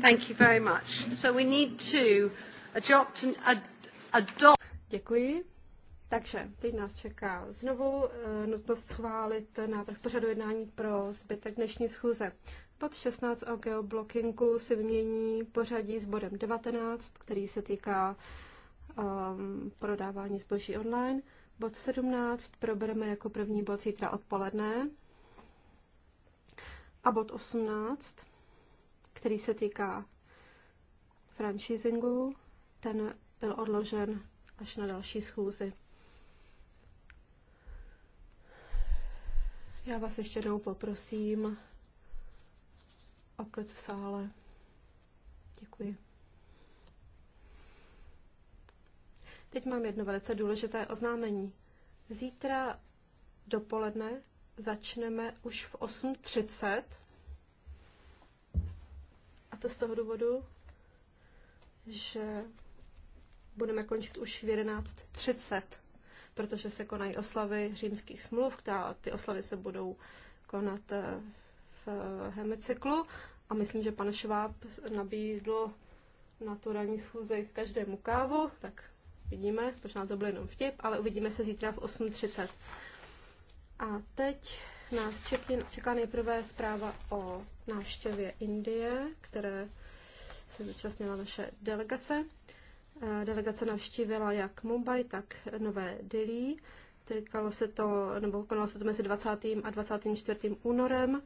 Thank you very much. So we need to adopt an, adopt... Děkuji. Takže teď nás čeká znovu eh, nutnost schválit návrh pořadu jednání pro zbytek dnešní schůze. Pod 16 o geoblockingu si vymění pořadí s bodem 19, který se týká um, prodávání zboží online. Bod 17 probereme jako první bod zítra odpoledne. A bod 18 který se týká franchisingu, ten byl odložen až na další schůzi. Já vás ještě jednou poprosím o klid v sále. Děkuji. Teď mám jedno velice důležité oznámení. Zítra dopoledne začneme už v 8.30 to z toho důvodu, že budeme končit už v 11.30, protože se konají oslavy římských smluv, která, ty oslavy se budou konat eh, v eh, hemicyklu a myslím, že pan Šváb nabídl na tu ranní schůzi každému kávu, tak vidíme, nám to byl jenom vtip, ale uvidíme se zítra v 8.30. A teď nás čeky, čeká nejprve zpráva o návštěvě Indie, které se zúčastnila naše delegace. Delegace navštívila jak Mumbai, tak Nové Delhi. Týkalo se to, nebo konalo se to mezi 20. a 24. únorem.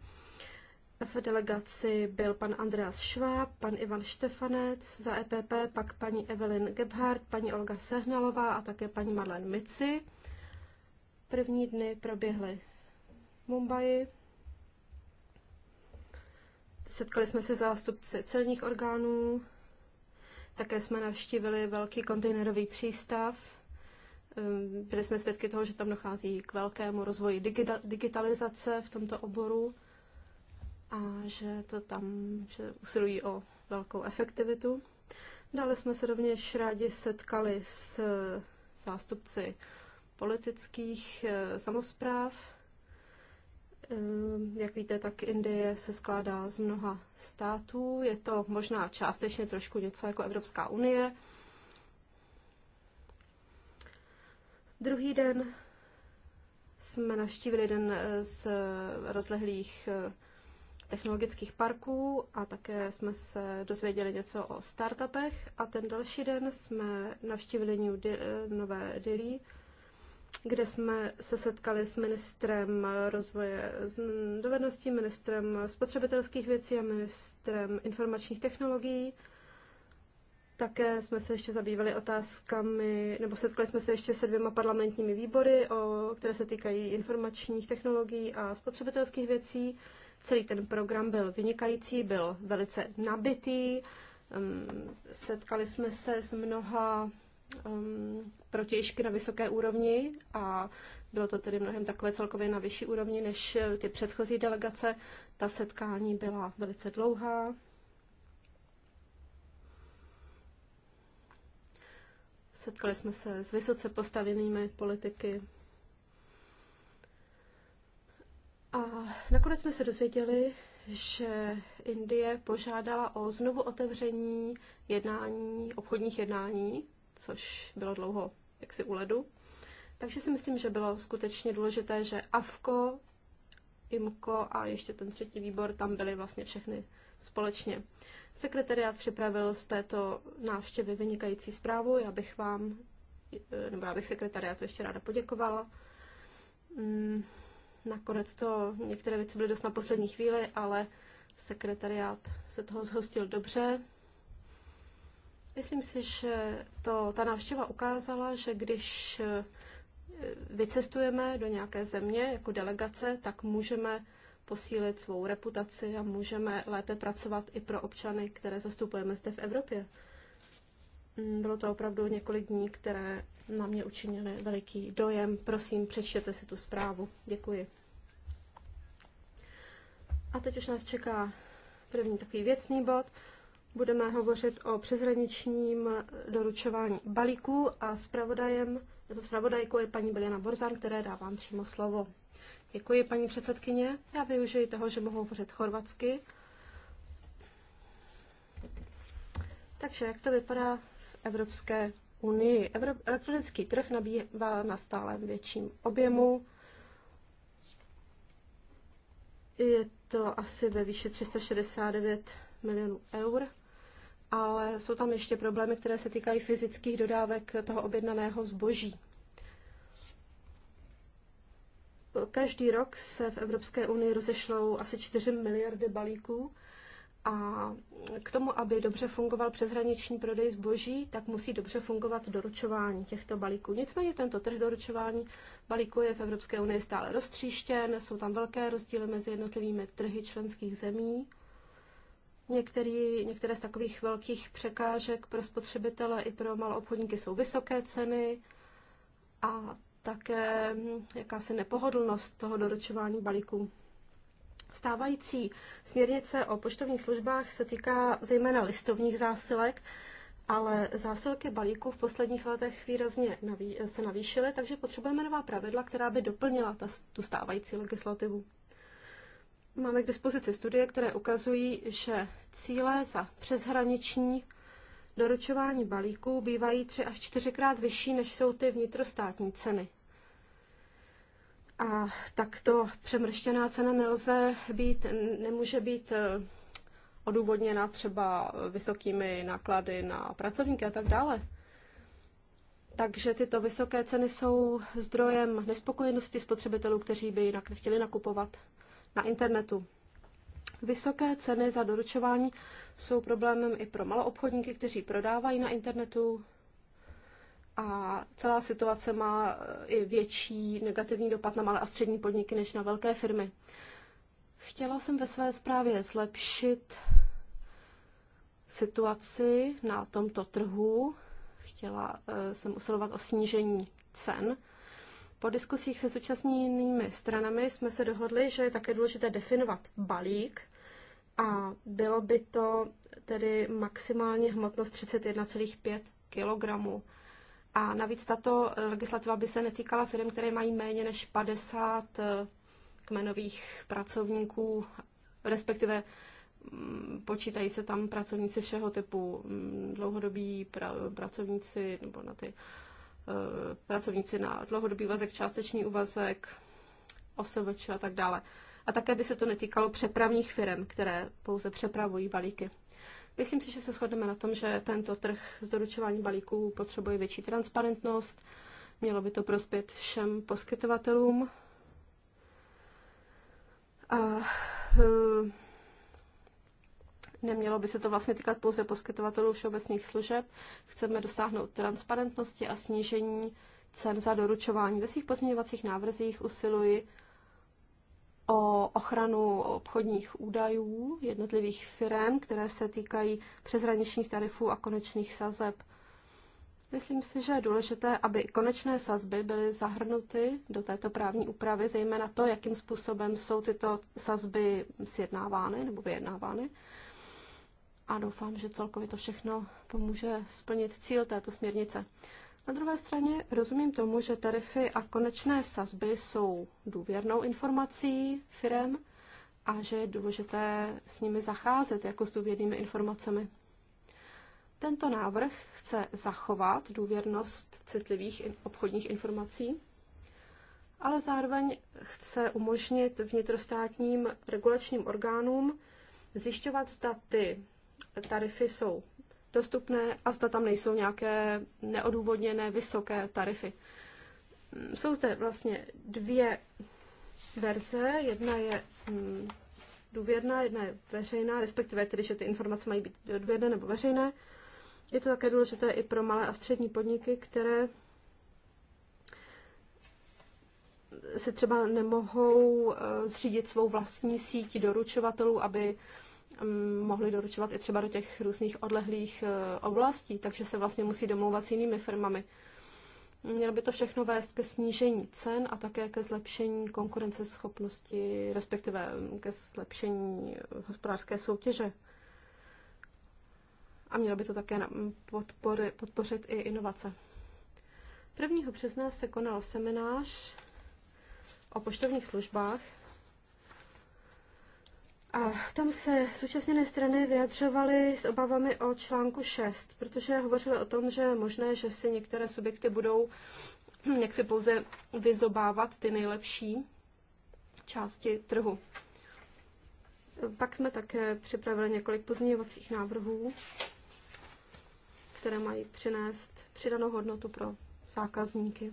V delegaci byl pan Andreas Schwab, pan Ivan Štefanec za EPP, pak paní Evelyn Gebhardt, paní Olga Sehnalová a také paní Marlen Mici. První dny proběhly Mumbai. Setkali jsme se zástupci celních orgánů, také jsme navštívili velký kontejnerový přístav. Ehm, byli jsme svědky toho, že tam dochází k velkému rozvoji digitalizace v tomto oboru a že to tam že usilují o velkou efektivitu. Dále jsme se rovněž rádi setkali s zástupci politických eh, samozpráv Ehm, jak víte, tak Indie se skládá z mnoha států. Je to možná částečně trošku něco jako Evropská unie. Druhý den jsme navštívili jeden z rozlehlých eh, technologických parků a také jsme se dozvěděli něco o startupech. A ten další den jsme navštívili New Di- eh, Nové Delhi, kde jsme se setkali s ministrem rozvoje dovedností, ministrem spotřebitelských věcí a ministrem informačních technologií. Také jsme se ještě zabývali otázkami, nebo setkali jsme se ještě se dvěma parlamentními výbory, o, které se týkají informačních technologií a spotřebitelských věcí. Celý ten program byl vynikající, byl velice nabitý. Setkali jsme se s mnoha um, protěžky na vysoké úrovni a bylo to tedy mnohem takové celkově na vyšší úrovni než ty předchozí delegace. Ta setkání byla velice dlouhá. Setkali jsme se s vysoce postavenými politiky. A nakonec jsme se dozvěděli, že Indie požádala o znovu otevření jednání, obchodních jednání což bylo dlouho jaksi u ledu. Takže si myslím, že bylo skutečně důležité, že AFKO, IMKO a ještě ten třetí výbor, tam byly vlastně všechny společně. Sekretariát připravil z této návštěvy vynikající zprávu. Já bych vám, nebo já bych sekretariátu ještě ráda poděkovala. Mm, nakonec to některé věci byly dost na poslední chvíli, ale sekretariát se toho zhostil dobře. Myslím si, že to, ta návštěva ukázala, že když eh, vycestujeme do nějaké země jako delegace, tak můžeme posílit svou reputaci a můžeme lépe pracovat i pro občany, které zastupujeme zde v Evropě. Mm, bylo to opravdu několik dní, které na mě učinily veliký dojem. Prosím, přečtěte si tu zprávu. Děkuji. A teď už nás čeká první takový věcný bod budeme hovořit o přeshraničním doručování balíků a zpravodajem nebo zpravodajkou je paní Beliana Borzan, které dávám přímo slovo. Děkuji, paní předsedkyně. Já využiji toho, že mohu hovořit chorvatsky. Takže jak to vypadá v Evropské unii? Evro- elektronický trh nabývá na stále větším objemu. Je to asi ve výši 369 milionů eur ale jsou tam ještě problémy, které se týkají fyzických dodávek toho objednaného zboží. Každý rok se v Evropské unii rozešlou asi 4 miliardy balíků a k tomu, aby dobře fungoval přeshraniční prodej zboží, tak musí dobře fungovat doručování těchto balíků. Nicméně tento trh doručování balíků je v Evropské unii stále roztříštěn, jsou tam velké rozdíly mezi jednotlivými trhy členských zemí. Některý, některé z takových velkých překážek pro spotřebitele i pro maloobchodníky jsou vysoké ceny a také hm, jakási nepohodlnost toho doručování balíků. Stávající směrnice o poštovních službách se týká zejména listovních zásilek, ale zásilky balíků v posledních letech výrazně se navýšily, takže potřebujeme nová pravidla, která by doplnila ta, tu stávající legislativu máme k dispozici studie, které ukazují, že cíle za přeshraniční doručování balíků bývají tři až čtyřikrát vyšší, než jsou ty vnitrostátní ceny. A takto přemrštěná cena nelze být, nemůže být eh, odůvodněna třeba vysokými náklady na pracovníky a tak dále. Takže tyto vysoké ceny jsou zdrojem nespokojenosti spotřebitelů, kteří by jinak nechtěli nakupovat na internetu. Vysoké ceny za doručování jsou problémem i pro maloobchodníky, kteří prodávají na internetu a celá situace má eh, i větší negativní dopad na malé a střední podniky než na velké firmy. Chtěla jsem ve své zprávě zlepšit situaci na tomto trhu. Chtěla eh, jsem usilovat o snížení cen po diskusích se současnými stranami jsme se dohodli, že je také důležité definovat balík a bylo by to tedy maximálně hmotnost 31,5 kg. A navíc tato legislativa by se netýkala firm, které mají méně než 50 eh, kmenových pracovníků, respektive mm, počítají se tam pracovníci všeho typu, mm, dlouhodobí pra, pracovníci nebo na ty Eh, pracovníci na dlouhodobý úvazek, částečný úvazek, OSVČ a tak dále. A také by se to netýkalo přepravních firm, které pouze přepravují balíky. Myslím si, že se shodneme na tom, že tento trh s doručováním balíků potřebuje větší transparentnost, mělo by to prospět všem poskytovatelům. A eh, Nemělo by se to vlastně týkat pouze poskytovatelů všeobecných služeb. Chceme dosáhnout transparentnosti a snížení cen za doručování. Ve svých pozměňovacích návrzích usiluji o ochranu obchodních údajů jednotlivých firm, které se týkají přeshraničních tarifů a konečných sazeb. Myslím si, že je důležité, aby konečné sazby byly zahrnuty do této právní úpravy, zejména to, jakým způsobem jsou tyto sazby sjednávány nebo vyjednávány a doufám, že celkově to všechno pomůže splnit cíl této směrnice. Na druhé straně rozumím tomu, že tarify a konečné sazby jsou důvěrnou informací firm a že je důležité s nimi zacházet jako s důvěrnými informacemi. Tento návrh chce zachovat důvěrnost citlivých obchodních informací, ale zároveň chce umožnit vnitrostátním regulačním orgánům zjišťovat, zda ty tarify jsou dostupné a zda tam nejsou nějaké neodůvodněné vysoké tarify. Mm, jsou zde vlastně dvě verze. Jedna je mm, důvěrná, jedna je veřejná, respektive tedy, že ty informace mají být důvěrné nebo veřejné. Je to také důležité i pro malé a střední podniky, které se třeba nemohou eh, zřídit svou vlastní síť doručovatelů, aby mohli doručovat i třeba do těch různých odlehlých e, oblastí, takže se vlastně musí domlouvat s jinými firmami. Mělo by to všechno vést ke snížení cen a také ke zlepšení konkurenceschopnosti, respektive ke zlepšení e, hospodářské soutěže. A mělo by to také podpory, podpořit i inovace. 1. března se konal seminář o poštovních službách a tam se současněné strany vyjadřovaly s obavami o článku 6, protože hovořili o tom, že je možné, že si některé subjekty budou hm, jak si pouze vyzobávat ty nejlepší části trhu. Pak jsme také připravili několik pozměňovacích návrhů, které mají přinést přidanou hodnotu pro zákazníky.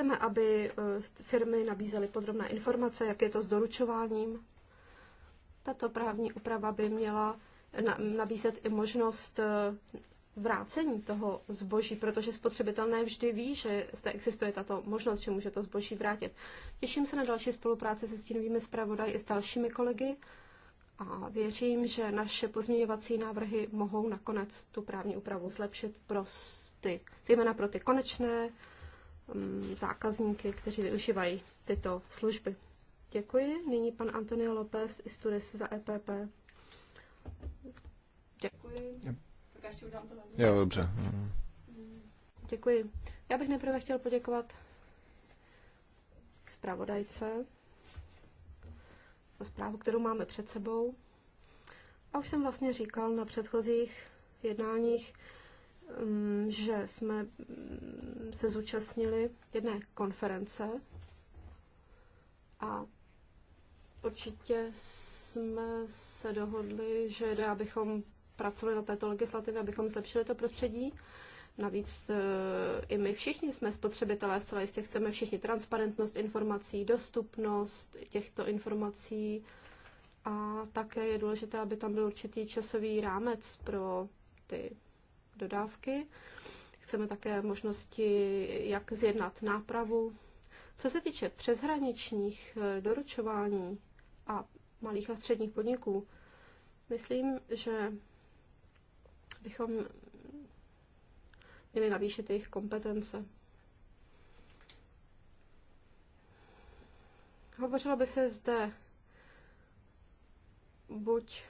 Chceme, aby eh, firmy nabízely podrobné informace, jak je to s doručováním. Tato právní úprava by měla nabízet i možnost eh, vrácení toho zboží, protože spotřebitel ne vždy ví, že zde existuje tato možnost, že může to zboží vrátit. Těším se na další spolupráci se stínovými zpravodaji i s dalšími kolegy a věřím, že naše pozměňovací návrhy mohou nakonec tu právní úpravu zlepšit pro ty, zejména pro ty konečné Mm, zákazníky, kteří využívají tyto služby. Děkuji. Nyní pan Antonio López Isturis za EPP. Děkuji. Tak ještě to Jo, dobře. Děkuji. Já bych nejprve chtěl poděkovat zpravodajce za zprávu, kterou máme před sebou. A už jsem vlastně říkal na předchozích jednáních, Mm, že jsme se zúčastnili jedné konference a určitě jsme se dohodli, že abychom pracovali na této legislativě, abychom zlepšili to prostředí. Navíc e, i my všichni jsme spotřebitelé, zcela jistě chceme všichni transparentnost informací, dostupnost těchto informací a také je důležité, aby tam byl určitý časový rámec pro ty dodávky. Chceme také možnosti, jak zjednat nápravu. Co se týče přeshraničních eh, doručování a malých a středních podniků, myslím, že bychom měli navýšit jejich kompetence. Hovořilo by se zde buď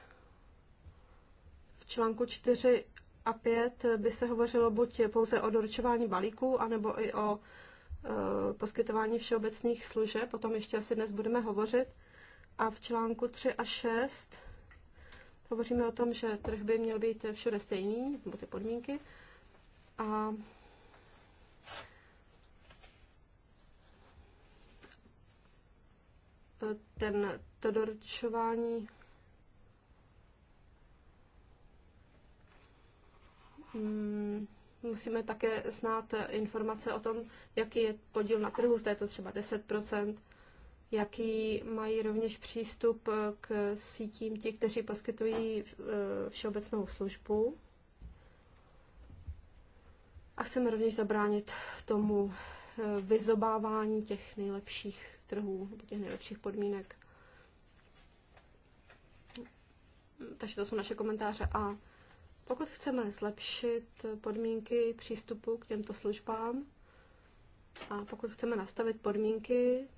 v článku 4 a 5 by se hovořilo buď pouze o doručování balíků, anebo i o e, poskytování všeobecných služeb, o tom ještě asi dnes budeme hovořit. A v článku 3 a 6 hovoříme o tom, že trh by měl být všude stejný, nebo ty podmínky. A ten, to doručování Mm, musíme také znát informace o tom, jaký je podíl na trhu, zda je to třeba 10 jaký mají rovněž přístup k sítím ti, kteří poskytují eh, všeobecnou službu. A chceme rovněž zabránit tomu eh, vyzobávání těch nejlepších trhů, těch nejlepších podmínek. Takže to jsou naše komentáře a pokud chceme zlepšit podmínky přístupu k těmto službám a pokud chceme nastavit podmínky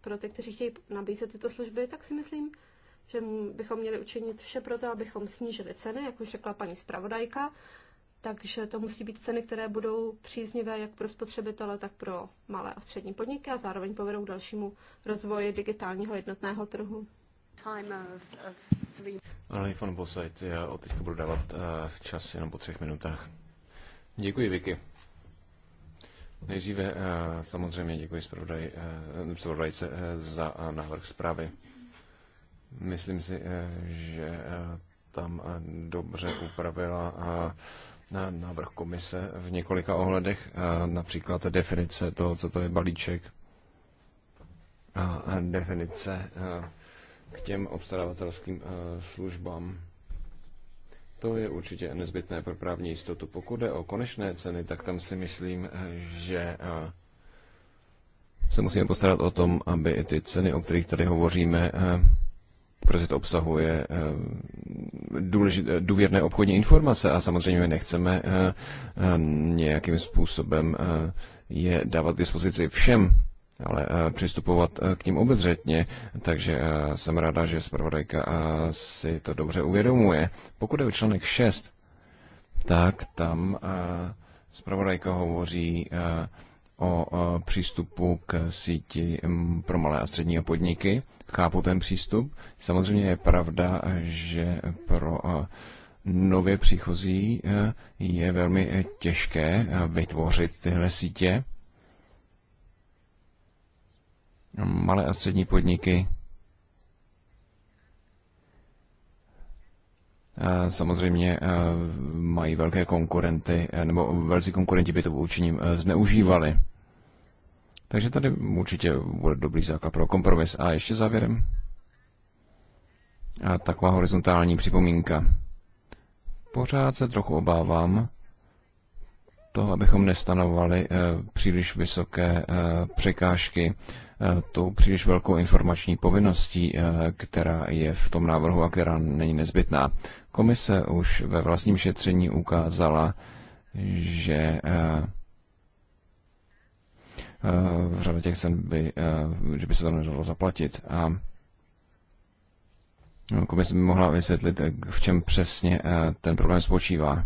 pro ty, kteří chtějí nabízet tyto služby, tak si myslím, že bychom měli učinit vše pro to, abychom snížili ceny, jak už řekla paní zpravodajka, takže to musí být ceny, které budou příznivé jak pro spotřebitele, tak pro malé a střední podniky a zároveň povedou k dalšímu rozvoji digitálního jednotného trhu. Ale von Bosait, já od teďka budu dávat v eh, čas jenom po třech minutách. Děkuji, Vicky. Nejdříve eh, samozřejmě děkuji eh, zpravodajce za návrh zprávy. Myslím si, že tam dobře upravila návrh komise v několika ohledech, například definice toho, co to je balíček a definice k těm obstarávatelským eh, službám. To je určitě nezbytné pro právní jistotu. Pokud jde o konečné ceny, tak tam si myslím, eh, že eh, se musíme postarat o tom, aby ty ceny, o kterých tady hovoříme, protože to obsahuje důležité, důvěrné obchodní informace a samozřejmě nechceme nějakým způsobem je dávat k dispozici všem ale eh, přistupovat eh, k ním obezřetně, takže eh, jsem ráda, že zpravodajka si to dobře uvědomuje. Pokud je o článek 6, tak tam zpravodajka hovoří o přístupu k síti mm, pro malé a střední podniky. Chápu ten přístup. Samozřejmě je pravda, že pro nově příchozí je velmi těžké vytvořit tyhle sítě. No, malé a střední podniky. Samozřejmě e, mají velké konkurenty, e, nebo velcí konkurenti by to učením e, zneužívali. Takže tady určitě bude dobrý základ pro kompromis. A ještě závěrem a taková horizontální připomínka. Pořád se trochu obávám toho, abychom nestanovali příliš vysoké překážky tou příliš velkou informační povinností, eh, která je v tom návrhu a která není nezbytná. Komise už ve vlastním šetření ukázala, že eh, eh, v řadě těch cen by, že by se to nedalo zaplatit. A komise by mohla vysvětlit, v čem přesně ten problém spočívá.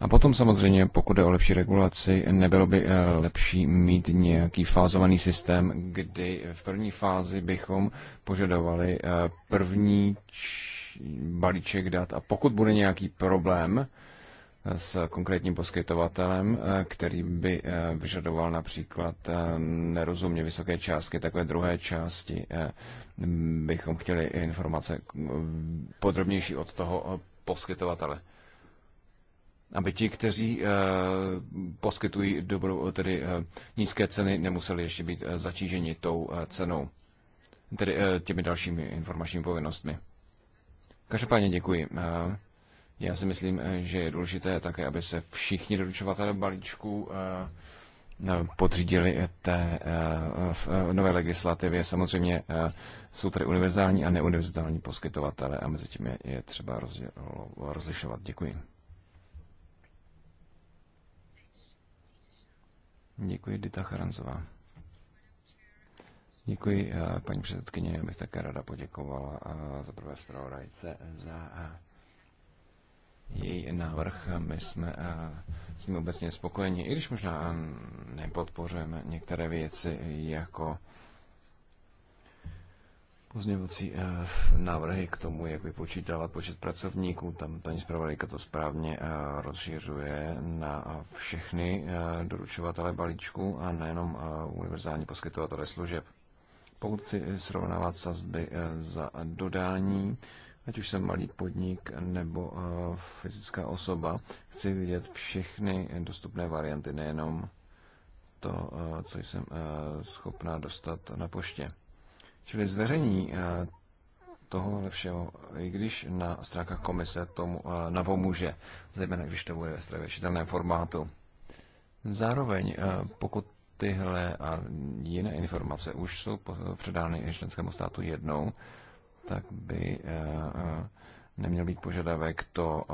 A potom samozřejmě, pokud je o lepší regulaci, nebylo by eh, lepší mít nějaký fázovaný systém, kdy v první fázi bychom požadovali eh, první balíček dat a pokud bude nějaký problém eh, s konkrétním poskytovatelem, který by vyžadoval například nerozumně vysoké částky, takové druhé části, bychom chtěli informace mm, podrobnější od toho poskytovatele aby ti, kteří eh, poskytují dobrou, eh, tedy eh, nízké ceny, nemuseli ještě být zatíženi tou cenou, tedy těmi dalšími informačními povinnostmi. Každopádně děkuji. Já si myslím, že je důležité také, aby se všichni doručovatelé balíčků podřídili té v nové legislativě. Samozřejmě jsou tady univerzální a neuniverzální poskytovatele a mezi tím je, je třeba rozlišovat. Děkuji. Děkuji, Dita Charanzová. Děkuji, eh, paní předsedkyně. Já bych také rada poděkovala eh, za prvé zpravodajce za eh, její návrh. My jsme s ním obecně spokojeni, i když možná nepodpořujeme některé věci jako pozměňovací eh, návrhy k tomu, jak vypočítala počet pracovníků. Tam paní zpravodajka to správně eh, rozšiřuje na všechny eh, doručovatele balíčku a nejenom univerzální poskytovatele služeb. Pokud si srovnávat sazby za dodání, ať už jsem malý podnik nebo fyzická osoba, chci vidět všechny dostupné varianty, nejenom to, co jsem schopná dostat na poště. Čili zveřejní eh, tohohle všeho, i když na stránkách komise tomu eh, napomůže, zejména když to bude ve čitelném formátu. Zároveň, eh, pokud tyhle a jiné informace už jsou předány členskému státu jednou, tak by neměl být požadavek to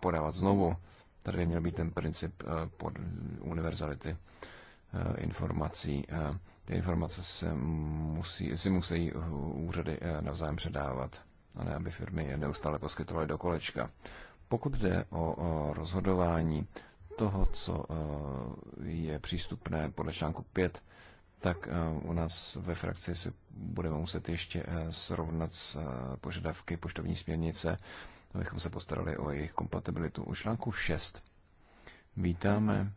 podávat znovu. Tady by měl být ten princip pod univerzality informací. Ty informace se musí, si musí úřady eh, navzájem předávat, a ne aby firmy je neustále poskytovaly do kolečka. Pokud jde o rozhodování toho, co eh, je přístupné podle článku 5, tak eh, u nás ve frakci se budeme muset ještě srovnat s požadavky poštovní směrnice, abychom se postarali o jejich kompatibilitu. U článku 6 vítáme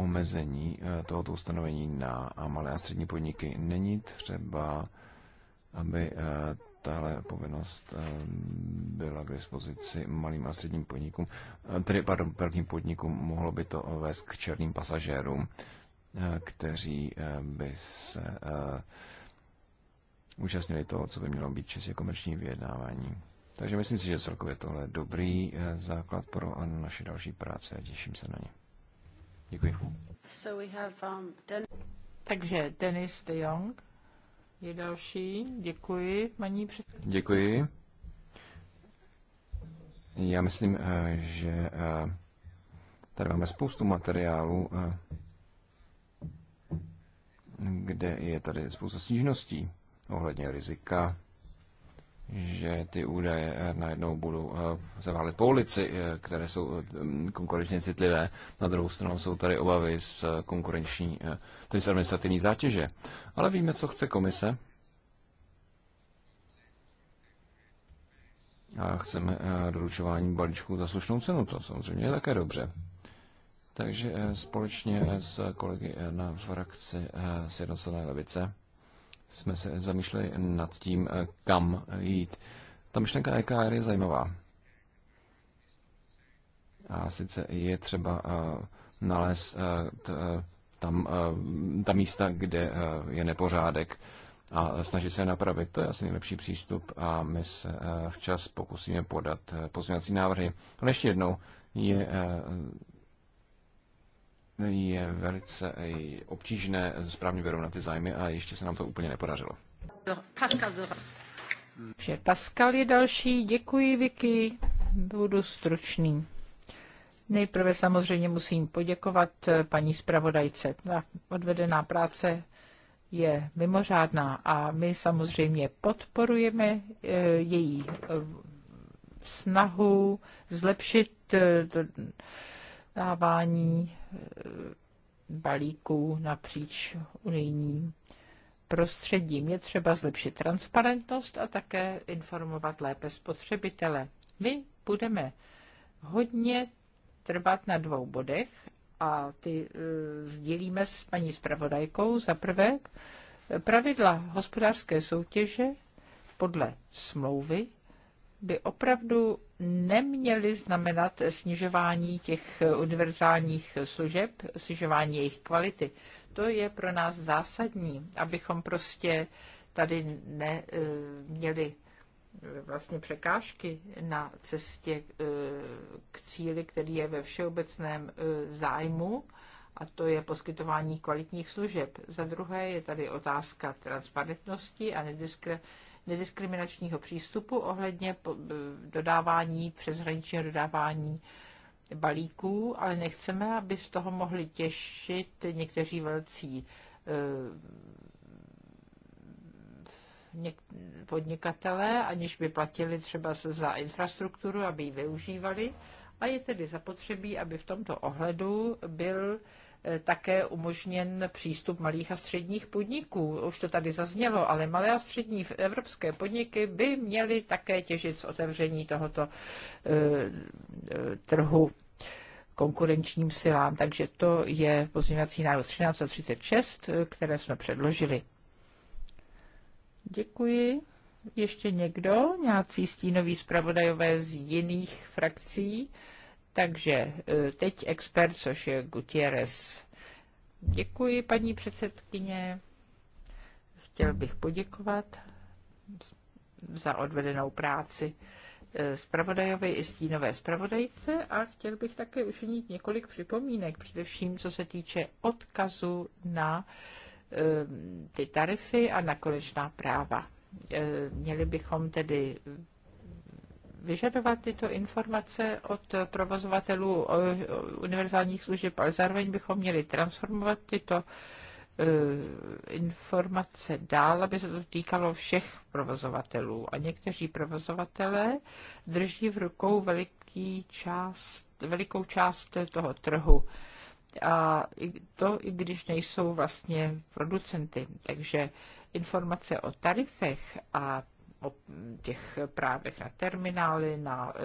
omezení eh, tohoto ustanovení na malé a střední podniky. Není třeba, aby eh, tahle povinnost eh, byla k dispozici malým a středním podnikům, tedy pardon, velkým podnikům, mohlo by to vést k černým pasažérům, kteří by se účastnili toho, co by mělo být čistě komerční vyjednávání. Takže myslím si, že celkově tohle je dobrý základ pro naše další práce a těším se na ně. Děkuji. So we have, um, Den- Takže Denis de Jong je další. Děkuji, paní předsedkyně. Děkuji. Já myslím, eh, že eh, tady máme spoustu materiálů, eh, kde je tady spousta stížností ohledně rizika že ty údaje eh, najednou budou eh, zaválit po ulici, eh, které jsou konkurenčně citlivé. Na druhou stranu jsou tady obavy z konkurenční, tedy z administrativní zátěže. Ale víme, co chce komise. A chceme doručování balíčků za slušnou cenu. To samozřejmě je také dobře. Takže společně s kolegy na frakci Sjednocené levice jsme se zamýšleli nad tím, eh, kam eh, jít. Ta myšlenka EKR je zajímavá. A sice je třeba eh, nalézt tam ta místa, kde je nepořádek a snažit se napravit. To je asi nejlepší přístup a my se včas pokusíme podat pozměňovací návrhy. Ale ještě jednou je je velice eh, obtížné správně vyrovnat ty zájmy a ještě se nám to úplně nepodařilo. Pascal, Pascal je další. Děkuji, Vicky. Budu stručný. Nejprve samozřejmě musím poděkovat eh, paní zpravodajce. Ta odvedená práce je mimořádná a my samozřejmě podporujeme eh, její snahu zlepšit projednávání eh, balíků napříč unijním prostředím. Je třeba zlepšit transparentnost a také informovat lépe spotřebitele. My budeme hodně trvat na dvou bodech a ty e, eh, sdělíme s paní zpravodajkou. Za prvé, pravidla hospodářské soutěže podle smlouvy by opravdu neměly znamenat snižování těch univerzálních služeb, snižování jejich kvality. To je pro nás zásadní, abychom prostě tady neměli eh, eh, vlastně překážky na cestě eh, k cíli, který je ve všeobecném zájmu, a to je poskytování kvalitních služeb. Za druhé je tady otázka transparentnosti a nediskriminace nediskriminačního přístupu ohledně dodávání, přeshraničního dodávání balíků, ale nechceme, aby z toho mohli těšit někteří velcí eh, podnikatelé, aniž by platili třeba za infrastrukturu, aby ji využívali. A je tedy zapotřebí, aby v tomto ohledu byl Eh, také umožněn přístup malých a středních podniků. Už to tady zaznělo, ale malé a střední evropské podniky by měly také těžit z otevření tohoto eh, eh, trhu konkurenčním silám. Takže to je pozměňovací návrh 1336, které jsme předložili. Děkuji. Ještě někdo? Nějací stínový zpravodajové z jiných frakcí? Takže e, teď expert, což je Gutierrez. Děkuji, paní předsedkyně. Chtěl bych poděkovat za odvedenou práci e, zpravodajové i stínové zpravodajce a chtěl bych také učinit několik připomínek, především co se týče odkazu na e, ty tarify a na konečná práva. Měli bychom tedy vyžadovat tyto informace od provozovatelů eh, univerzálních služeb, ale zároveň bychom měli transformovat tyto eh, informace dál, aby se to týkalo všech provozovatelů. A někteří provozovatelé drží v rukou veliký část, velikou část toho trhu. A to, i když nejsou vlastně producenty. Takže informace o tarifech a o těch právech na terminály, na, e,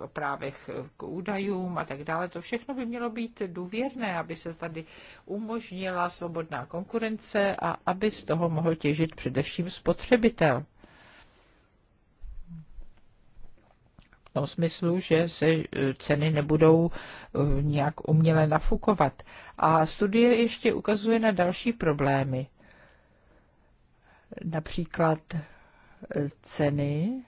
o právech k údajům a tak dále. To všechno by mělo být důvěrné, aby se tady umožnila svobodná konkurence a aby z toho mohl těžit především spotřebitel. V tom smyslu, že se e, ceny nebudou e, nějak uměle nafukovat. A studie ještě ukazuje na další problémy. Například ceny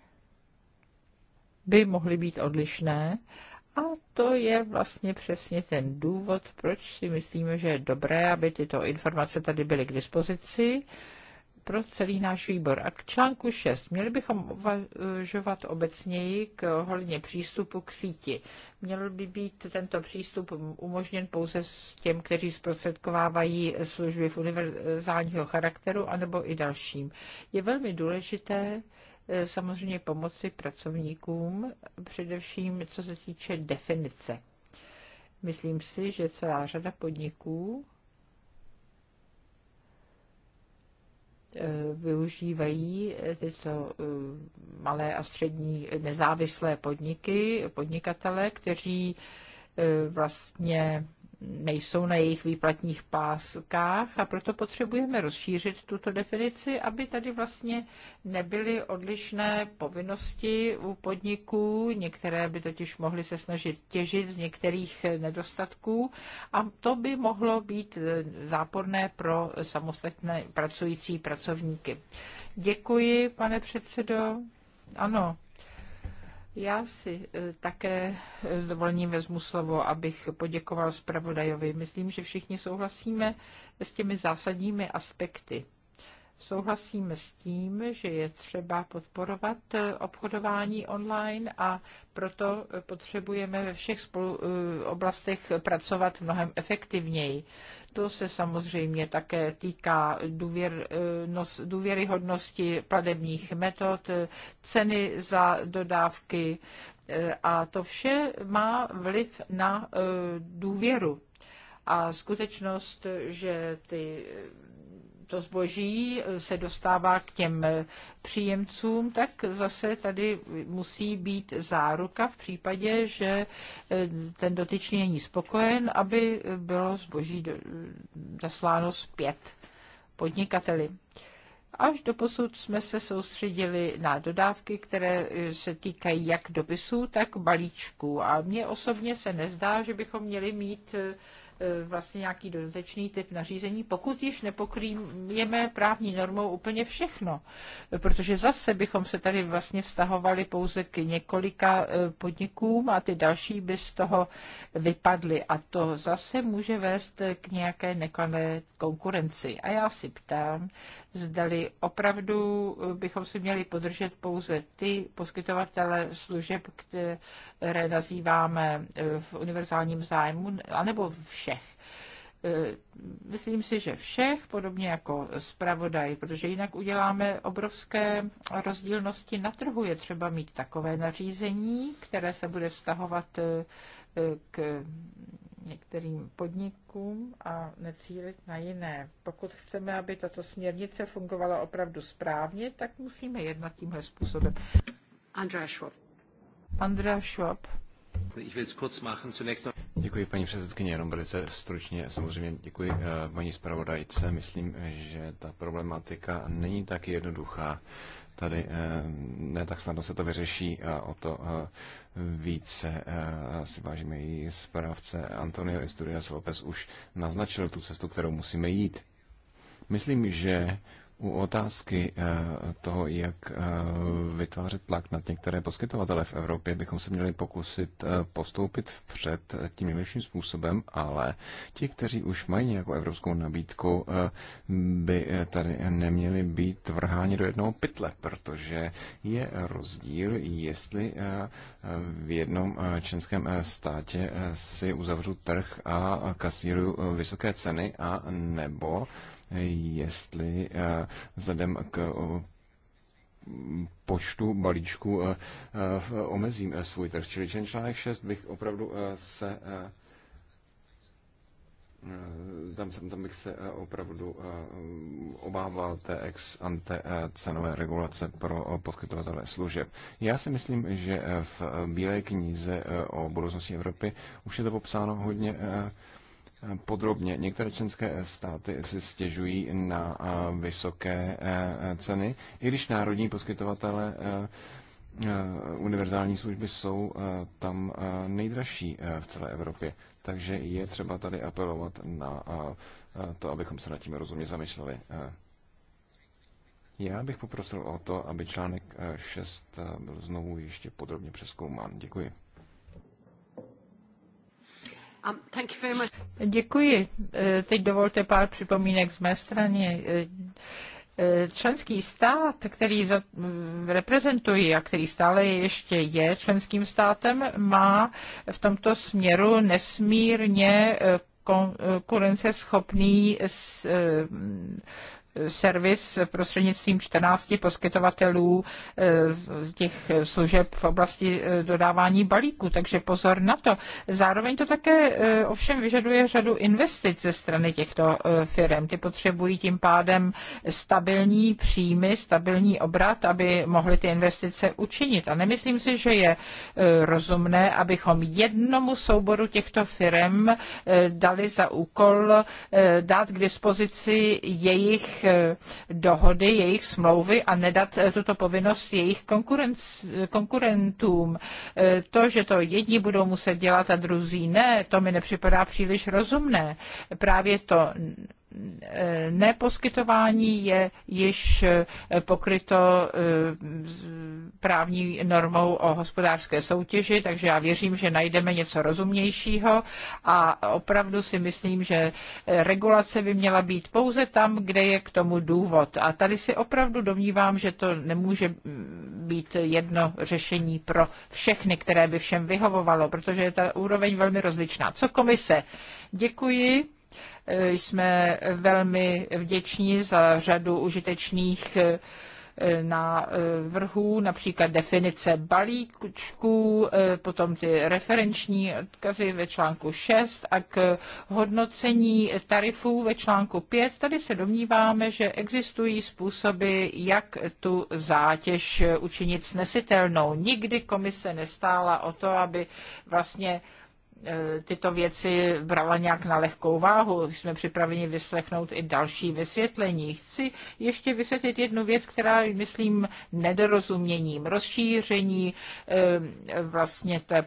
by mohly být odlišné a to je vlastně přesně ten důvod, proč si myslíme, že je dobré, aby tyto informace tady byly k dispozici pro celý náš výbor. A k článku 6. Měli bychom uvažovat obecněji k ohledně přístupu k síti. Měl by být tento přístup umožněn pouze s těm, kteří zprostředkovávají služby v univerzálního charakteru, anebo i dalším. Je velmi důležité eh, samozřejmě pomoci pracovníkům, především co se týče definice. Myslím si, že celá řada podniků Eh, využívají eh, tyto eh, malé a střední nezávislé podniky, podnikatele, kteří vlastně nejsou na jejich výplatních páskách a proto potřebujeme rozšířit tuto definici, aby tady vlastně nebyly odlišné povinnosti u podniků. Některé by totiž mohly se snažit těžit z některých nedostatků a to by mohlo být eh, záporné pro samostatné pracující pracovníky. Děkuji, pane předsedo. Ano, já si e, také e, s dovolením vezmu slovo, abych poděkoval zpravodajovi. Myslím, že všichni souhlasíme s těmi zásadními aspekty souhlasíme s tím, že je třeba podporovat eh, obchodování online a proto potřebujeme ve všech spolu, eh, oblastech pracovat mnohem efektivněji. To se samozřejmě také týká důvěr, eh, nos, důvěryhodnosti platebních metod, ceny za dodávky a to vše má vliv na důvěru. A skutečnost, že ty to zboží eh, se dostává k těm eh, příjemcům, tak zase tady musí být záruka v případě, že eh, ten dotyčný není spokojen, aby bylo zboží zasláno zpět podnikateli. Až do posud jsme se soustředili na dodávky, které se týkají jak dopisů, tak balíčků. A mně osobně se nezdá, že bychom měli mít E, vlastně nějaký dodatečný typ nařízení, pokud již nepokrýjeme právní normou úplně všechno. Protože zase bychom se tady vlastně vztahovali pouze k několika e, podnikům a ty další by z toho vypadly. A to zase může vést k nějaké nekalé konkurenci. A já si ptám, zdali opravdu eh, bychom si měli podržet pouze ty poskytovatele služeb, které nazýváme eh, v univerzálním zájmu, anebo všech. Eh, myslím si, že všech, podobně jako zpravodaj, protože jinak uděláme obrovské rozdílnosti na trhu. Je třeba mít takové nařízení, které se bude vztahovat k některým podnikům a necílit na jiné. Pokud chceme, aby tato směrnice fungovala opravdu správně, tak musíme jednat tímhle způsobem. Andrea Schwab. Andrea Schwab. Děkuji paní předsedkyně, jenom velice stručně. Samozřejmě děkuji eh, paní zpravodajce. Myslím, že ta problematika není tak jednoduchá tady eh, ne tak snadno se to vyřeší a eh, o to eh, více si vážíme její zprávce Antonio Isturias López už naznačil tu cestu, kterou musíme jít. Myslím, že u otázky eh, toho, jak eh, vytvářet tlak na některé poskytovatele v Evropě, bychom se měli pokusit eh, postoupit vpřed tím nejlepším způsobem, ale ti, kteří už mají nějakou evropskou nabídku, by tady neměli být vrháni do jednoho pytle, protože je rozdíl, jestli v jednom členském státě si uzavřu trh a kasíruju vysoké ceny a nebo jestli eh, vzhledem k eh, počtu balíčků eh, omezím svůj trh. Čili ten článek 6 bych opravdu se tam, jsem, tam bych se opravdu obával té ex ante cenové regulace pro poskytovatele služeb. Já si myslím, že v Bílé knize o budoucnosti Evropy už je to popsáno hodně podrobně. Některé členské státy si stěžují na vysoké e, e, ceny, i když národní poskytovatele e, univerzální služby jsou tam nejdražší v celé Evropě. Takže je třeba tady apelovat na to, abychom se nad tím rozumně zamysleli. Já bych poprosil o to, aby článek 6 byl znovu ještě podrobně přeskoumán. Děkuji. Um, Děkuji. E, teď dovolte pár připomínek z mé strany. E, e, členský stát, který reprezentuji a který stále ještě je členským státem, má v tomto směru nesmírně konkurenceschopný servis prostřednictvím 14 poskytovatelů eh, těch služeb v oblasti eh, dodávání balíku, takže pozor na to. Zároveň to také eh, ovšem vyžaduje řadu investic ze strany těchto firm. Ty potřebují tím pádem stabilní příjmy, stabilní obrat, aby mohly ty investice učinit. A nemyslím si, že je rozumné, abychom jednomu souboru těchto firm dali za úkol dát k dispozici jejich jejich eh, dohody, jejich smlouvy a nedat eh, tuto povinnost jejich konkurentům. Eh, to, že to jedni budou muset dělat a druzí ne, to mi nepřipadá příliš rozumné. Právě to neposkytování je již eh, pokryto eh, právní normou o hospodářské soutěži, takže já věřím, že najdeme něco rozumnějšího a opravdu si myslím, že eh, regulace by měla být pouze tam, kde je k tomu důvod. A tady si opravdu domnívám, že to nemůže mm, být jedno řešení pro všechny, které by všem vyhovovalo, protože je ta úroveň velmi rozličná. Co komise? Děkuji. Eh, jsme velmi vděční za řadu užitečných eh, na eh, vrhu, například definice balíčků, potom ty referenční odkazy ve článku 6 a k hodnocení tarifů ve článku 5. Tady se domníváme, že existují způsoby, jak tu zátěž učinit snesitelnou. Nikdy komise nestála o to, aby vlastně E, tyto věci brala nějak na lehkou váhu. Jsme připraveni vyslechnout i další vysvětlení. Chci ještě vysvětlit jednu věc, která je, myslím, nedorozuměním. Rozšíření e, vlastně té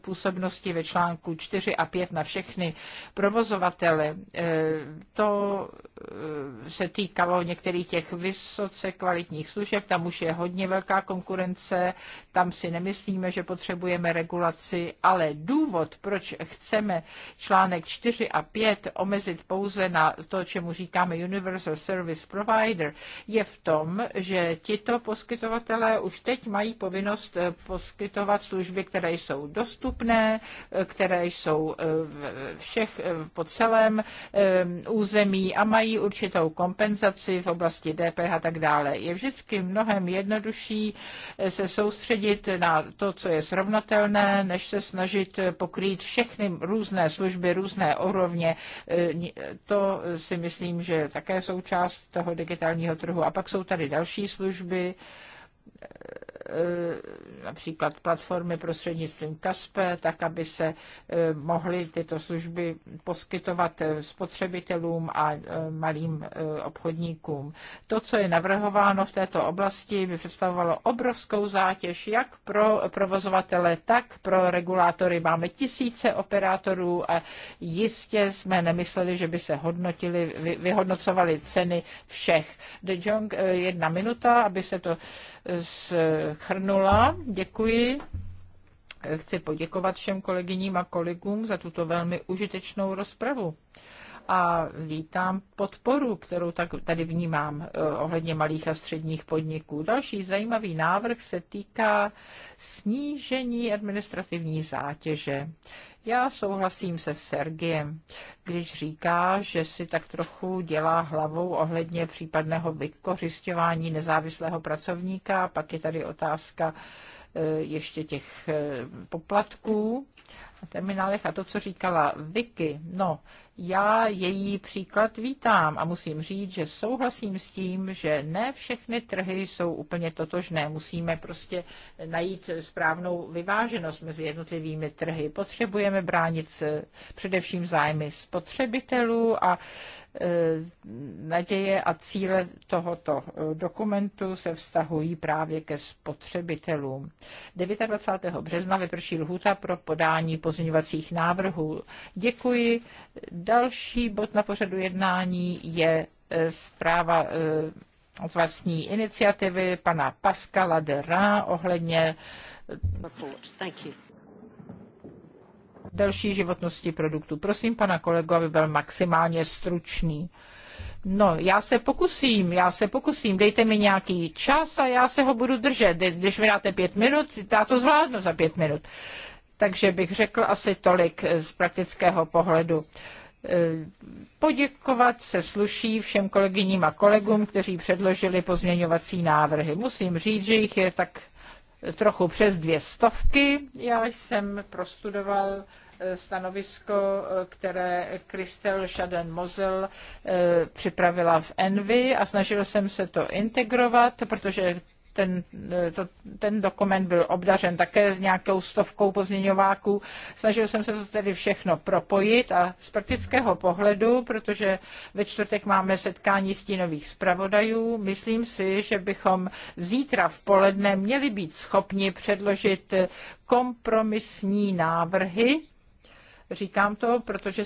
působnosti ve článku 4 a 5 na všechny provozovatele. E, to se týkalo některých těch vysoce kvalitních služeb. Tam už je hodně velká konkurence. Tam si nemyslíme, že potřebujeme regulaci, ale důvod, proč chceme článek 4 a 5 omezit pouze na to, čemu říkáme Universal Service Provider, je v tom, že tito poskytovatelé už teď mají povinnost eh, poskytovat služby, které jsou dostupné, eh, které jsou eh, všech, po celém území a mají určitou kompenzaci v oblasti DPH a tak dále. Je vždycky mnohem jednodušší se soustředit na to, co je srovnatelné, než se snažit pokrýt mít všechny různé služby, různé úrovně, e, to si myslím, že je také součást toho digitálního trhu. A pak jsou tady další služby, Eh, například platformy prostřednictvím Kaspe, tak aby se eh, mohly tyto služby poskytovat eh, spotřebitelům a malým obchodníkům. To, co je navrhováno v této oblasti, by představovalo obrovskou zátěž jak pro provozovatele, tak pro regulátory. Máme tisíce operátorů a jistě jsme nemysleli, že by se hodnotili, vyhodnocovali ceny všech. De Jong, jedna minuta, aby se to s schrnula. Děkuji. Chci poděkovat všem kolegyním a kolegům za tuto velmi užitečnou rozpravu a vítám podporu, kterou tak tady vnímám eh, ohledně malých a středních podniků. Další zajímavý návrh se týká snížení administrativní zátěže. Já souhlasím se Sergiem, když říká, že si tak trochu dělá hlavou ohledně případného vykořišťování nezávislého pracovníka. Pak je tady otázka eh, ještě těch eh, poplatků terminálech a to, co říkala Vicky, no, já její příklad vítám a musím říct, že souhlasím s tím, že ne všechny trhy jsou úplně totožné. Musíme prostě najít správnou vyváženost mezi jednotlivými trhy. Potřebujeme bránit především zájmy spotřebitelů a Eh, naděje a cíle tohoto eh, dokumentu se vztahují právě ke spotřebitelům. 29. března vyprší lhůta pro podání pozměňovacích návrhů. Děkuji. Další bod na pořadu jednání je eh, zpráva z vlastní iniciativy pana Pascala de Rá ohledně delší životnosti produktu. Prosím pana kolegu, aby byl maximálně stručný. No, já se pokusím, já se pokusím, dejte mi nějaký čas a já se ho budu držet. Když mi dáte pět minut, já to zvládnu za pět minut. Takže bych řekl asi tolik z praktického pohledu. E, poděkovat se sluší všem kolegyním a kolegům, kteří předložili pozměňovací návrhy. Musím říct, že jich je tak trochu přes dvě stovky. Já jsem prostudoval stanovisko, eh, které Kristel Šaden Mozel eh, připravila v Envy a snažil jsem se to integrovat, protože ten, eh, to, ten dokument byl obdařen také s nějakou stovkou pozměňováků. Snažil jsem se to tedy všechno propojit a z praktického pohledu, protože ve čtvrtek máme setkání stínových zpravodajů, myslím si, že bychom zítra v poledne měli být schopni předložit kompromisní návrhy, Říkám to, protože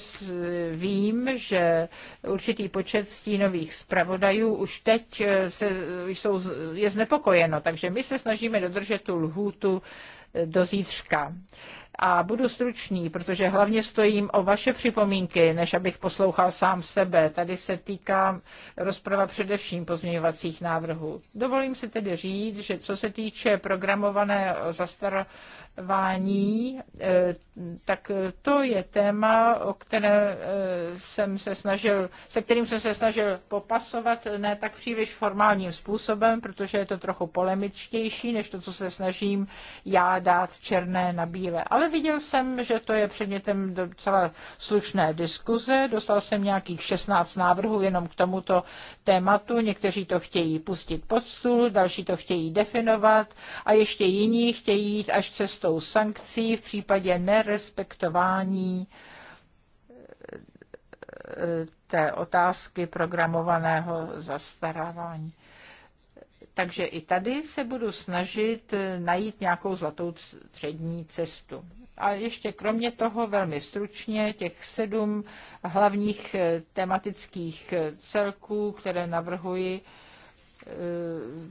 vím, že určitý počet stínových zpravodajů už teď eh, se, jsou, je znepokojeno, takže my se snažíme dodržet tu lhůtu eh, do zítřka. A budu stručný, protože hlavně stojím o vaše připomínky, než abych poslouchal sám sebe. Tady se týká rozprava především pozměňovacích návrhů. Dovolím si tedy říct, že co se týče programované zastar, vání, eh, tak to je téma, o které eh, jsem se snažil, se kterým jsem se snažil popasovat ne tak příliš formálním způsobem, protože je to trochu polemičtější, než to, co se snažím já dát černé na bílé. Ale viděl jsem, že to je předmětem docela slušné diskuze. Dostal jsem nějakých 16 návrhů jenom k tomuto tématu. Někteří to chtějí pustit pod stůl, další to chtějí definovat a ještě jiní chtějí jít až cestou cestou sankcí v případě nerespektování eh, té otázky programovaného zastarávání. Takže i tady se budu snažit eh, najít nějakou zlatou střední cestu. A ještě kromě toho velmi stručně těch sedm hlavních eh, tematických celků, které navrhuji,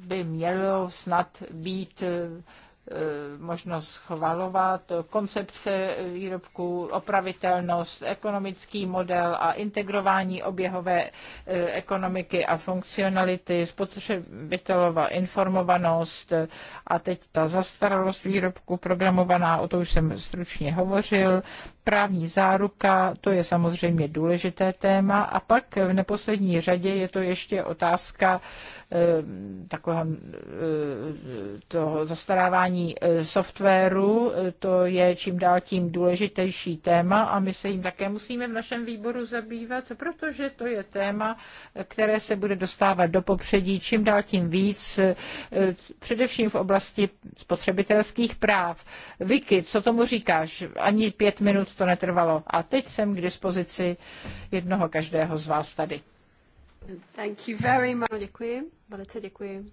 by mělo snad být Eh, možnost schvalovat, koncepce výrobků, opravitelnost, ekonomický model a integrování oběhové eh, ekonomiky a funkcionality, spotřebitelová informovanost a teď ta zastaralost výrobku programovaná, o to už jsem stručně hovořil, Právní záruka, to je samozřejmě důležité téma. A pak v neposlední řadě je to ještě otázka eh, takového eh, toho zastarávání eh, softwaru. To je čím dál tím důležitější téma a my se jim také musíme v našem výboru zabývat, protože to je téma, které se bude dostávat do popředí čím dál tím víc, především v oblasti spotřebitelských práv. Vicky, co tomu říkáš? Ani pět minut to netrvalo. A teď jsem k dispozici jednoho každého z vás tady. Thank you very much. No, děkuji, velice děkuji.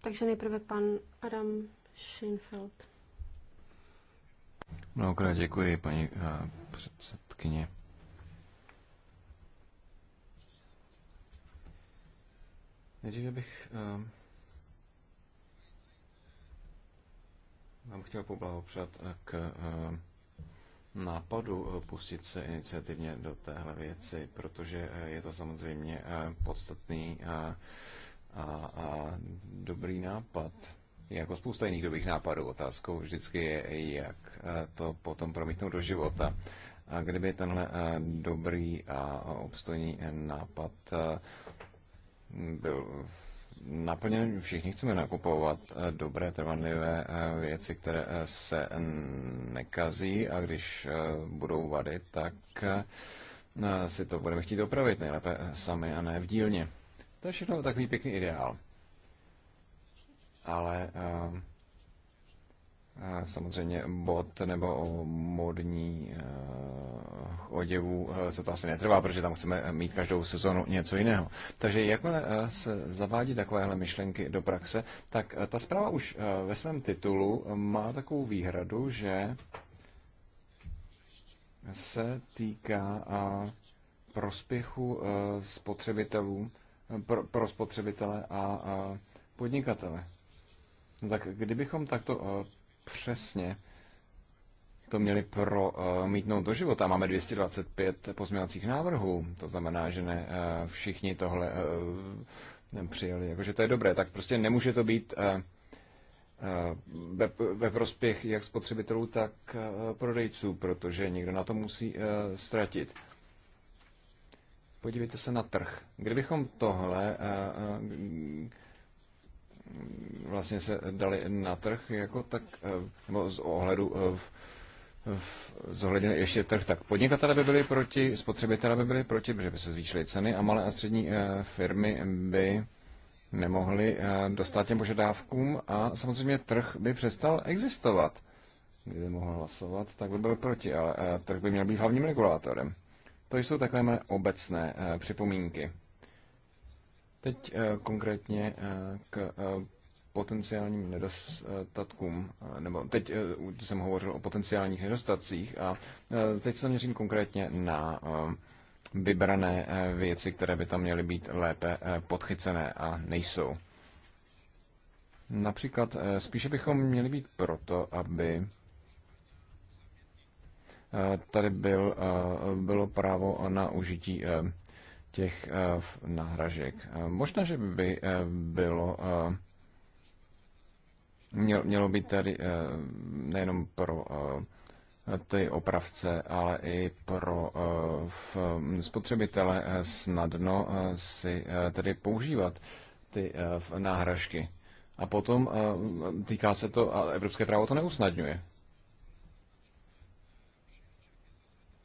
Takže nejprve pan Adam Schinfeld. Mnohokrát děkuji, paní eh, předsedkyně. Nejdříve bych eh, Já bych chtěl poblahopřát eh, k eh, nápadu eh, pustit se iniciativně do téhle věci, protože je to samozřejmě podstatný a, a, a dobrý nápad. Jako spousta jiných dobrých nápadů otázkou vždycky je, jak to potom promítnout do života. A kdyby tenhle dobrý a obstojný nápad byl naplněn, všichni chceme nakupovat eh, dobré, trvanlivé eh, věci, které eh, se nekazí a když budou vady, tak si to budeme chtít opravit nejlépe sami a ne v dílně. To je všechno takový pěkný ideál. Ale uh, samozřejmě bod nebo o modní eh, oděvu eh, se to asi netrvá, protože tam chceme mít každou sezonu něco jiného. Takže jakmile eh, se zavádí takovéhle myšlenky do praxe, tak ta zpráva už ve svém titulu má takovou výhradu, že se týká prospěchu spotřebitelů, pro, pro spotřebitele a podnikatele. Tak kdybychom takto přesně to měli promítnout uh, do života. Máme 225 pozměňovacích návrhů, to znamená, že ne uh, všichni tohle uh, přijeli. Jakože to je dobré, tak prostě nemůže to být ve, ve prospěch jak spotřebitelů, tak prodejců, protože někdo na to musí ztratit. Podívejte se na trh. Kdybychom tohle vlastně se dali na trh, jako tak, eh, nebo z ohledu eh, v, v, zohledněn ještě trh, tak podnikatele by byli proti, spotřebitelé by byli proti, protože by se zvýšily ceny a malé a střední eh, firmy by nemohly dostat těm požadávkům a samozřejmě trh by přestal existovat. Kdyby mohl hlasovat, tak by byl proti, ale trh by měl být hlavním regulátorem. To jsou takové mé obecné připomínky. Teď eh, konkrétně eh, k eh, potenciálním nedostatkům, nebo teď jsem hovořil o potenciálních nedostacích a teď se zaměřím konkrétně na vybrané věci, které by tam měly být lépe podchycené a nejsou. Například spíše bychom měli být proto, aby tady byl, bylo právo na užití těch eh, náhražek. Eh, možná, že by eh, bylo mělo být tady nejenom pro ty opravce, ale i pro spotřebitele snadno si tedy používat ty náhražky. A potom týká se to, a evropské právo to neusnadňuje.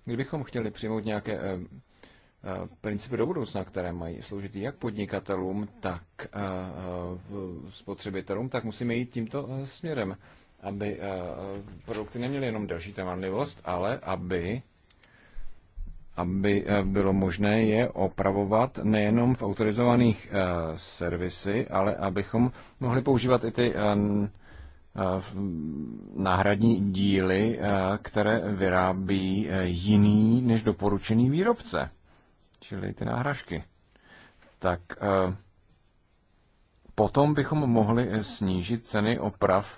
Kdybychom chtěli přijmout nějaké Eh, principy do budoucna, které mají sloužit jak podnikatelům, tak eh, spotřebitelům, tak musíme jít tímto eh, směrem, aby produkty neměly jenom další trvanlivost, ale aby aby bylo možné je opravovat nejenom v autorizovaných servisy, ale abychom mohli používat i ty náhradní díly, které vyrábí jiný než doporučený výrobce čili ty náhražky, tak eh, potom bychom mohli snížit ceny oprav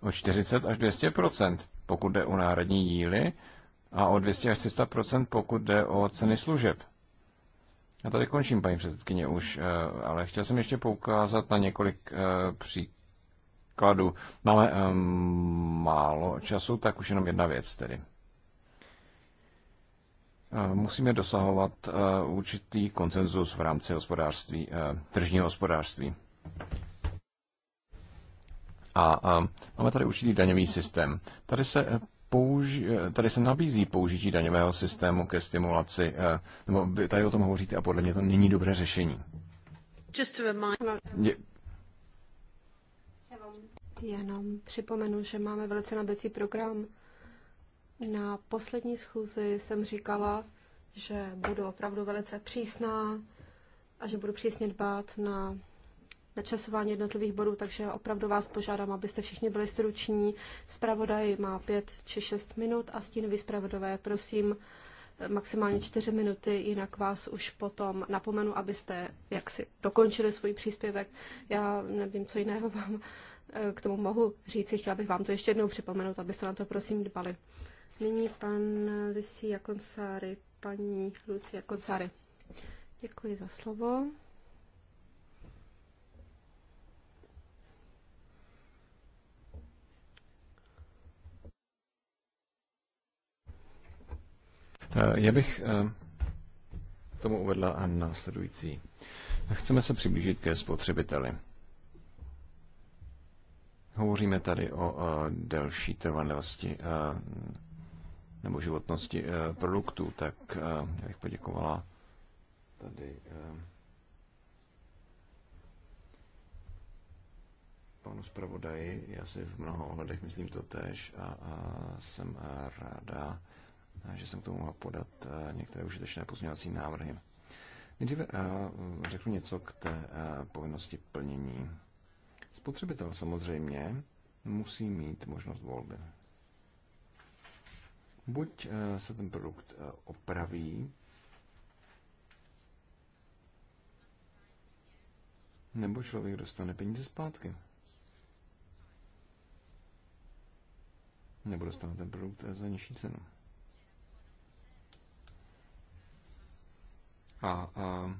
o 40 až 200 pokud jde o náhradní díly a o 200 až 300 pokud jde o ceny služeb. Já tady končím, paní předsedkyně, už, eh, ale chtěl jsem ještě poukázat na několik eh, příkladů. Máme málo času, tak už jenom jedna věc tedy. Eh, musíme dosahovat eh, určitý konsenzus v rámci hospodářství, eh, tržního hospodářství. A, máme tady určitý daňový systém. Tady se použi- tady se nabízí použití daňového systému ke stimulaci, nebo vy tady o tom hovoříte a podle mě to není dobré řešení. Je... Jenom připomenu, že máme velice nabitý program na poslední schůzi jsem říkala, že budu opravdu velice přísná a že budu přísně dbát na načasování jednotlivých bodů, takže opravdu vás požádám, abyste všichni byli struční. Zpravodaj má pět či šest minut a stínový zpravodové, prosím, maximálně čtyři minuty, jinak vás už potom napomenu, abyste jaksi dokončili svůj příspěvek. Já nevím, co jiného vám eh, k tomu mohu říci. Chtěla bych vám to ještě jednou připomenout, abyste na to prosím dbali. Nyní pan Lisi Jakonsáry, paní Luci Jakonsáry. Děkuji za slovo. Eh, já bych eh, tomu uvedla a následující. Chceme se přiblížit ke spotřebiteli. Hovoříme tady o eh, delší trvanlivosti nebo životnosti eh, produktů, tak eh, já bych poděkovala tady eh, panu zpravodaji. Já si v mnoha ohledech myslím to tež a, a jsem ráda, že jsem k tomu mohla podat některé užitečné pozměňovací návrhy. Nejdříve řeknu něco k té povinnosti plnění. Spotřebitel samozřejmě musí mít možnost volby. Buď eh, se ten produkt eh, opraví, nebo člověk dostane peníze zpátky. Nebo dostane ten produkt eh, za nižší cenu. A, a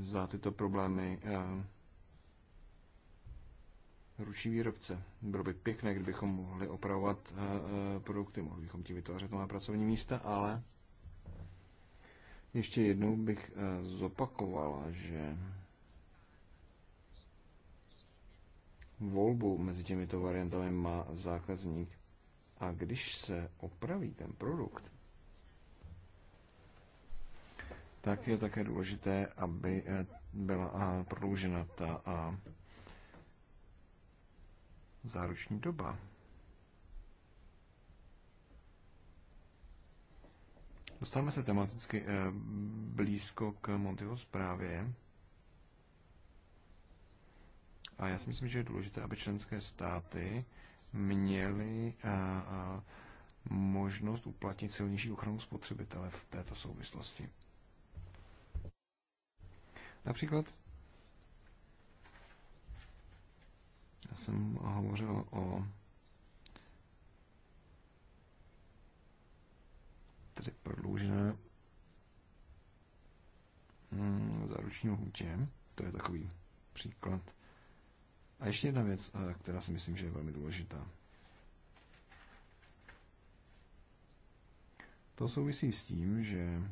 za tyto problémy a, ruční výrobce. Bylo by pěkné, kdybychom mohli opravovat eh, eh, produkty, mohli bychom ti vytvářet nová pracovní místa, ale ještě jednou bych eh, zopakovala, že volbu mezi těmito variantami má zákazník. A když se opraví ten produkt, tak je také důležité, aby byla prodloužena ta záruční doba. Dostáváme se tematicky eh, blízko k Montyho zprávě. A já si myslím, že je důležité, aby členské státy měly eh, eh, možnost uplatnit silnější ochranu spotřebitele v této souvislosti. Například Já jsem hovořil o tedy prodloužené mm, záruční lhůtě. To je takový příklad. A ještě jedna věc, eh, která si myslím, že je velmi důležitá. To souvisí s tím, že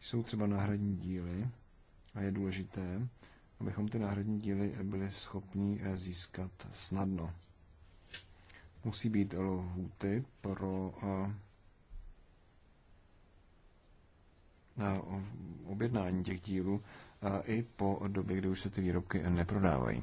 jsou třeba náhradní díly a je důležité, abychom ty náhradní díly byli schopni eh, získat snadno. Musí být lhůty pro eh, eh, objednání těch dílů i po době, kdy už se ty výrobky neprodávají.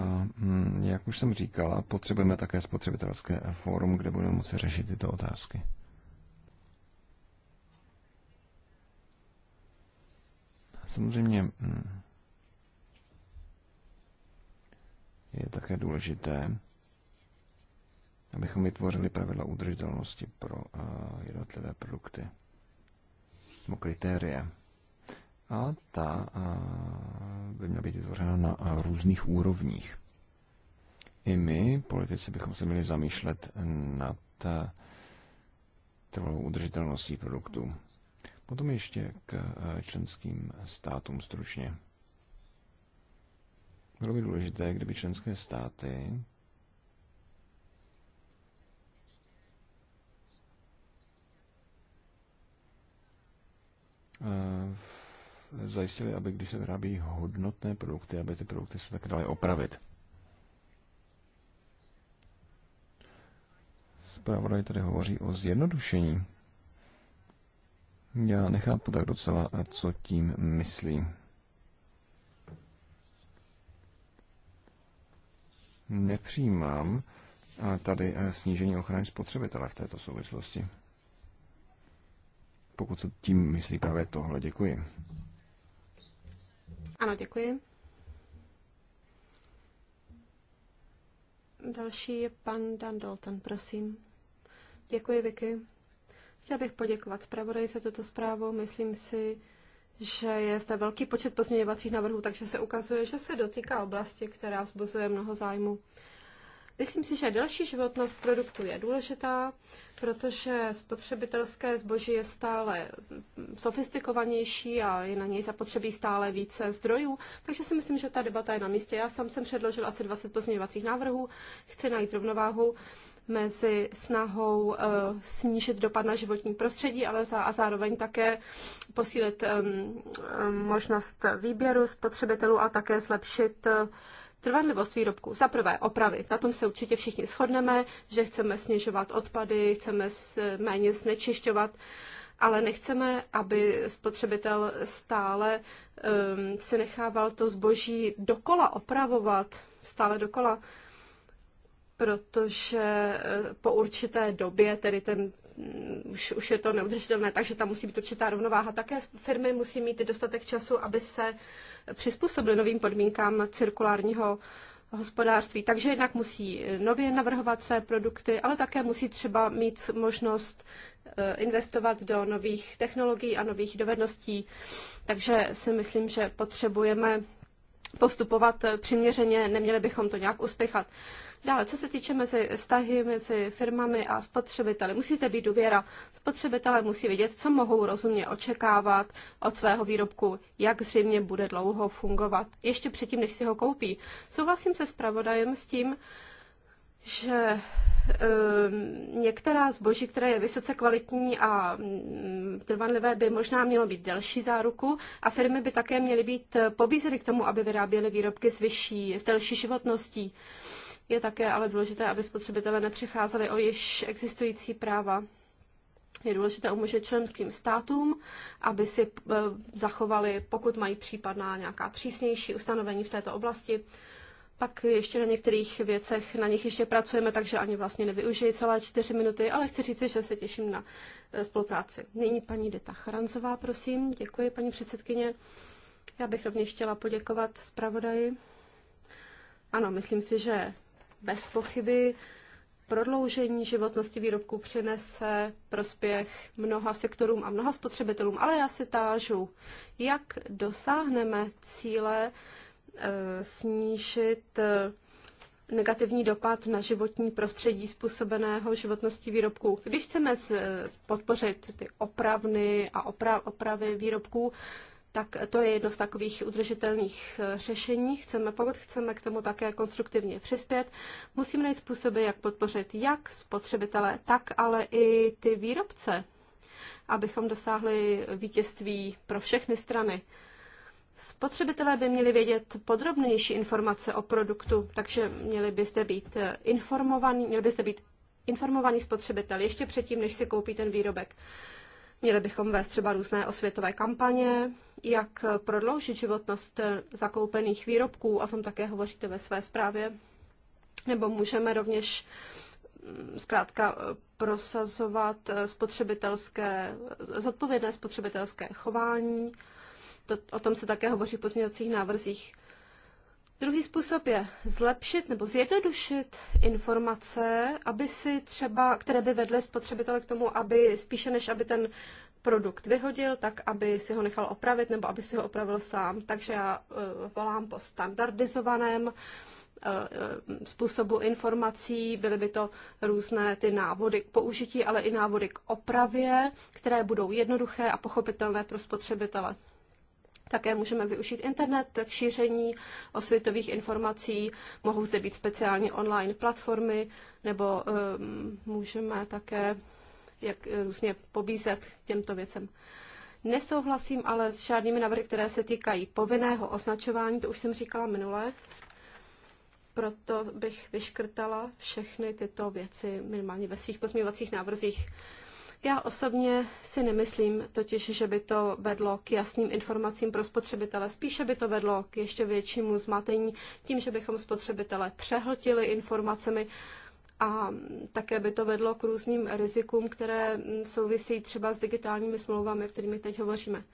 Mm, jak už jsem říkala, potřebujeme také spotřebitelské fórum, kde budeme muset řešit tyto otázky. Samozřejmě mm, je také důležité, abychom vytvořili pravidla udržitelnosti pro jednotlivé produkty nebo kritéria a ta by měla být vytvořena na různých úrovních. I my, politici, bychom se měli zamýšlet nad trvalou udržitelností produktů. Potom ještě k členským státům stručně. Bylo by důležité, kdyby členské státy v zajistili, aby když se vyrábí hodnotné produkty, aby ty produkty se tak daly opravit. Zpravodaj tady hovoří o zjednodušení. Já nechápu tak docela, co tím myslí. Nepřijímám tady eh, snížení ochrany spotřebitele v této souvislosti. Pokud se tím myslí právě tohle, děkuji. Ano, děkuji. Další je pan Dan Dalton, prosím. Děkuji, Vicky. Chtěla bych poděkovat zpravodaji za tuto zprávu. Myslím si, že je zde velký počet pozměňovacích návrhů, takže se ukazuje, že se dotýká oblasti, která vzbuzuje mnoho zájmu. Myslím si, že delší životnost produktu je důležitá, protože spotřebitelské zboží je stále sofistikovanější a je na něj zapotřebí stále více zdrojů, takže si myslím, že ta debata je na místě. Já sám jsem předložil asi 20 pozměňovacích návrhů, chci najít rovnováhu mezi snahou uh, snížit dopad na životní prostředí, ale za, a zároveň také posílit um, um, možnost výběru spotřebitelů a také zlepšit uh, Trvanlivost výrobků. Za prvé, opravy. Na tom se určitě všichni shodneme, že chceme snižovat odpady, chceme méně znečišťovat, ale nechceme, aby spotřebitel stále um, si nechával to zboží dokola opravovat, stále dokola protože eh, po určité době tedy ten už, už je to neudržitelné, takže tam musí být určitá rovnováha. Také firmy musí mít dostatek času, aby se přizpůsobily novým podmínkám cirkulárního hospodářství. Takže jednak musí nově navrhovat své produkty, ale také musí třeba mít možnost eh, investovat do nových technologií a nových dovedností. Takže si myslím, že potřebujeme postupovat eh, přiměřeně, neměli bychom to nějak uspěchat. Dále, co se týče mezi vztahy mezi firmami a spotřebiteli, musíte být důvěra. Spotřebitelé musí vědět, co mohou rozumně očekávat od svého výrobku, jak zřejmě bude dlouho fungovat, ještě předtím, než si ho koupí. Souhlasím se s pravodajem s tím, že um, některá zboží, které je vysoce kvalitní a um, trvanlivé, by možná mělo být delší záruku a firmy by také měly být pobízeny k tomu, aby vyráběly výrobky s vyšší, s delší životností. Uh, je také ale důležité, aby spotřebitelé nepřecházeli o již existující práva. Je důležité umožnit členským státům, aby si eh, zachovali, pokud mají případná nějaká přísnější ustanovení v této oblasti. Pak ještě na některých věcech, na nich ještě pracujeme, takže ani vlastně nevyužijí celé čtyři minuty, ale chci říct, že se těším na eh, spolupráci. Nyní paní Deta Charanzová, prosím. Děkuji, paní předsedkyně. Já bych rovněž chtěla poděkovat zpravodaji. Ano, myslím si, že bez pochyby prodloužení životnosti výrobků přinese prospěch mnoha sektorům a mnoha spotřebitelům, ale já se tážu, jak dosáhneme cíle e, snížit e, negativní dopad na životní prostředí způsobeného životností výrobků. Když chceme e, podpořit ty opravny a opra- opravy výrobků, tak to je jedno z takových udržitelných eh, řešení. Chceme, pokud chceme k tomu také konstruktivně přispět, musíme najít způsoby, jak podpořit jak spotřebitele, tak ale i ty výrobce, abychom dosáhli vítězství pro všechny strany. Spotřebitelé by měli vědět podrobnější informace o produktu, takže měli by eh, být informovaní, měli by být informovaný spotřebitel ještě předtím, než si koupí ten výrobek. Měli bychom vést třeba různé osvětové kampaně, jak prodloužit životnost zakoupených výrobků, o tom také hovoříte ve své zprávě. Nebo můžeme rovněž mm, zkrátka prosazovat spotřebitelské, zodpovědné spotřebitelské chování. To, o tom se také hovoří v pozměňovacích návrzích. Druhý způsob je zlepšit nebo zjednodušit informace, aby si třeba, které by vedly spotřebitele k tomu, aby spíše než aby ten produkt vyhodil, tak aby si ho nechal opravit nebo aby si ho opravil sám. Takže já eh, volám po standardizovaném eh, eh, způsobu informací, byly by to různé ty návody k použití, ale i návody k opravě, které budou jednoduché a pochopitelné pro spotřebitele. Také můžeme využít internet k šíření osvětových informací, mohou zde být speciální online platformy, nebo um, můžeme také jak eh, různě pobízet k těmto věcem. Nesouhlasím ale s žádnými návrhy, které se týkají povinného označování, to už jsem říkala minule, proto bych vyškrtala všechny tyto věci minimálně ve svých pozměňovacích návrzích. Já osobně si nemyslím totiž, že by to vedlo k jasným informacím pro spotřebitele. Spíše by to vedlo k ještě většímu zmatení tím, že bychom spotřebitele přehltili informacemi a také by to vedlo k různým rizikům, které souvisí třeba s digitálními smlouvami, o kterými teď hovoříme.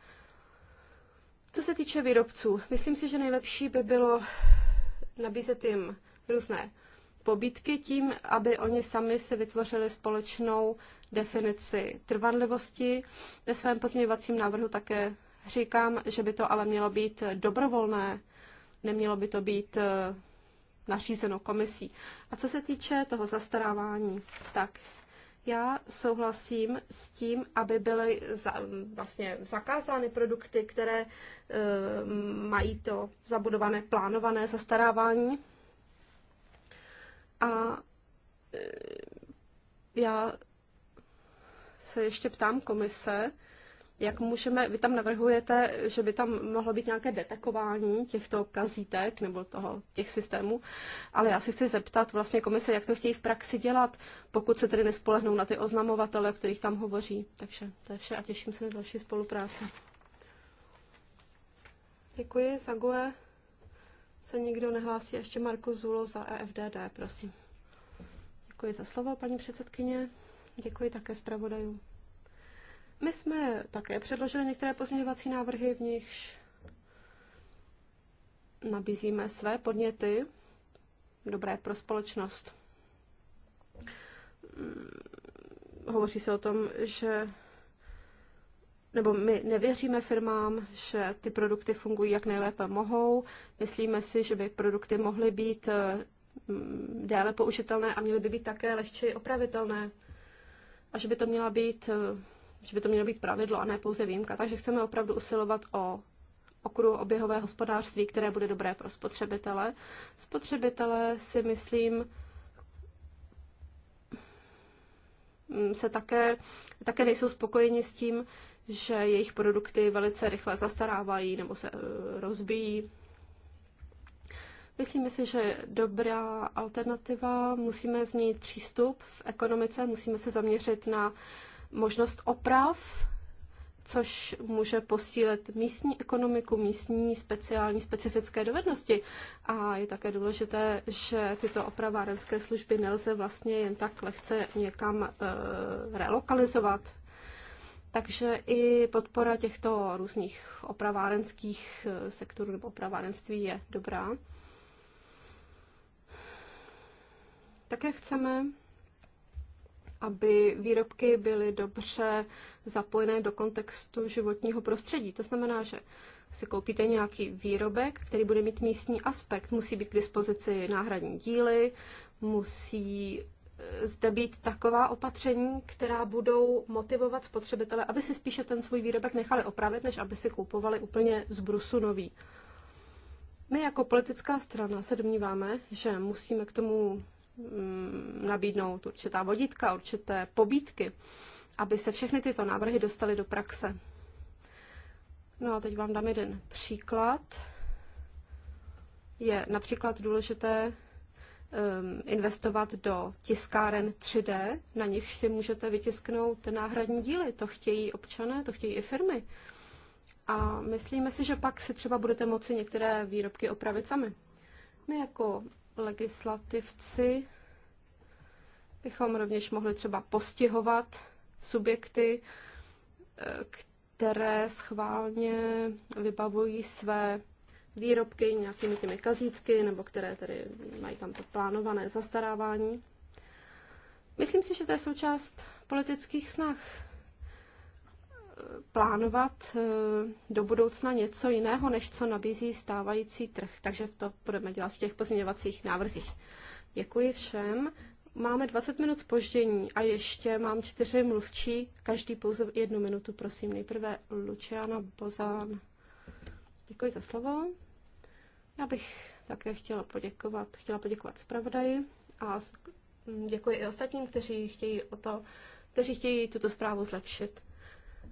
Co se týče výrobců, myslím si, že nejlepší by bylo nabízet jim různé pobídky tím, aby oni sami si vytvořili společnou definici trvanlivosti. Ve svém pozměňovacím návrhu také říkám, že by to ale mělo být dobrovolné, nemělo by to být eh, nařízeno komisí. A co se týče toho zastarávání, tak já souhlasím s tím, aby byly za, vlastně zakázány produkty, které e, mají to zabudované plánované zastarávání, a e, já se ještě ptám komise, jak můžeme, vy tam navrhujete, že by tam mohlo být nějaké detekování těchto kazítek nebo toho, těch systémů, ale já se chci zeptat vlastně komise, jak to chtějí v praxi dělat, pokud se tedy nespolehnou na ty oznamovatele, o kterých tam hovoří. Takže to je vše a těším se na další spolupráci. Děkuji, Zague se nikdo nehlásí. Ještě Marko Zulo za EFDD, prosím. Děkuji za slovo, paní předsedkyně. Děkuji také zpravodajům. My jsme také předložili některé pozměňovací návrhy, v nichž nabízíme své podněty, dobré pro společnost. Hm, hovoří se o tom, že nebo my nevěříme firmám, že ty produkty fungují jak nejlépe mohou. Myslíme si, že by produkty mohly být eh, déle použitelné a měly by být také lehčí opravitelné. A že by to měla být, eh, že by to mělo být pravidlo a ne pouze výjimka. Takže chceme opravdu usilovat o okruh oběhové hospodářství, které bude dobré pro spotřebitele. Spotřebitele si myslím, Mm, se také, také nejsou spokojeni s tím, že jejich produkty velice rychle zastarávají nebo se eh, rozbíjí. Myslíme si, že dobrá alternativa, musíme změnit přístup v ekonomice, musíme se zaměřit na možnost oprav což může posílit místní ekonomiku, místní speciální specifické dovednosti. A je také důležité, že tyto opravárenské služby nelze vlastně jen tak lehce někam e, relokalizovat. Takže i podpora těchto různých opravárenských eh, sektorů nebo opravárenství je dobrá. Také chceme aby výrobky byly dobře zapojené do kontextu životního prostředí. To znamená, že si koupíte nějaký výrobek, který bude mít místní aspekt. Musí být k dispozici náhradní díly, musí e, zde být taková opatření, která budou motivovat spotřebitele, aby si spíše ten svůj výrobek nechali opravit, než aby si koupovali úplně z brusu nový. My jako politická strana se domníváme, že musíme k tomu Mm, nabídnout určitá vodítka, určité pobídky, aby se všechny tyto návrhy dostaly do praxe. No a teď vám dám jeden příklad. Je například důležité ehm, investovat do tiskáren 3D, na nich si můžete vytisknout náhradní díly. To chtějí občané, to chtějí i firmy. A myslíme si, že pak si třeba budete moci některé výrobky opravit sami. My jako legislativci bychom rovněž mohli třeba postihovat subjekty, eh, které schválně vybavují své výrobky nějakými těmi kazítky, nebo které tedy mají tam to plánované zastarávání. Myslím si, že to je součást politických snah plánovat eh, do budoucna něco jiného, než co nabízí stávající trh. Takže to budeme dělat v těch pozměňovacích návrzích. Děkuji všem. Máme 20 minut spoždění a ještě mám čtyři mluvčí, každý pouze jednu minutu, prosím. Nejprve Luciana Bozán. Děkuji za slovo. Já bych také chtěla poděkovat, chtěla poděkovat zpravodaji a děkuji i ostatním, kteří chtějí o to, kteří chtějí tuto zprávu zlepšit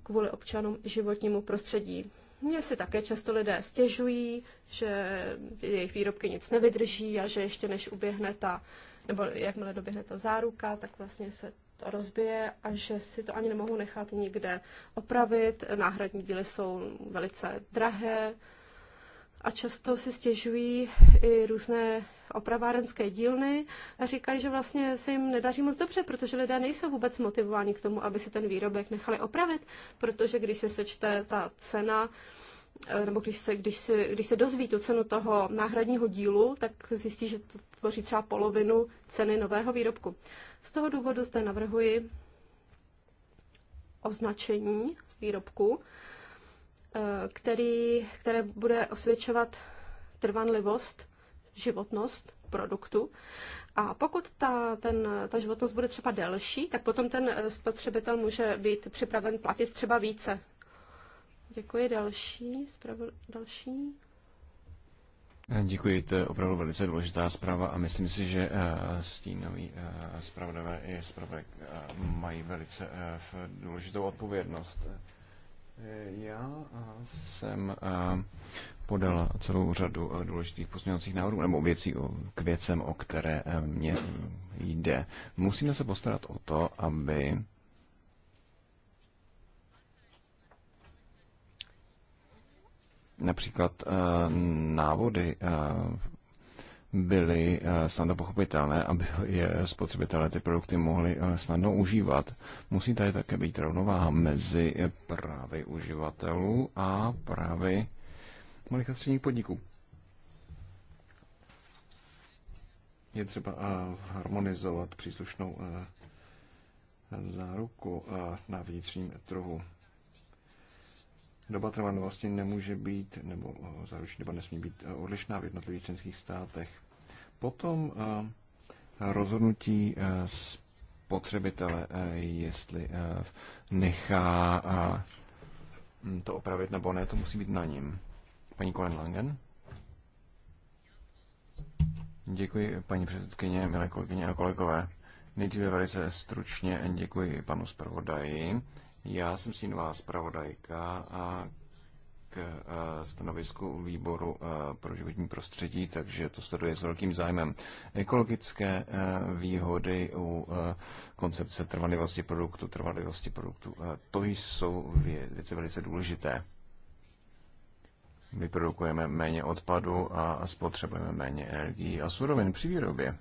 kvůli občanům životnímu prostředí. Mně si také často lidé stěžují, že jejich výrobky nic nevydrží a že ještě než uběhne ta, nebo jakmile doběhne ta záruka, tak vlastně se to rozbije a že si to ani nemohou nechat nikde opravit. Náhradní díly jsou velice drahé, a často si stěžují i různé opravárenské dílny a říkají, že vlastně se jim nedaří moc dobře, protože lidé nejsou vůbec motivováni k tomu, aby si ten výrobek nechali opravit, protože když se sečte ta cena, eh, nebo když se, když, se, když se dozví tu cenu toho náhradního dílu, tak zjistí, že to tvoří třeba polovinu ceny nového výrobku. Z toho důvodu zde navrhuji označení výrobku, Eh, který, které bude osvědčovat trvanlivost, životnost produktu. A pokud ta, ten, ta životnost bude třeba delší, tak potom ten eh, spotřebitel může být připraven platit třeba více. Děkuji. Další. Zpravil, další. Eh, děkuji, to je opravdu velice důležitá zpráva a myslím si, že stínoví zpravodové i zpravodaj mají velice důležitou odpovědnost. Já jsem eh, podala celou řadu eh, důležitých pozměňovacích návrhů nebo věcí k věcem, o které eh, mě jde. Musíme se postarat o to, aby například návody byly eh, snadno pochopitelné, aby je spotřebitelé ty produkty mohli eh, snadno užívat. Musí tady také být rovnováha mezi eh, právy uživatelů a právy malých a středních podniků. Je třeba harmonizovat příslušnou záruku na vnitřním trhu doba trvanlivosti nemůže být, nebo eh, záruční doba nesmí být eh, odlišná v jednotlivých členských státech. Potom eh, rozhodnutí spotřebitele, jestli nechá hm, to opravit nebo ne, to musí být na ním. Paní Kolen Langen? Děkuji, paní předsedkyně, milé kolegyně a kolegové. Nejdříve velice stručně děkuji panu zpravodaji já jsem stínová zpravodajka a k eh, stanovisku výboru eh, pro životní prostředí, takže to sleduje s velkým zájmem. Ekologické eh, výhody u koncepce trvalivosti produktu, trvalivosti produktu, to jsou věci velice důležité. Vyprodukujeme méně odpadu a spotřebujeme méně energií a surovin při výrobě.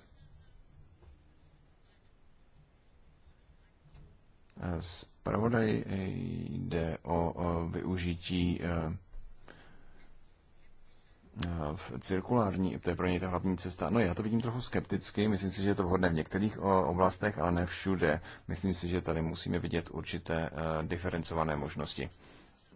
S pravodaj eh, jde o využití eh, eh, v cirkulární, to je pro něj ta hlavní cesta. No já to vidím trochu skepticky, myslím si, že je to vhodné v některých oblastech, ale ne všude. Myslím si, že tady musíme vidět určité diferencované možnosti.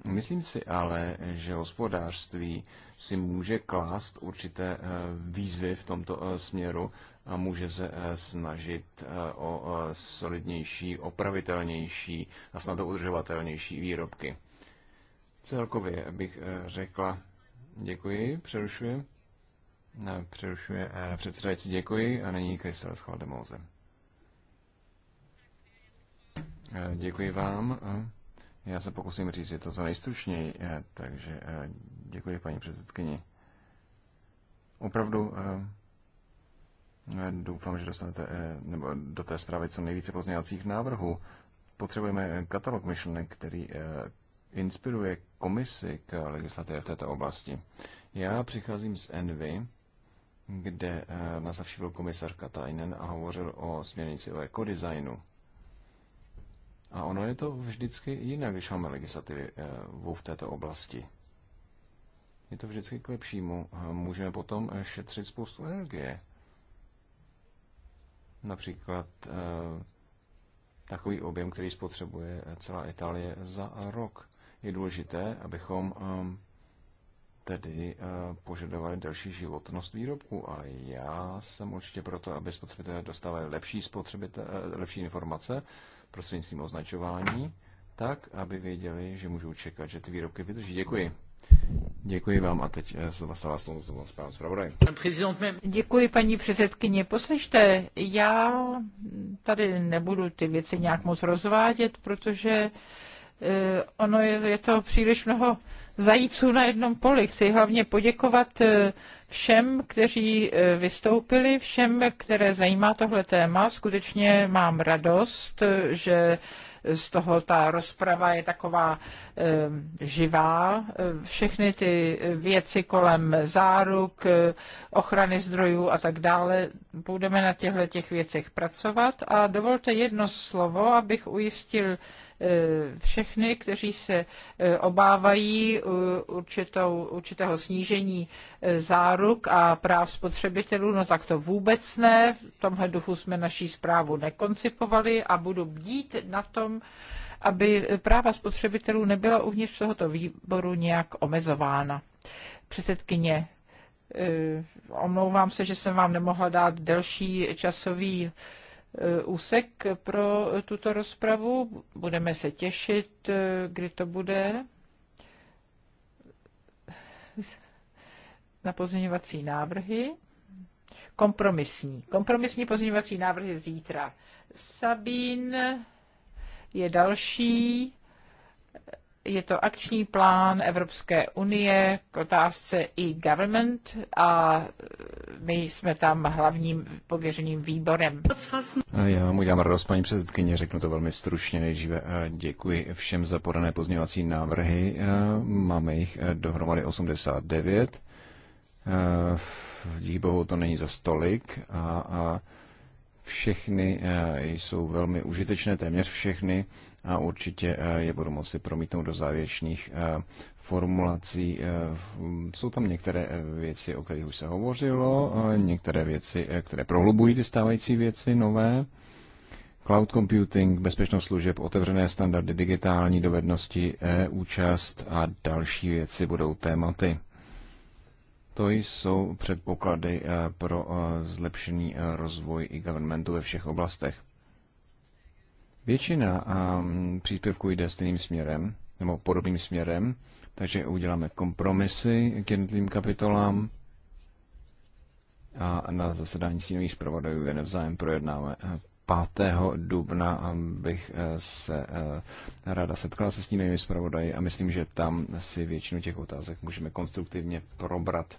Myslím si ale, že hospodářství si může klást určité výzvy v tomto směru, a může se eh, snažit eh, o eh, solidnější, opravitelnější a snad udržovatelnější výrobky. Celkově bych řekla, děkuji, přerušuji. Přerušuje předsedající, děkuji a není Kristel Schaldemouze. Děkuji vám. Já se pokusím říct, je to co nejstručněji, takže děkuji paní předsedkyni. Opravdu Eh, doufám, že dostanete eh, nebo do té zprávy co nejvíce pozměňovacích návrhů. Potřebujeme eh, katalog myšlenek, který inspiruje komisi k legislativě v této oblasti. Já přicházím z Envy, kde nás navštívil komisar Katajnen a hovořil o směrnici o ekodesignu. A ono je to vždycky jinak, když máme legislativy v této oblasti. Je to vždycky k lepšímu. Můžeme potom šetřit spoustu energie například eh, takový objem, který spotřebuje celá Itálie za rok. Je důležité, abychom ehm, tedy eh, požadovali delší životnost výrobku a já jsem určitě proto, aby spotřebitelé dostávali lepší, spotřebitel, eh, lepší informace prostřednictvím označování, tak, aby věděli, že můžou čekat, že ty výrobky vydrží. Děkuji. Děkuji vám a teď eh, se dostává slovo z pán zpravodaj. Děkuji paní předsedkyně. Poslyšte, já tady nebudu ty věci nějak moc rozvádět, protože eh, ono je, je to příliš mnoho zajíců na jednom poli. Chci hlavně poděkovat eh, všem, kteří vystoupili, všem, které zajímá tohle téma. Skutečně mám radost, že z toho ta rozprava je taková živá. Všechny ty věci kolem záruk, ochrany zdrojů a tak dále, budeme na těchto těch věcech pracovat. A dovolte jedno slovo, abych ujistil Eh, všechny, kteří se eh, obávají eh, určitou, určitého snížení záruk a práv spotřebitelů, no tak to vůbec ne. V tomhle duchu jsme naší zprávu nekoncipovali a budu bdít na tom, aby práva spotřebitelů nebyla uvnitř tohoto výboru nějak omezována. Předsedkyně omlouvám se, že jsem vám nemohla dát delší časový Eh, úsek pro tuto rozpravu. Budeme se těšit, eh, kdy to bude. Na pozměňovací návrhy. Kompromisní. Kompromisní pozměňovací návrhy zítra. Sabín je další je to akční plán Evropské unie k otázce e-government a my jsme tam hlavním pověřeným výborem. Já mu udělám radost, paní předsedkyně, řeknu to velmi stručně. Nejdříve děkuji všem za podané pozměňovací návrhy. Máme jich eh, dohromady 89. Díky bohu to není za stolik a, a všechny eh, jsou velmi užitečné, téměř všechny a určitě eh, je budu moci promítnout do závěrečných eh, formulací. Eh, jsou tam některé věci, o kterých už se hovořilo, některé věci, které prohlubují ty stávající věci, nové. Cloud computing, bezpečnost služeb, otevřené standardy, digitální dovednosti, e-účast a další věci budou tématy. To jsou předpoklady pro zlepšený rozvoj i governmentu ve všech oblastech. Většina mm, příspěvků jde stejným směrem, nebo podobným směrem, takže uděláme kompromisy k jednotlivým kapitolám a na zasedání sínových zpravodajů je nevzájem projednáme. 5. dubna bych e, se e, ráda setkala se stínovými zpravodaji a myslím, že tam si většinu těch otázek můžeme konstruktivně probrat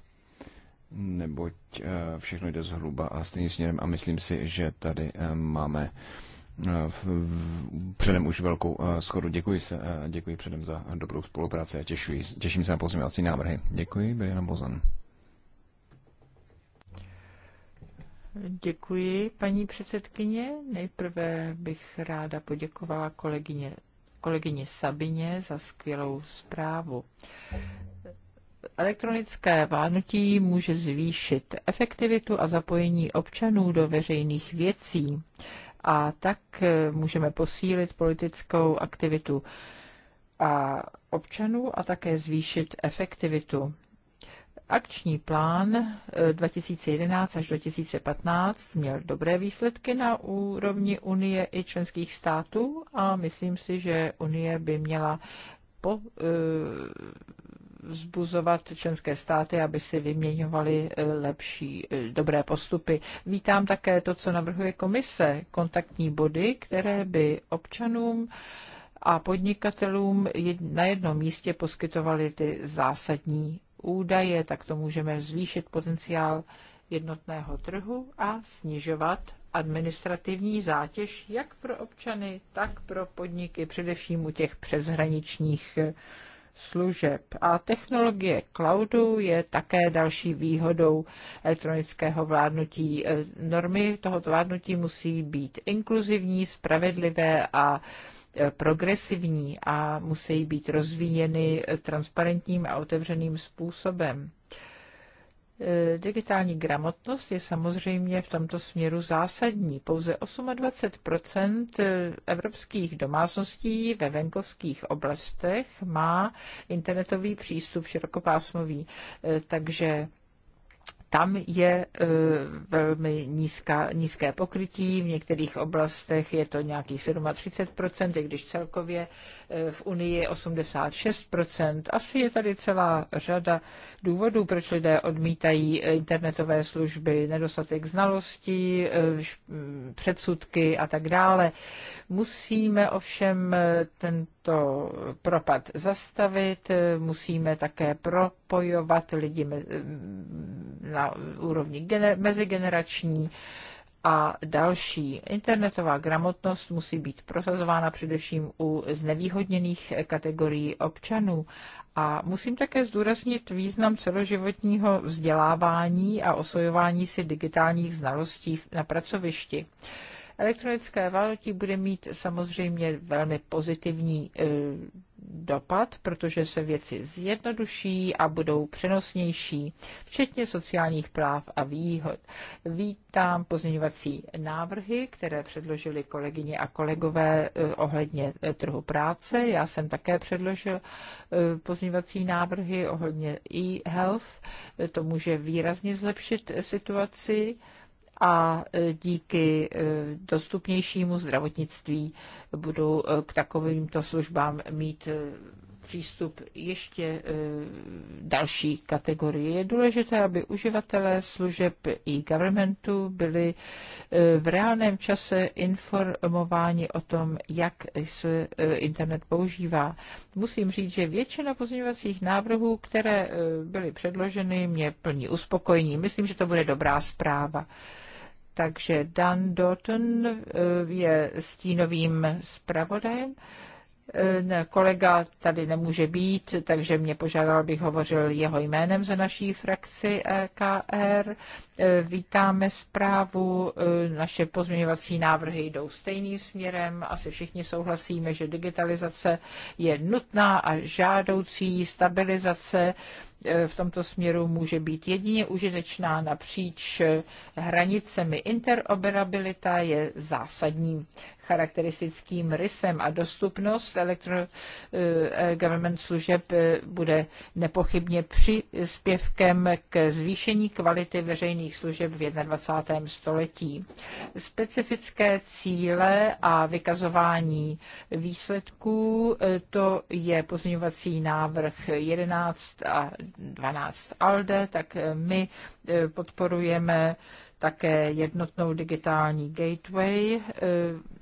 neboť e, všechno jde zhruba a stejným směrem a myslím si, že tady máme Eh, předem už velkou eh, schodu. Děkuji, se, eh, děkuji předem za dobrou spolupráci a těšuji, těším se na pozměňovací návrhy. Děkuji, Briana Bozan. Děkuji, paní předsedkyně. Nejprve bych ráda poděkovala kolegyně, kolegyně Sabině za skvělou zprávu. Elektronické vládnutí může zvýšit efektivitu a zapojení občanů do veřejných věcí a tak eh, můžeme posílit politickou aktivitu a občanů a také zvýšit efektivitu. Akční plán 2011 eh, až 2015 měl dobré výsledky na úrovni Unie i členských států a myslím si, že Unie by měla po, eh, vzbuzovat členské státy, aby si vyměňovali eh, lepší eh, dobré postupy. Vítám také to, co navrhuje komise, kontaktní body, které by občanům a podnikatelům na jednom místě poskytovaly ty zásadní údaje, tak to můžeme zvýšit potenciál jednotného trhu a snižovat administrativní zátěž jak pro občany, tak pro podniky, především u těch přeshraničních eh, služeb. A technologie cloudu je také další výhodou elektronického vládnutí. E, normy tohoto vládnutí musí být inkluzivní, spravedlivé a e, progresivní a musí být rozvíjeny transparentním a otevřeným způsobem. Eh, digitální gramotnost je samozřejmě v tomto směru zásadní. Pouze 28 eh, evropských domácností ve venkovských oblastech má internetový přístup širokopásmový, eh, takže tam je velmi nízká, nízké pokrytí, v některých oblastech je to nějakých 37%, i když celkově v Unii je 86%. Asi je tady celá řada důvodů, proč lidé odmítají internetové služby, nedostatek znalostí, eh, předsudky a tak dále. Musíme ovšem eh, tento propad zastavit, eh, musíme také propojovat lidi na úrovni mezigenerační, a další. Internetová gramotnost musí být prosazována především u znevýhodněných kategorií občanů. A musím také zdůraznit význam celoživotního vzdělávání a osvojování si digitálních znalostí na pracovišti. Elektronické valutí bude mít samozřejmě velmi pozitivní eh, dopad, protože se věci zjednoduší a budou přenosnější, včetně sociálních práv a výhod. Vítám pozměňovací návrhy, které předložili kolegyně a kolegové eh, ohledně eh, trhu práce. Já jsem také předložil eh, pozměňovací návrhy ohledně e-health. To může výrazně zlepšit situaci a e, díky e, dostupnějšímu zdravotnictví budou e, k takovýmto službám mít přístup ještě další kategorie. Je důležité, aby uživatelé služeb i governmentu byli v reálném čase informováni o tom, jak se internet používá. Musím říct, že většina pozměňovacích návrhů, které byly předloženy, mě plní uspokojení. Myslím, že to bude dobrá zpráva. Takže Dan Dalton eh, je stínovým zpravodajem. Eh, kolega tady nemůže být, takže mě požádal, abych hovořil jeho jménem za naší frakci e KR. Eh, vítáme zprávu, eh, naše pozměňovací návrhy jdou stejným směrem. Asi všichni souhlasíme, že digitalizace je nutná a žádoucí stabilizace v tomto směru může být jedině užitečná napříč hranicemi. Interoperabilita je zásadní charakteristickým rysem a dostupnost elektro eh, government služeb eh, bude nepochybně přispěvkem k zvýšení kvality veřejných služeb v 21. století. Specifické cíle a vykazování výsledků, eh, to je pozměňovací návrh 11 a 12 ALDE, tak my podporujeme také jednotnou digitální gateway. E,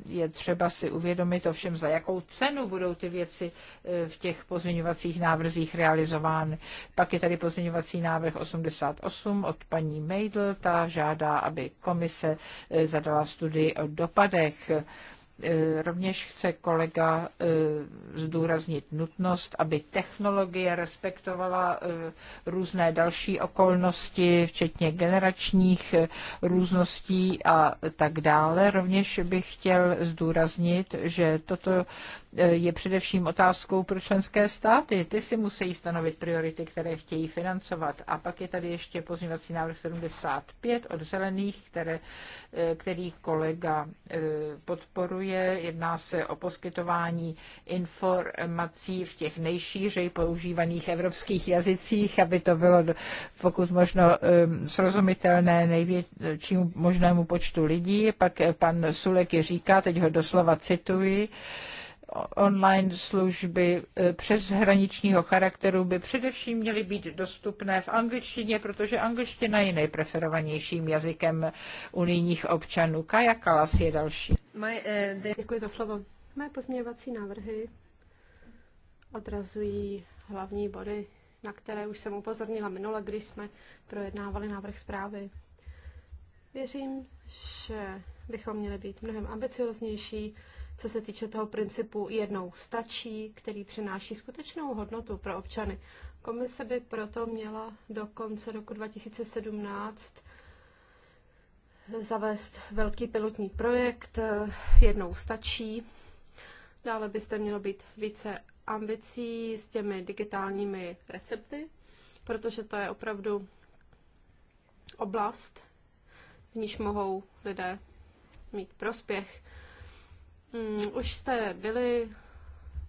je třeba si uvědomit ovšem, za jakou cenu budou ty věci e, v těch pozměňovacích návrzích realizovány. Pak je tady pozměňovací návrh 88 od paní Meidl. Ta žádá, aby komise e, zadala studii o dopadech Eh, rovněž chce kolega eh, zdůraznit nutnost, aby technologie respektovala eh, různé další okolnosti, včetně generačních růzností a tak dále. Rovněž bych chtěl zdůraznit, že toto je především otázkou pro členské státy. Ty si musí stanovit priority, které chtějí financovat. A pak je tady ještě pozměňovací návrh 75 od zelených, které, který kolega podporuje směruje. Jedná se o poskytování informací v těch nejšířej používaných evropských jazycích, aby to bylo pokud možno um, srozumitelné největšímu možnému počtu lidí. Pak eh, pan Sulek je říká, teď ho doslova cituji, online služby eh, přeshraničního charakteru by především měly být dostupné v angličtině, protože angličtina je nejpreferovanějším jazykem unijních občanů. Kaja Kalas je další. My, uh, Děkuji za slovo. Mé pozměňovací návrhy odrazují hlavní body, na které už jsem upozornila minule, když jsme projednávali návrh zprávy. Věřím, že bychom měli být mnohem ambicioznější, co se týče toho principu jednou stačí, který přináší skutečnou hodnotu pro občany. Komise by proto měla do konce roku 2017 zavést velký pilotní projekt, eh, jednou stačí. Dále byste mělo být více ambicí s těmi digitálními recepty, protože to je opravdu oblast, v níž mohou lidé mít prospěch. Mm, už jste byli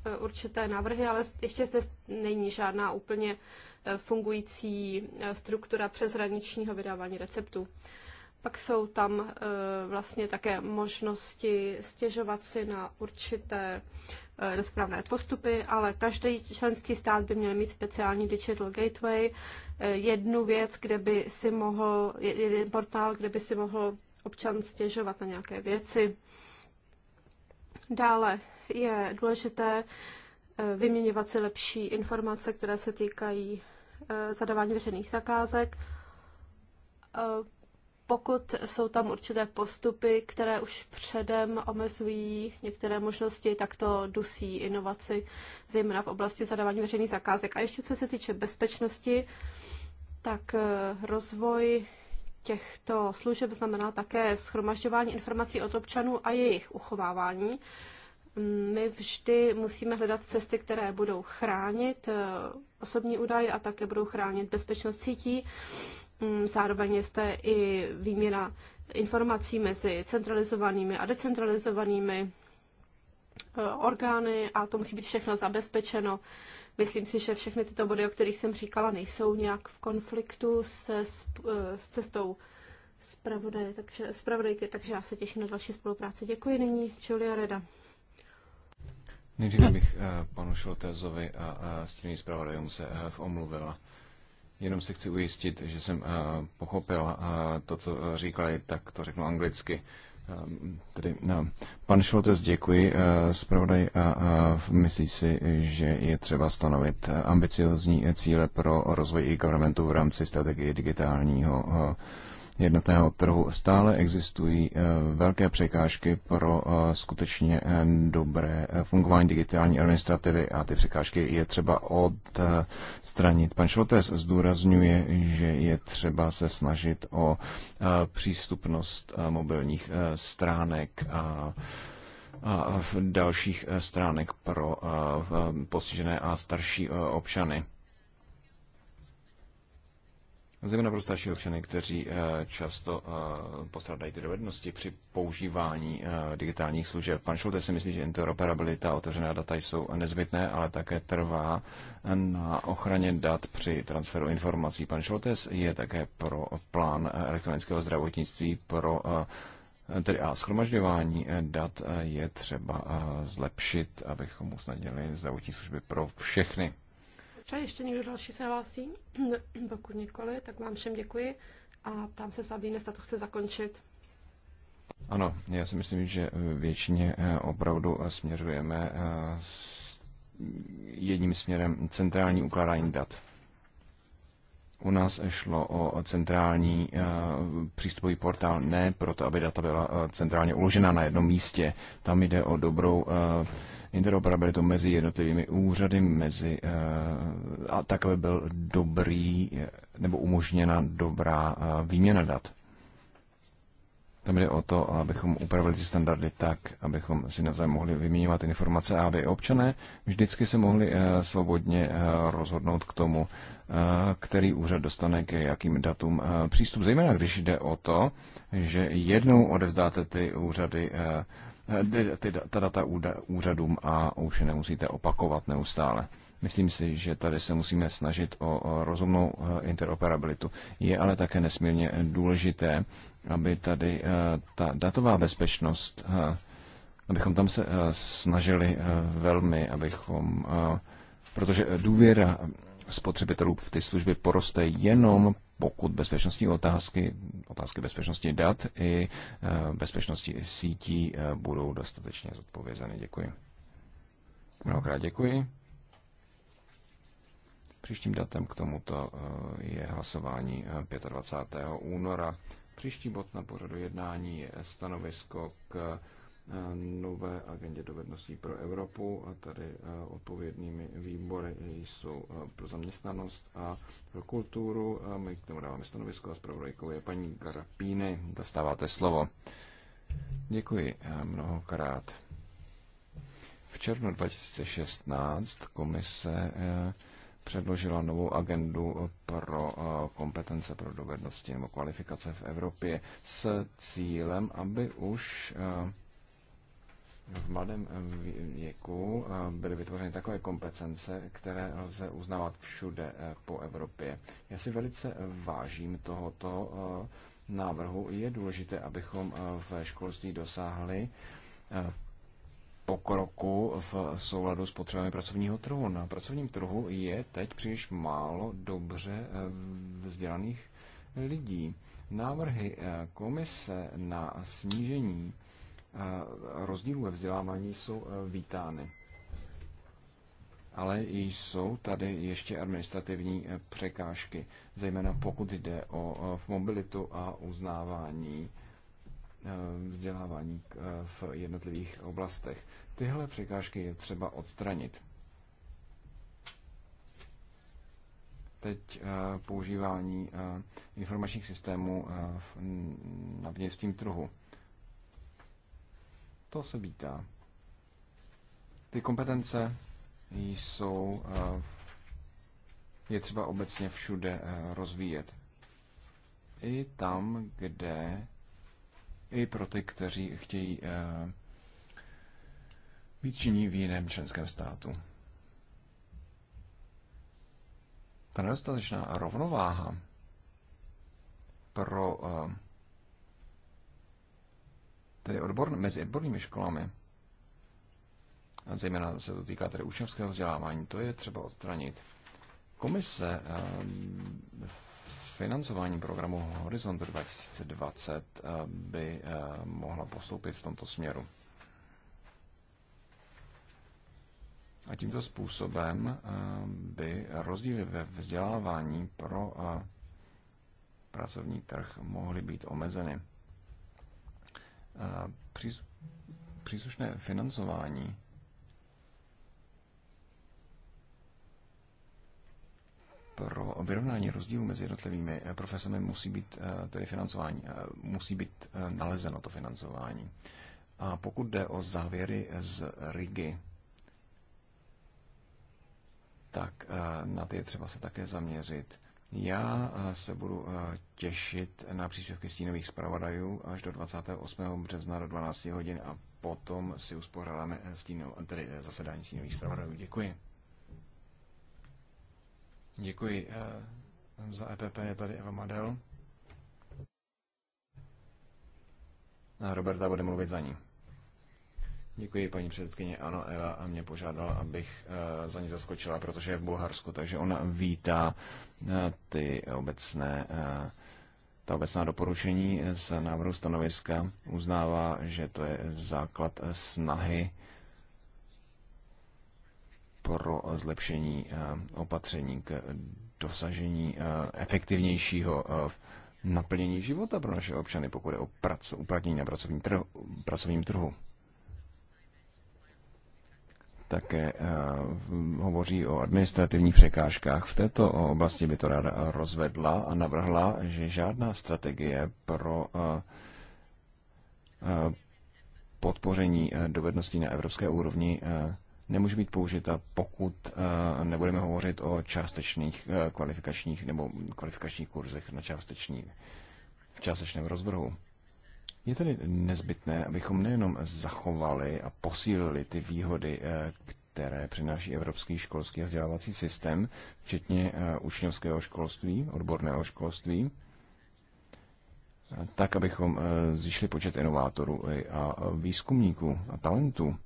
e, určité návrhy, ale ještě zde není žádná úplně e, fungující e, struktura přeshraničního vydávání receptů. Pak jsou tam vlastně také možnosti stěžovat si na určité nesprávné postupy, ale každý členský stát by měl mít speciální digital gateway, jednu věc, kde by si mohl, jeden portál, kde by si mohl občan stěžovat na nějaké věci. Dále je důležité eh, vyměňovat si lepší informace, které se týkají eh, zadávání veřejných zakázek. Eh, pokud jsou tam určité postupy, které už předem omezují některé možnosti, tak to dusí inovaci, zejména v oblasti zadávání veřejných zakázek. A ještě co se týče bezpečnosti, tak rozvoj těchto služeb znamená také schromažďování informací od občanů a jejich uchovávání. My vždy musíme hledat cesty, které budou chránit eh, osobní údaje a také budou chránit bezpečnost sítí. Mm, zároveň je zde i výměna informací mezi centralizovanými a decentralizovanými eh, orgány a to musí být všechno zabezpečeno. Myslím si, že všechny tyto body, o kterých jsem říkala, nejsou nějak v konfliktu se, s, eh, s cestou zpravodaje, takže, zpravodajky, takže já se těším na další spolupráci. Děkuji nyní, Julia Reda. Nejdříve bych eh, panu Šoltézovi a, a tím zpravodajům se eh, omluvila. Jenom se chci ujistit, že jsem pochopil to, co říkali, tak to řeknu anglicky. Eh, tedy, no, pan Šoltes, děkuji. Eh, zpravodaj, myslí si, že je třeba stanovit ambiciozní cíle pro rozvoj i governmentu v rámci strategie digitálního jednotného trhu. Stále existují eh, velké překážky pro eh, skutečně eh, dobré fungování digitální administrativy a ty překážky je třeba odstranit. Pan Šlotes zdůrazňuje, že je třeba se snažit o přístupnost mobilních stránek a a dalších stránek pro postižené a starší občany zejména pro starší občany, kteří eh, často eh, postrádají ty dovednosti při používání eh, digitálních služeb. Pan Šulte si myslí, že interoperabilita a otevřená data jsou nezbytné, ale také trvá na ochraně dat při transferu informací. Pan Šoltes je také pro plán elektronického zdravotnictví pro Tedy a schromažďování dat je třeba zlepšit, abychom usnadnili zdravotní služby pro všechny. Třeba ještě někdo další se hlásí? Pokud nikoli, tak vám všem děkuji a tam se Sabine, zda to chce zakončit. Ano, já si myslím, že většině eh, opravdu směřujeme eh, jedním směrem centrální ukládání dat. U nás šlo o centrální eh, přístupový portál, ne proto, aby data byla centrálně uložena na jednom místě. Tam jde o dobrou interoperabilitu mezi jednotlivými úřady, mezi, eh, a tak, aby byl dobrý nebo umožněna dobrá eh, výměna dat. Tam jde o to, abychom upravili ty standardy tak, abychom si navzájem mohli vyměňovat informace a aby občané vždycky se mohli eh, svobodně rozhodnout k tomu, který úřad dostane k jakým datům přístup. Zejména když jde o to, že jednou odevzdáte ty úřady Eh, ty, ta data úřadům a už je nemusíte opakovat neustále. Myslím si, že tady se musíme snažit o rozumnou eh, interoperabilitu. Je ale také nesmírně eh, důležité, aby tady ta datová bezpečnost, abychom tam se snažili velmi, abychom, protože důvěra spotřebitelů v ty služby poroste jenom pokud bezpečnostní otázky, otázky bezpečnosti dat i eh, bezpečnosti sítí eh, budou dostatečně zodpovězeny. Děkuji. Mnohokrát děkuji. Příštím datem k tomuto eh, je hlasování 25. února. Příští bod na pořadu jednání je stanovisko k Eh, nové agendě dovedností pro Evropu a tady eh, odpovědnými výbory jsou eh, pro zaměstnanost a pro kulturu. A my k tomu dáváme stanovisko a zpravodajkou je paní Karapíny. Dostáváte slovo. Děkuji mnohokrát. V červnu 2016 komise předložila novou agendu pro kompetence pro dovednosti nebo kvalifikace v Evropě s cílem, aby už v mladém eh, věku eh, byly vytvořeny takové kompetence, které lze uznávat všude eh, po Evropě. Já si velice vážím tohoto návrhu. Je důležité, abychom ve školství dosáhli pokroku v souladu s potřebami pracovního trhu. Na pracovním trhu je teď příliš málo dobře vzdělaných lidí. Návrhy komise na snížení Eh, rozdílů ve vzdělávání jsou eh, vítány. Ale jsou tady ještě administrativní eh, překážky, zejména pokud jde o mobilitu a uznávání vzdělávání v jednotlivých oblastech. Tyhle překážky je třeba odstranit. Teď používání informačních systémů na vnitřním trhu. To se vítá. Ty kompetence jsou, eh, je třeba obecně všude eh, rozvíjet. I tam, kde, i pro ty, kteří chtějí eh, být činí v jiném členském státu. Ta nedostatečná rovnováha pro uh, tedy odbor, mezi odbornými školami, a zejména se to týká tedy učňovského vzdělávání, to je třeba odstranit. Komise eh, financování programu Horizont 2020 eh, by eh, mohla postoupit v tomto směru. A tímto způsobem by rozdíly ve vzdělávání pro pracovní trh mohly být omezeny příslušné financování pro vyrovnání rozdílu mezi jednotlivými eh, profesemi musí být eh, tedy financování, eh, musí být nalezeno to financování. A pokud jde o závěry z Rigi, tak na ty je třeba se také zaměřit. Já eh, se budu eh, těšit na příspěvky stínových zpravodajů až do 28. března do 12 hodin a potom si uspořádáme eh, stínov, tedy zasedání stínových zpravodajů. Děkuji. Děkuji. Za EPP je tady Eva Madel. Roberta bude mluvit za ní. Děkuji, paní předsedkyně. Ano, Eva a mě požádala, abych eh, za ní zaskočila, protože je v Bulharsku, takže ona vítá eh, ty obecné eh, ta obecná doporučení z návrhu stanoviska uznává, že to je základ snahy pro zlepšení opatření k dosažení efektivnějšího naplnění života pro naše občany, pokud je o prac, uplatnění na pracovním trhu. Pracovním trhu také eh, hovoří o administrativních překážkách. V této oblasti by to ráda rozvedla a navrhla, že žádná strategie pro eh, eh, podpoření dovedností na evropské úrovni nemůže být použita, pokud nebudeme hovořit o částečných kvalifikačních nebo kvalifikačních kurzech na částečný, v částečném rozvrhu. Je tedy nezbytné, abychom nejenom zachovali a posílili ty výhody, eh, které přináší evropský školský a vzdělávací systém, včetně eh, učňovského školství, odborného školství, tak, abychom eh, zvýšili počet inovátorů a výzkumníků a talentů.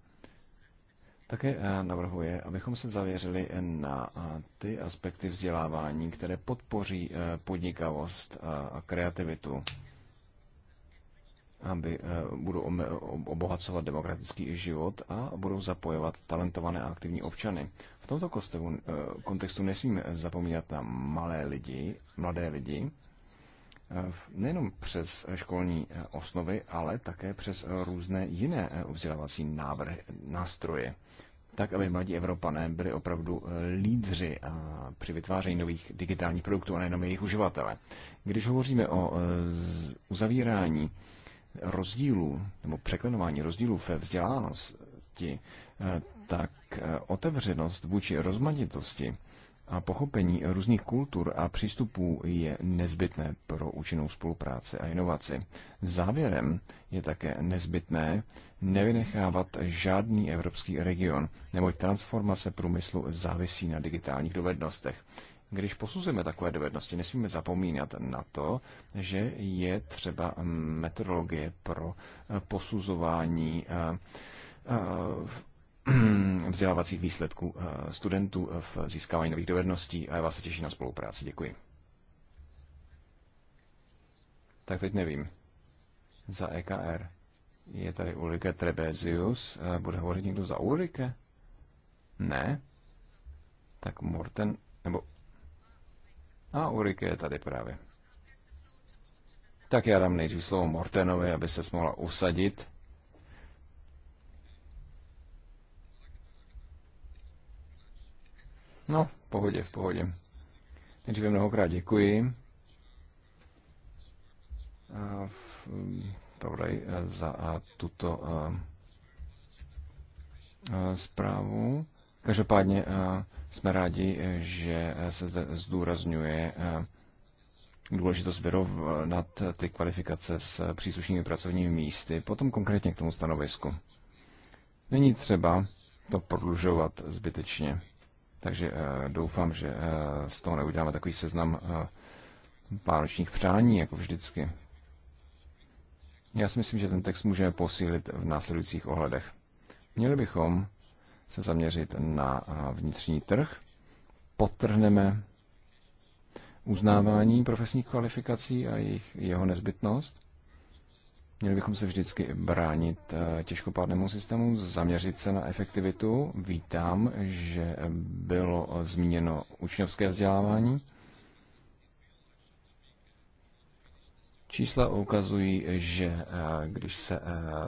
Také navrhuje, abychom se zavěřili na ty aspekty vzdělávání, které podpoří podnikavost a kreativitu aby eh, budou obohacovat demokratický život a budou zapojovat talentované a aktivní občany. V tomto eh, kontextu nesmíme zapomínat na malé lidi, mladé lidi, eh, nejenom přes školní osnovy, ale také přes různé jiné vzdělávací návrhy, nástroje, tak aby mladí Evropané byli opravdu lídři při vytváření nových digitálních produktů a nejenom jejich uživatele. Když hovoříme o uzavírání rozdílů nebo překlenování rozdílů ve vzdělanosti, eh, tak eh, otevřenost vůči rozmanitosti a pochopení různých kultur a přístupů je nezbytné pro účinnou spolupráci a inovaci. Závěrem je také nezbytné nevynechávat žádný evropský region, neboť transformace průmyslu závisí na digitálních dovednostech. Když posuzujeme takové dovednosti, nesmíme zapomínat na to, že je třeba metodologie pro eh, posuzování eh, eh, vzdělávacích výsledků studentů v získávání nových dovedností a já vás se těším na spolupráci. Děkuji. Tak teď nevím. Za EKR je tady Ulrike Trebezius. Bude hovořit někdo za Ulrike? Ne. Tak Morten, nebo a Ulrike je tady právě. Tak já dám nejdřív slovo Mortenovi, aby se mohla usadit. No, v pohodě, v pohodě. Nejdříve mnohokrát děkuji. Pravdaj eh, za eh, tuto eh, zprávu. Každopádně eh, jsme rádi, eh, že eh, se zde zdůrazňuje důležitost vyrovnat ty kvalifikace s příslušnými pracovními místy, potom konkrétně k tomu stanovisku. Není třeba to prodlužovat zbytečně. Takže doufám, že z toho neuděláme takový seznam vánočních přání, jako vždycky. Já si myslím, že ten text můžeme posílit v následujících ohledech. Měli bychom se zaměřit na vnitřní trh. Potrhneme uznávání profesních kvalifikací a jejich, jeho nezbytnost. Měli bychom se vždycky bránit e, těžkopádnému systému, zaměřit se na efektivitu. Vítám, že bylo zmíněno učňovské vzdělávání. Čísla ukazují, že eh, když se eh,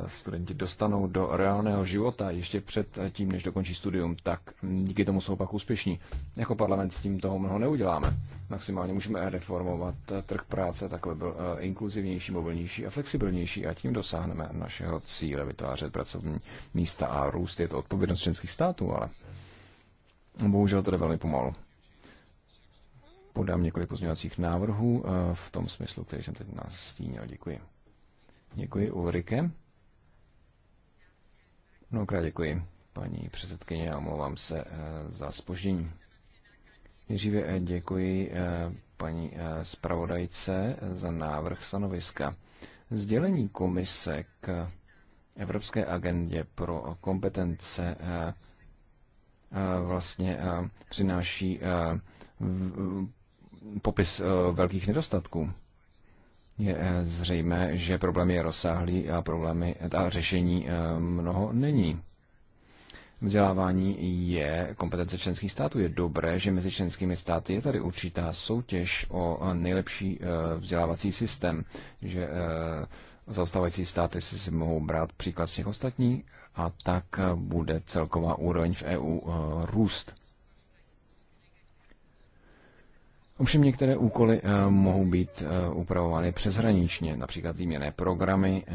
studenti dostanou do reálného života ještě před eh, tím, než dokončí studium, tak díky tomu jsou pak úspěšní. Jako parlament s tím toho mnoho neuděláme. Maximálně můžeme reformovat trh práce, tak aby byl inkluzivnější, mobilnější a flexibilnější a tím dosáhneme našeho cíle vytvářet pracovní místa a růst. Je to odpovědnost členských států, ale bohužel to jde velmi pomalu podám několik pozměňovacích návrhů eh, v tom smyslu, který jsem teď nastínil. Děkuji. Děkuji Ulrike. Mnohokrát děkuji, paní předsedkyně, a omlouvám se eh, za spoždění. Nejdříve eh, děkuji paní zpravodajce za návrh stanoviska. Sdělení komise k Evropské agendě pro kompetence vlastně přináší popis eh, velkých nedostatků. Je eh, zřejmé, že problém je rozsáhlý a, problémy, a řešení eh, mnoho není. Vzdělávání je kompetence členských států. Je dobré, že mezi členskými státy je tady určitá soutěž o nejlepší vzdělávací systém, že zaostávající státy si, si mohou brát příklad z těch ostatních a tak bude celková úroveň v EU růst. Ovšem některé úkoly eh, mohou být eh, upravovány přeshraničně, například výměné programy eh,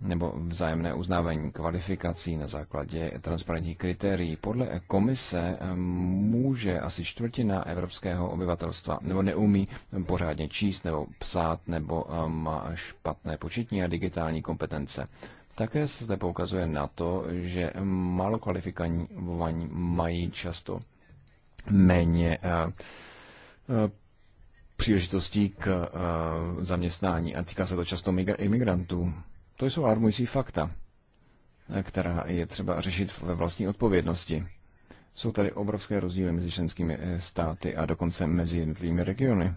nebo vzájemné uznávání kvalifikací na základě transparentních kritérií. Podle komise může asi čtvrtina evropského obyvatelstva nebo neumí pořádně číst nebo psát nebo má špatné početní a digitální kompetence. Také se zde poukazuje na to, že málo kvalifikovaní mají často méně příležitostí k eh, zaměstnání a týká se to často imigrantů. To jsou armující fakta, eh, která je třeba řešit ve vlastní odpovědnosti. Jsou tady obrovské rozdíly mezi členskými eh, státy a dokonce mezi jednotlivými regiony.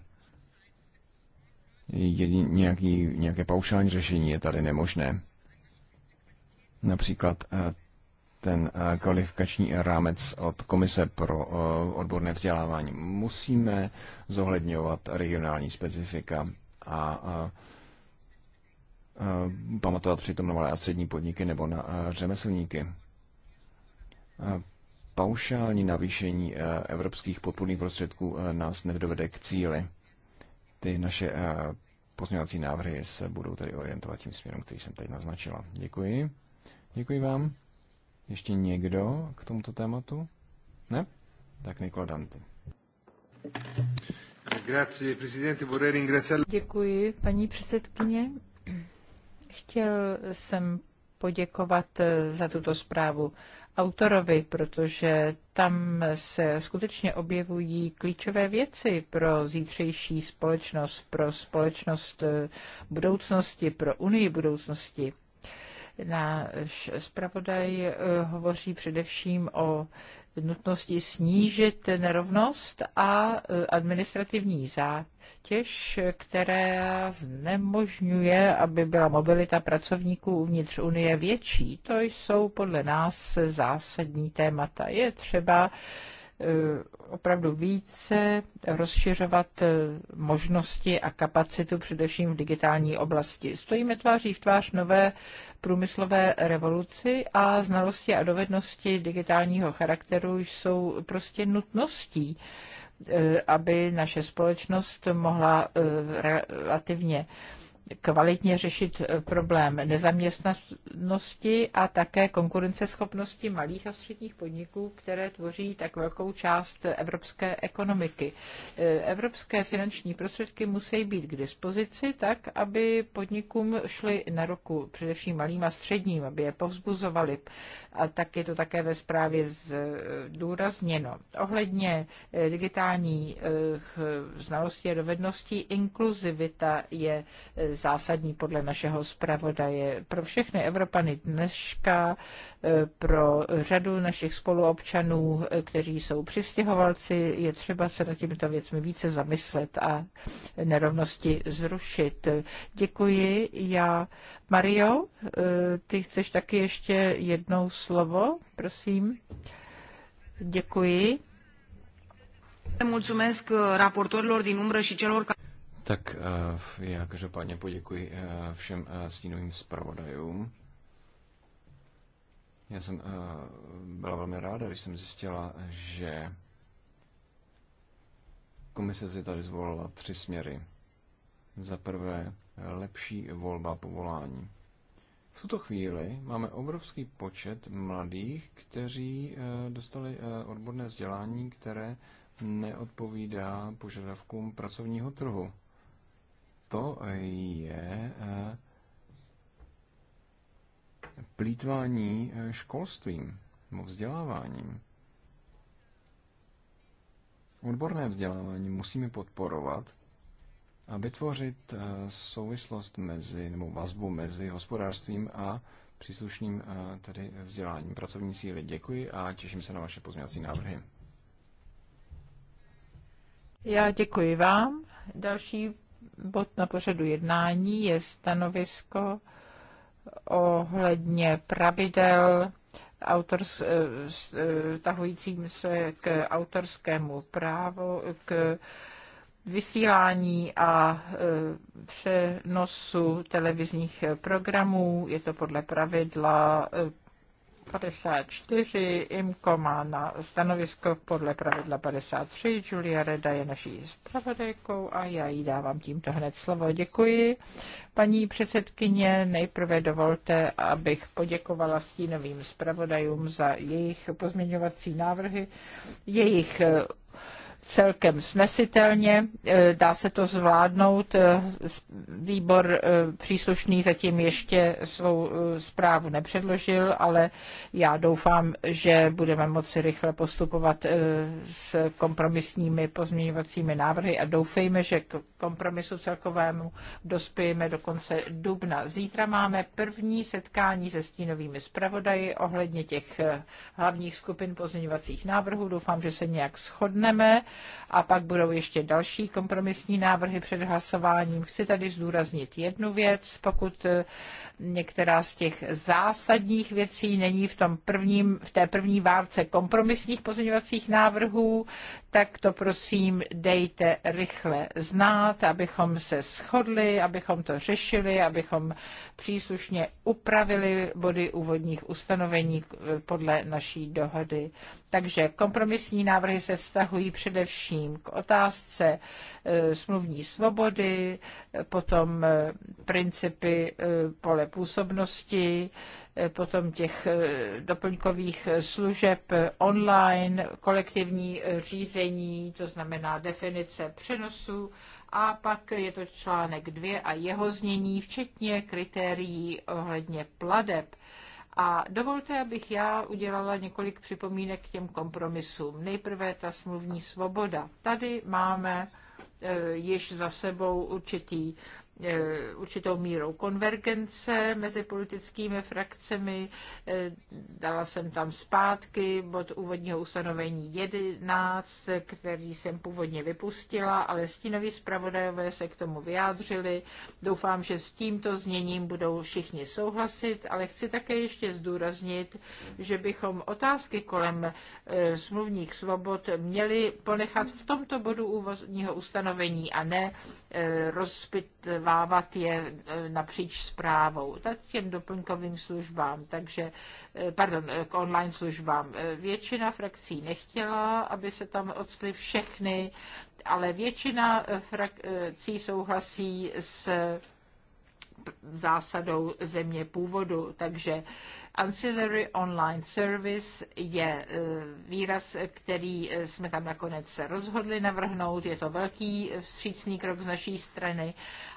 Jedin, nějaký, nějaké paušální řešení je tady nemožné. Například ten eh, kvalifikační rámec od Komise pro eh, odborné vzdělávání. Musíme zohledňovat regionální specifika a eh, pamatovat přitom na malé a střední podniky nebo na řemeslníky. Paušální navýšení evropských podpůrných prostředků nás nedovede k cíli. Ty naše pozměňovací návrhy se budou tedy orientovat tím směrem, který jsem teď naznačila. Děkuji. Děkuji vám. Ještě někdo k tomuto tématu? Ne? Tak Nikola Dante. Děkuji, paní předsedkyně. Chtěl jsem poděkovat eh, za tuto zprávu autorovi, protože tam se skutečně objevují klíčové věci pro zítřejší společnost, pro společnost eh, budoucnosti, pro Unii budoucnosti. Náš zpravodaj eh, hovoří především o nutnosti snížit nerovnost a eh, administrativní zátěž, která znemožňuje, aby byla mobilita pracovníků uvnitř Unie větší. To jsou podle nás zásadní témata. Je třeba Eh, opravdu více rozšiřovat eh, možnosti a kapacitu především v digitální oblasti. Stojíme tváří v tvář nové průmyslové revoluci a znalosti a dovednosti digitálního charakteru jsou prostě nutností eh, aby naše společnost mohla relativně kvalitně řešit eh, problém nezaměstnanosti a také konkurenceschopnosti malých a středních podniků, které tvoří tak velkou část evropské ekonomiky. Eh, evropské finanční prostředky musí být k dispozici tak, aby podnikům šly na ruku, především malým a středním, aby je povzbuzovali. A tak je to také ve zprávě zdůrazněno. Eh, Ohledně digitální znalosti, a dovedností inkluzivita je zásadní podle našeho zpravodaje. Pro všechny Evropany dneška, e, pro řadu našich spoluobčanů, e, kteří jsou přistěhovalci, je třeba se nad těmito věcmi více zamyslet a nerovnosti zrušit. Děkuji. Já, Mario, e, ty chceš taky ještě jednou slovo, prosím. Děkuji. Mulțumesc raportorilor din umbră și celor care... Tak eh, já každopádně poděkuji eh, všem eh, stínovým zpravodajům. Já jsem byla velmi ráda, když jsem zjistila, že komise si tady zvolila tři směry. Za prvé, lepší volba povolání. V tuto chvíli máme obrovský počet mladých, kteří dostali odborné vzdělání, které neodpovídá požadavkům pracovního trhu to je eh, plítvání eh, školstvím nebo vzděláváním. Odborné vzdělávání musíme podporovat a vytvořit eh, souvislost mezi, nebo vazbu mezi hospodářstvím a příslušným tedy vzděláním pracovní síly. Děkuji a těším se na vaše pozměňovací návrhy. Já děkuji vám. Další bod na pořadu jednání je stanovisko ohledně pravidel autors, eh, eh, tahujícím se k autorskému právu, k vysílání a eh, přenosu televizních programů. Je to podle pravidla 54, IMCO má na stanovisko podle pravidla 53, Julia Reda je naší zpravodajkou a já jí dávám tímto hned slovo. Děkuji. Paní předsedkyně, nejprve dovolte, abych poděkovala stínovým zpravodajům za jejich pozměňovací návrhy, jejich celkem snesitelně, e, dá se to zvládnout. E, výbor e, příslušný zatím ještě svou zprávu nepředložil, ale já doufám, že budeme moci rychle postupovat s kompromisními pozměňovacími návrhy a doufejme, že k kompromisu celkovému dospějeme do konce dubna. Zítra máme první setkání se stínovými zpravodaji ohledně těch hlavních skupin pozměňovacích návrhů. Doufám, že se nějak shodneme a pak budou ještě další kompromisní návrhy před hlasováním. Chci tady zdůraznit jednu věc, pokud Některá z těch zásadních věcí není v, tom prvním, v té první várce kompromisních pozměňovacích návrhů, tak to prosím dejte rychle znát, abychom se shodli, abychom to řešili, abychom příslušně upravili body úvodních ustanovení eh, podle naší dohody. Takže kompromisní návrhy se vztahují především k otázce eh, smluvní svobody, eh, potom principy pole působnosti, eh, potom těch eh, doplňkových služeb online, kolektivní eh, řízení, to znamená definice přenosu a pak je to článek 2 a jeho znění, včetně kritérií ohledně pladeb. A dovolte, abych já udělala několik připomínek k těm kompromisům. Nejprve ta smluvní svoboda. Tady máme již za sebou určitý E, určitou mírou konvergence mezi politickými frakcemi. E, dala jsem tam zpátky bod úvodního ustanovení 11, který jsem původně vypustila, ale stínoví zpravodajové se k tomu vyjádřili. Doufám, že s tímto zněním budou všichni souhlasit, ale chci také ještě zdůraznit, že bychom otázky kolem e, smluvních svobod měli ponechat v tomto bodu úvodního ustanovení a ne rozpit vávat je e, napříč zprávou, tak těm doplňkovým službám, takže, e, pardon, e, k online službám. Většina frakcí nechtěla, aby se tam odstly všechny, ale většina frakcí souhlasí s zásadou země původu, takže Ancillary online service je eh, výraz, který eh, jsme tam nakonec se rozhodli navrhnout. Je to velký eh, vstřícný krok z naší strany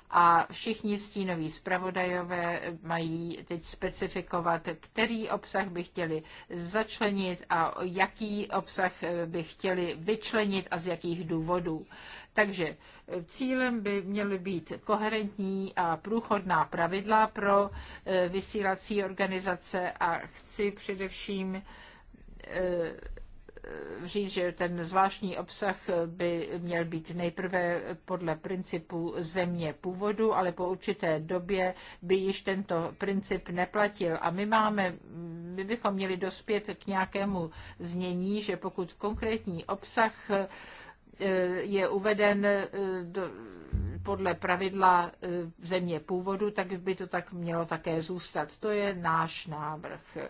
a všichni stínoví zpravodajové mají teď specifikovat, který obsah by chtěli začlenit a jaký obsah by chtěli vyčlenit a z jakých důvodů. Takže cílem by měly být koherentní a průchodná pravidla pro vysílací organizace a chci především eh, říct, že ten zvláštní obsah by měl být nejprve podle principu země původu, ale po určité době by již tento princip neplatil. A my máme, my bychom měli dospět k nějakému znění, že pokud konkrétní obsah eh, je uveden eh, do, podle pravidla e, země původu, tak by to tak mělo také zůstat. To je náš návrh. E,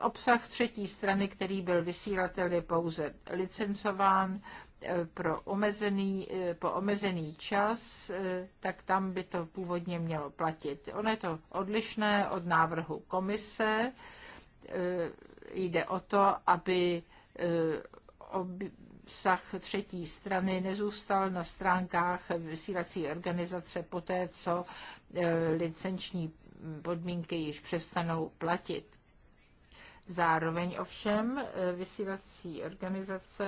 obsah třetí strany, který byl vysílatel, je pouze licencován e, pro omezený, po omezený čas, tak tam by to původně mělo platit. Ono je to odlišné od návrhu komise. Jde o to, aby obsah třetí strany nezůstal na stránkách vysílací organizace poté, co eh, licenční podmínky již přestanou platit. Zároveň ovšem eh, vysílací organizace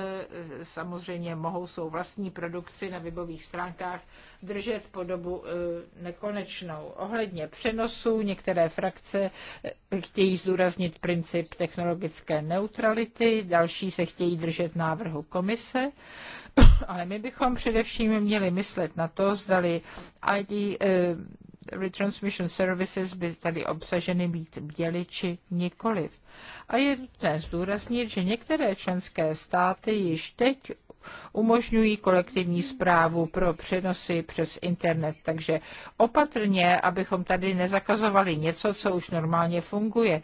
eh, samozřejmě mohou svou vlastní produkci na webových stránkách držet po dobu eh, nekonečnou. Ohledně přenosu některé frakce chtějí zdůraznit princip technologické neutrality, další se chtějí držet návrhu komise, ale my bychom především měli myslet na to, zdali ID retransmission services by tady obsaženy být měly či nikoliv. A je nutné zdůraznit, že některé členské státy již teď umožňují kolektivní zprávu pro přenosy přes internet. Takže opatrně, abychom tady nezakazovali něco, co už normálně funguje.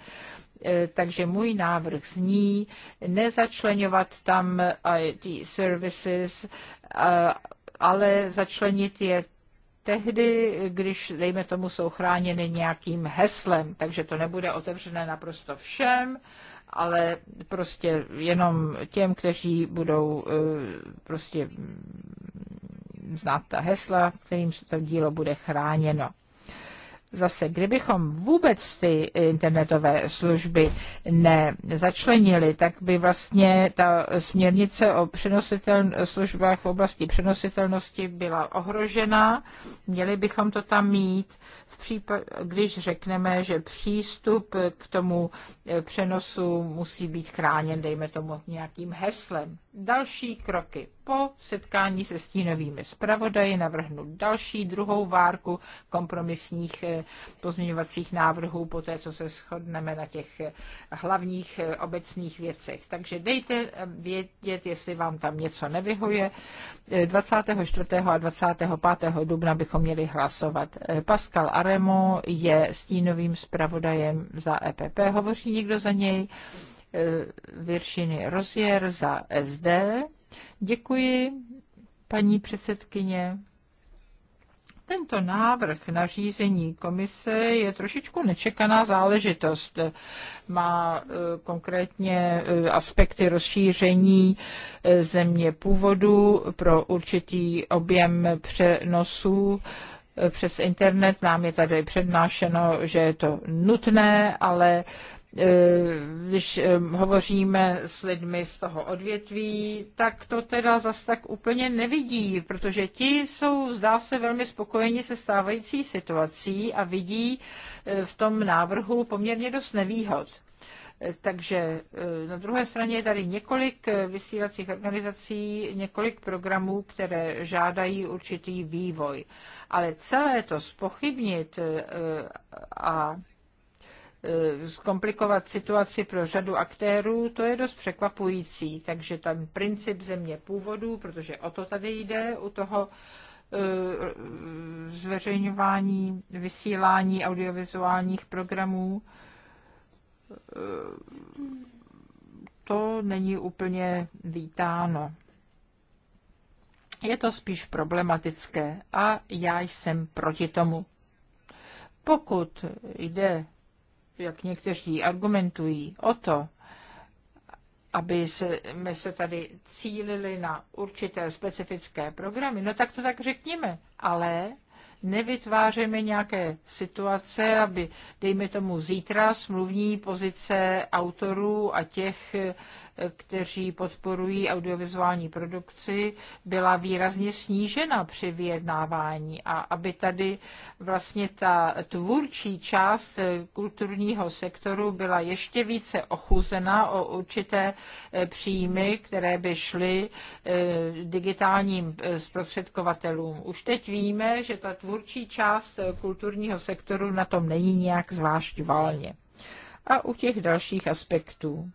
E, takže můj návrh zní nezačlenovat tam IT services, e, ale začlenit je tehdy, když, dejme tomu, jsou chráněny nějakým heslem, takže to nebude otevřené naprosto všem, ale prostě jenom těm, kteří budou eh, prostě mm, znát ta hesla, kterým se to dílo bude chráněno. Zase, kdybychom vůbec ty internetové služby nezačlenili, tak by vlastně ta směrnice o službách v oblasti přenositelnosti byla ohrožena. Měli bychom to tam mít, v případ, když řekneme, že přístup k tomu přenosu musí být chráněn, dejme tomu, nějakým heslem další kroky. Po setkání se stínovými zpravodaji navrhnu další druhou várku kompromisních eh, pozměňovacích návrhů, po té, co se shodneme na těch eh, hlavních eh, obecných věcech. Takže dejte vědět, jestli vám tam něco nevyhuje. 24. a 25. dubna bychom měli hlasovat. Pascal Aremo je stínovým zpravodajem za EPP. Hovoří někdo za něj? Eh, Viršiny Rozier za SD. Děkuji, paní předsedkyně. Tento návrh na řízení komise je trošičku nečekaná záležitost. Má eh, konkrétně eh, aspekty rozšíření země původu pro určitý objem přenosů přes internet. Nám je tady přednášeno, že je to nutné, ale Eh, když eh, hovoříme s lidmi z toho odvětví, tak to teda zas tak úplně nevidí, protože ti jsou, zdá se, velmi spokojeni se stávající situací a vidí eh, v tom návrhu poměrně dost nevýhod. Takže na druhé straně je tady několik vysílacích organizací, několik programů, které žádají určitý vývoj. Ale celé to spochybnit a Eh, zkomplikovat situaci pro řadu aktérů, to je dost překvapující. Takže ten princip země původu, protože o to tady jde u toho eh, zveřejňování, vysílání audiovizuálních programů, eh, to není úplně vítáno. Je to spíš problematické a já jsem proti tomu. Pokud jde jak někteří argumentují, o to, aby jsme se tady cílili na určité specifické programy, no tak to tak řekněme, ale nevytvářejme nějaké situace, aby, dejme tomu, zítra smluvní pozice autorů a těch kteří podporují audiovizuální produkci, byla výrazně snížena při vyjednávání. A aby tady vlastně ta tvůrčí část kulturního sektoru byla ještě více ochuzena o určité e, příjmy, které by šly e, digitálním e, zprostředkovatelům. Už teď víme, že ta tvůrčí část kulturního sektoru na tom není nějak zvlášť valně. A u těch dalších aspektů.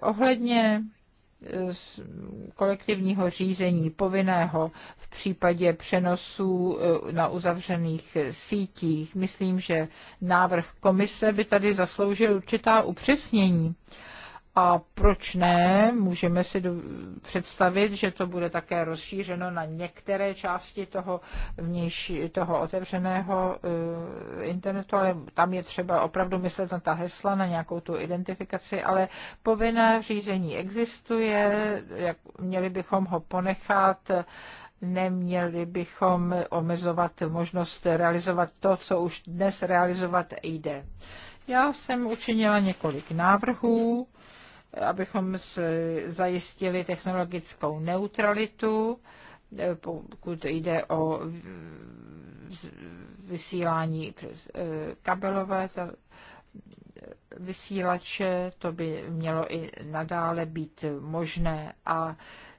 Ohledně eh, kolektivního řízení povinného v případě přenosů eh, na uzavřených eh, sítích. Myslím, že návrh komise by tady zasloužil určitá upřesnění. A proč ne? Můžeme si do, představit, že to bude také rozšířeno na některé části toho, vnější, toho otevřeného uh, internetu, ale tam je třeba opravdu myslet na ta hesla, na nějakou tu identifikaci, ale povinné řízení existuje, jak, měli bychom ho ponechat. neměli bychom omezovat možnost realizovat to, co už dnes realizovat jde. Já jsem učinila několik návrhů abychom zajistili technologickou neutralitu, eh, pokud jde o vysílání přes eh, kabelové vysílače, to by mělo i nadále být možné. A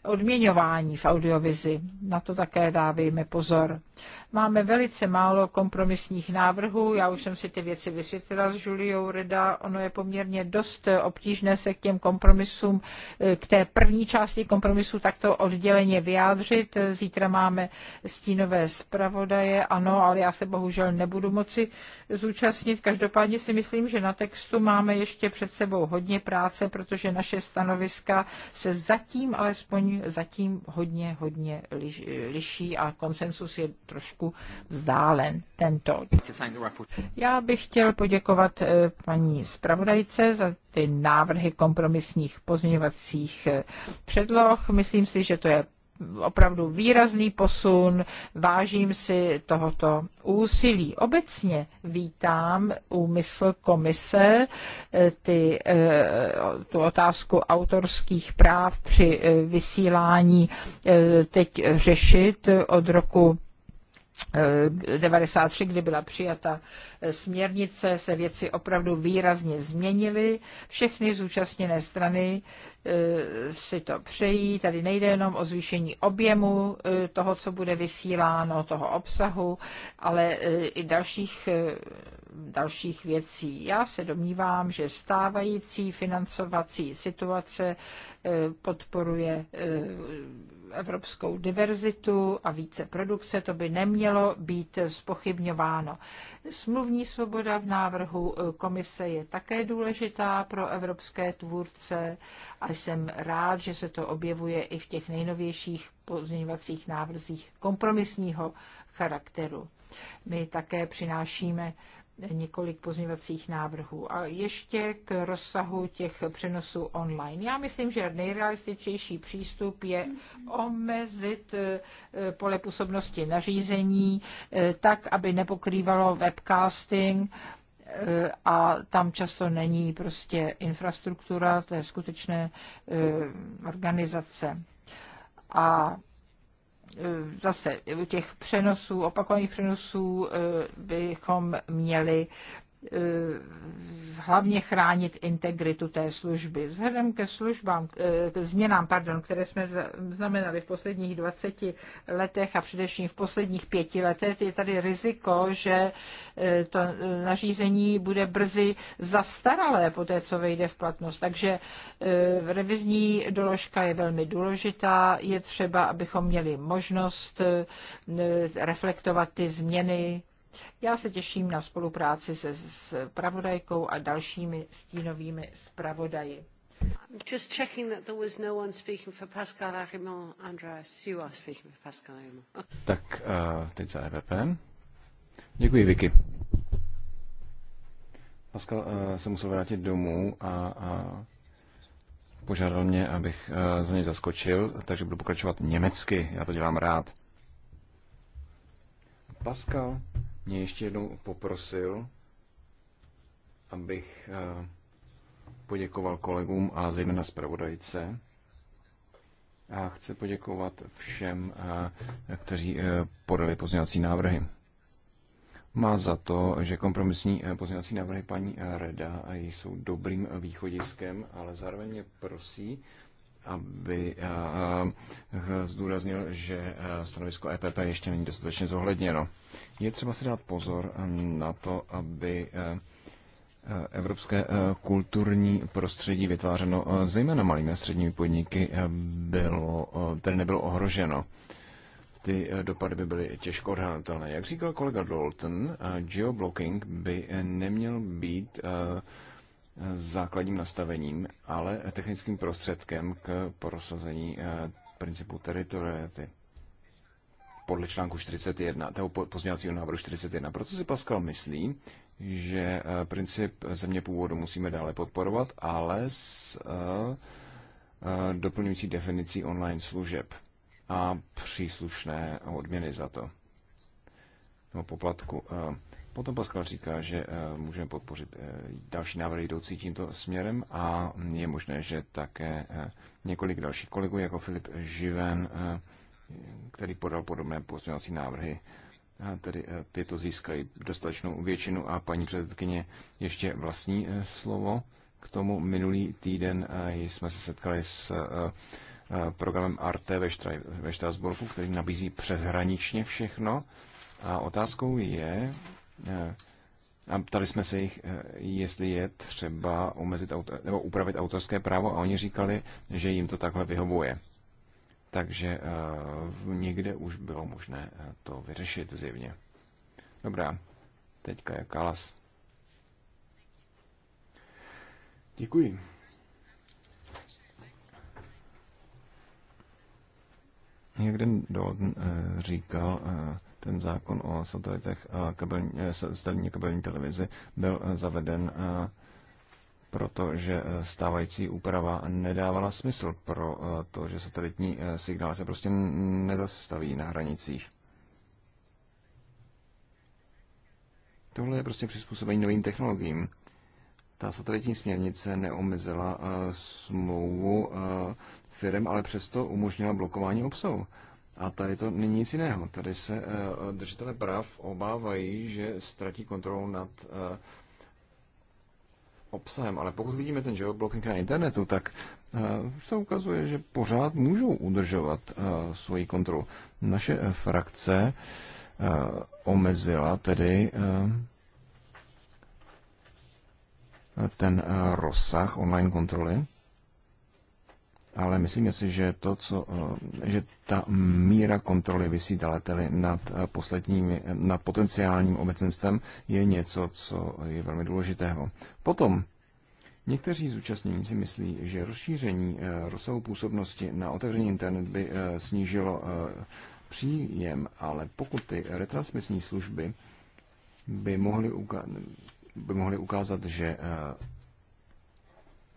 odměňování v audiovizi. Na to také dávejme pozor. Máme velice málo kompromisních návrhů. Já už jsem si ty věci vysvětlila s Juliou Reda. Ono je poměrně dost obtížné se k těm kompromisům, eh, k té první části kompromisu takto odděleně vyjádřit. Zítra máme stínové zpravodaje, ano, ale já se bohužel nebudu moci zúčastnit. Každopádně si myslím, že na textu máme ještě před sebou hodně práce, protože naše stanoviska se zatím alespoň zatím hodně, hodně liší a konsensus je trošku vzdálen tento. Já bych chtěl poděkovat eh, paní zpravodajce za ty návrhy kompromisních pozměňovacích eh, předloh. Myslím si, že to je opravdu výrazný posun, vážím si tohoto úsilí. Obecně vítám úmysl komise eh, ty, eh, tu otázku autorských práv při eh, vysílání teď řešit od roku 93, eh, kdy byla přijata eh, směrnice, se věci opravdu výrazně změnily. Všechny zúčastněné strany eh, si to přejí. Tady nejde jenom o zvýšení objemu toho, co bude vysíláno, toho obsahu, ale i dalších, dalších věcí. Já se domnívám, že stávající financovací situace podporuje evropskou diverzitu a více produkce, to by nemělo být spochybňováno. Smluvní svoboda v návrhu e, komise je také důležitá pro evropské tvůrce a jsem rád, že se to objevuje i v těch nejnovějších pozměňovacích návrzích kompromisního charakteru. My také přinášíme několik pozměňovacích návrhů. A ještě k rozsahu těch přenosů online. Já myslím, že nejrealističtější přístup je omezit eh, pole působnosti nařízení eh, tak, aby nepokrývalo webcasting, eh, a tam často není prostě infrastruktura je skutečné organizace. A Eh, zase u těch přenosů, opakovaných přenosů eh, bychom měli Eh, hlavně chránit integritu té služby. Vzhledem ke službám, eh, k změnám, pardon, které jsme znamenali v posledních 20 letech a především v posledních pěti letech, je tady riziko, že eh, to nařízení bude brzy zastaralé po té, co vejde v platnost. Takže revizní doložka je velmi důležitá. Je třeba, abychom měli možnost reflektovat ty změny já se těším na spolupráci se spravodajkou a dalšími stínovými zpravodaji. Just checking that there was no one speaking for Pascal Arimont. Andreas, you are speaking for Pascal Arimont. Tak, uh, teď za EVP. Děkuji, Vicky. Pascal uh, se musel vrátit domů a, a požádal mě, abych uh, za něj zaskočil, takže budu pokračovat německy. Já to dělám rád. Pascal mě ještě jednou poprosil, abych eh, poděkoval kolegům a zejména zpravodajce. A chci poděkovat všem, eh, kteří eh, podali pozměňovací návrhy. Má za to, že kompromisní pozměňovací návrhy paní Reda jsou dobrým východiskem, ale zároveň mě prosí, aby eh, eh, zdůraznil, že eh, stanovisko EPP ještě není dostatečně zohledněno. Je třeba si dát pozor na to, aby evropské kulturní prostředí vytvářeno zejména malými a středními podniky bylo, tedy nebylo ohroženo. Ty dopady by byly těžko odhadnutelné. Jak říkal kolega Dalton, geoblocking by neměl být základním nastavením, ale technickým prostředkem k prosazení eh, principu teritoriality podle článku 41, toho pozměňovacího návrhu 41. Proto si Pascal myslí, že eh, princip země původu musíme dále podporovat, ale s eh, doplňující definicí online služeb a příslušné odměny za to, No, poplatku. Potom Pascal říká, že eh, můžeme podpořit eh, další návrhy jdoucí tímto směrem a je možné, že také eh, několik dalších kolegů, jako Filip Živen, který podal podobné pozměňovací návrhy, tedy tyto získají dostatečnou většinu a paní předsedkyně ještě vlastní slovo k tomu. Minulý týden jsme se setkali s programem Arte ve Štrasburku, který nabízí přeshraničně všechno. A otázkou je, Eh, a ptali jsme se jich, eh, jestli je třeba omezit auto, nebo upravit autorské právo a oni říkali, že jim to takhle vyhovuje. Takže eh, někde už bylo možné to vyřešit zjevně. Dobrá, teďka je Kalas. Děkuji. Někde Dalton říkal, ten zákon o satelitech a kabelní, eh, kabelní televizi byl eh, zaveden eh, protože stávající úprava nedávala smysl pro to, že satelitní signál se prostě nezastaví na hranicích. Tohle je prostě přizpůsobení novým technologiím. Ta satelitní směrnice neomezila smlouvu firm, ale přesto umožnila blokování obsahu. A tady to není nic jiného. Tady se eh, držitelé práv obávají, že ztratí kontrolu nad eh, obsahem. Ale pokud vidíme ten geoblocking na internetu, tak eh, se ukazuje, že pořád můžou udržovat svoji kontrolu. Naše frakce omezila tedy ten rozsah online kontroly ale myslím si, že, to, co, eh, že ta míra kontroly vysítaleteli nad, eh, posledním, eh, nad potenciálním obecenstvem je něco, co je velmi důležitého. Potom Někteří zúčastnění si myslí, že rozšíření rozsahu působnosti na otevřený internet by snížilo příjem, ale pokud ty retransmisní služby by mohly, uka- by mohly ukázat, že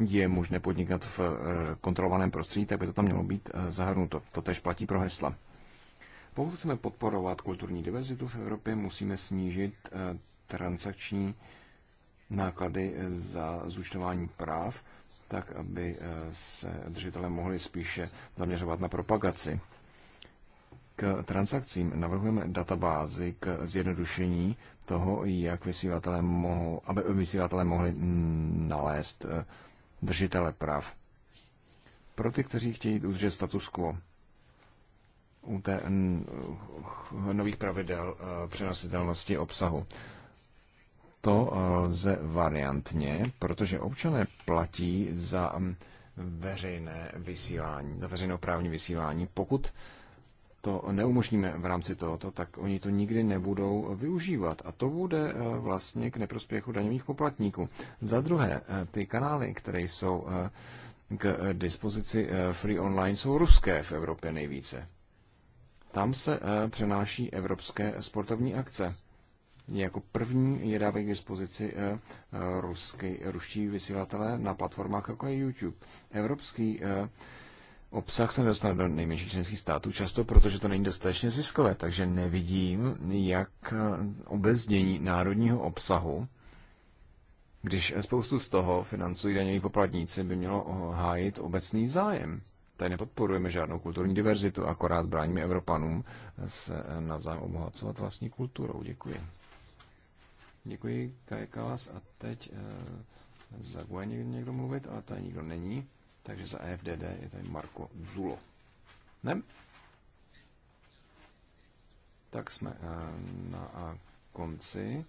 je možné podnikat v eh, kontrolovaném prostředí, tak by to tam mělo být eh, zahrnuto. To tež platí pro hesla. Pokud chceme podporovat kulturní diverzitu v Evropě, musíme snížit eh, transakční náklady za zúčtování práv, tak aby se držitelé mohli spíše zaměřovat na propagaci. K transakcím navrhujeme databázi k zjednodušení toho, jak vysílatelé mohou, aby vysílatelé mohli mm, nalézt držitele práv. Pro ty, kteří chtějí udržet status quo u té uh, nových pravidel uh, přenositelnosti obsahu, to uh, lze variantně, protože občané platí za um, veřejné vysílání, za veřejnoprávní vysílání, pokud to neumožníme v rámci tohoto, tak oni to nikdy nebudou využívat. A to bude eh, vlastně k neprospěchu daňových poplatníků. Za druhé, eh, ty kanály, které jsou eh, k dispozici free online, jsou ruské v Evropě nejvíce. Tam se přenáší evropské sportovní akce. Jako první je dávají k dispozici ruský, ruští vysílatelé na platformách jako je YouTube. Evropský obsah se nedostane do nejmenších členských států, často protože to není dostatečně ziskové, takže nevidím, jak eh, obezdění národního obsahu, když spoustu z toho financují daňoví poplatníci, by mělo eh, hájit obecný zájem. Tady nepodporujeme žádnou kulturní diverzitu, akorát bráníme Evropanům eh, se navzájem obohacovat vlastní kulturou. Děkuji. Děkuji, Kajekalas. A teď e, za někdo mluvit, ale tady nikdo není. Takže za EFDD je tady Marko Zulo. Ne? Tak jsme eh, na eh, konci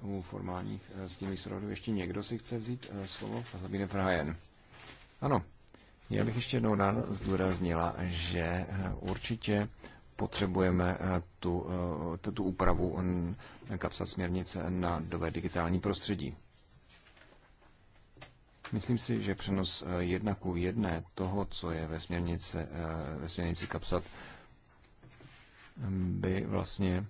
u formálních eh, s tím zpravodů. Ještě někdo si chce vzít slovo? Zabíne Frajen. Ano. Já bych ještě jednou rád zdůraznila, že určitě potřebujeme tu, tu úpravu kapsat směrnice na nové digitální prostředí. Myslím si, že přenos eh, jedna ku jedné toho, co je ve, směrnici, eh, ve směrnici kapsat, by vlastně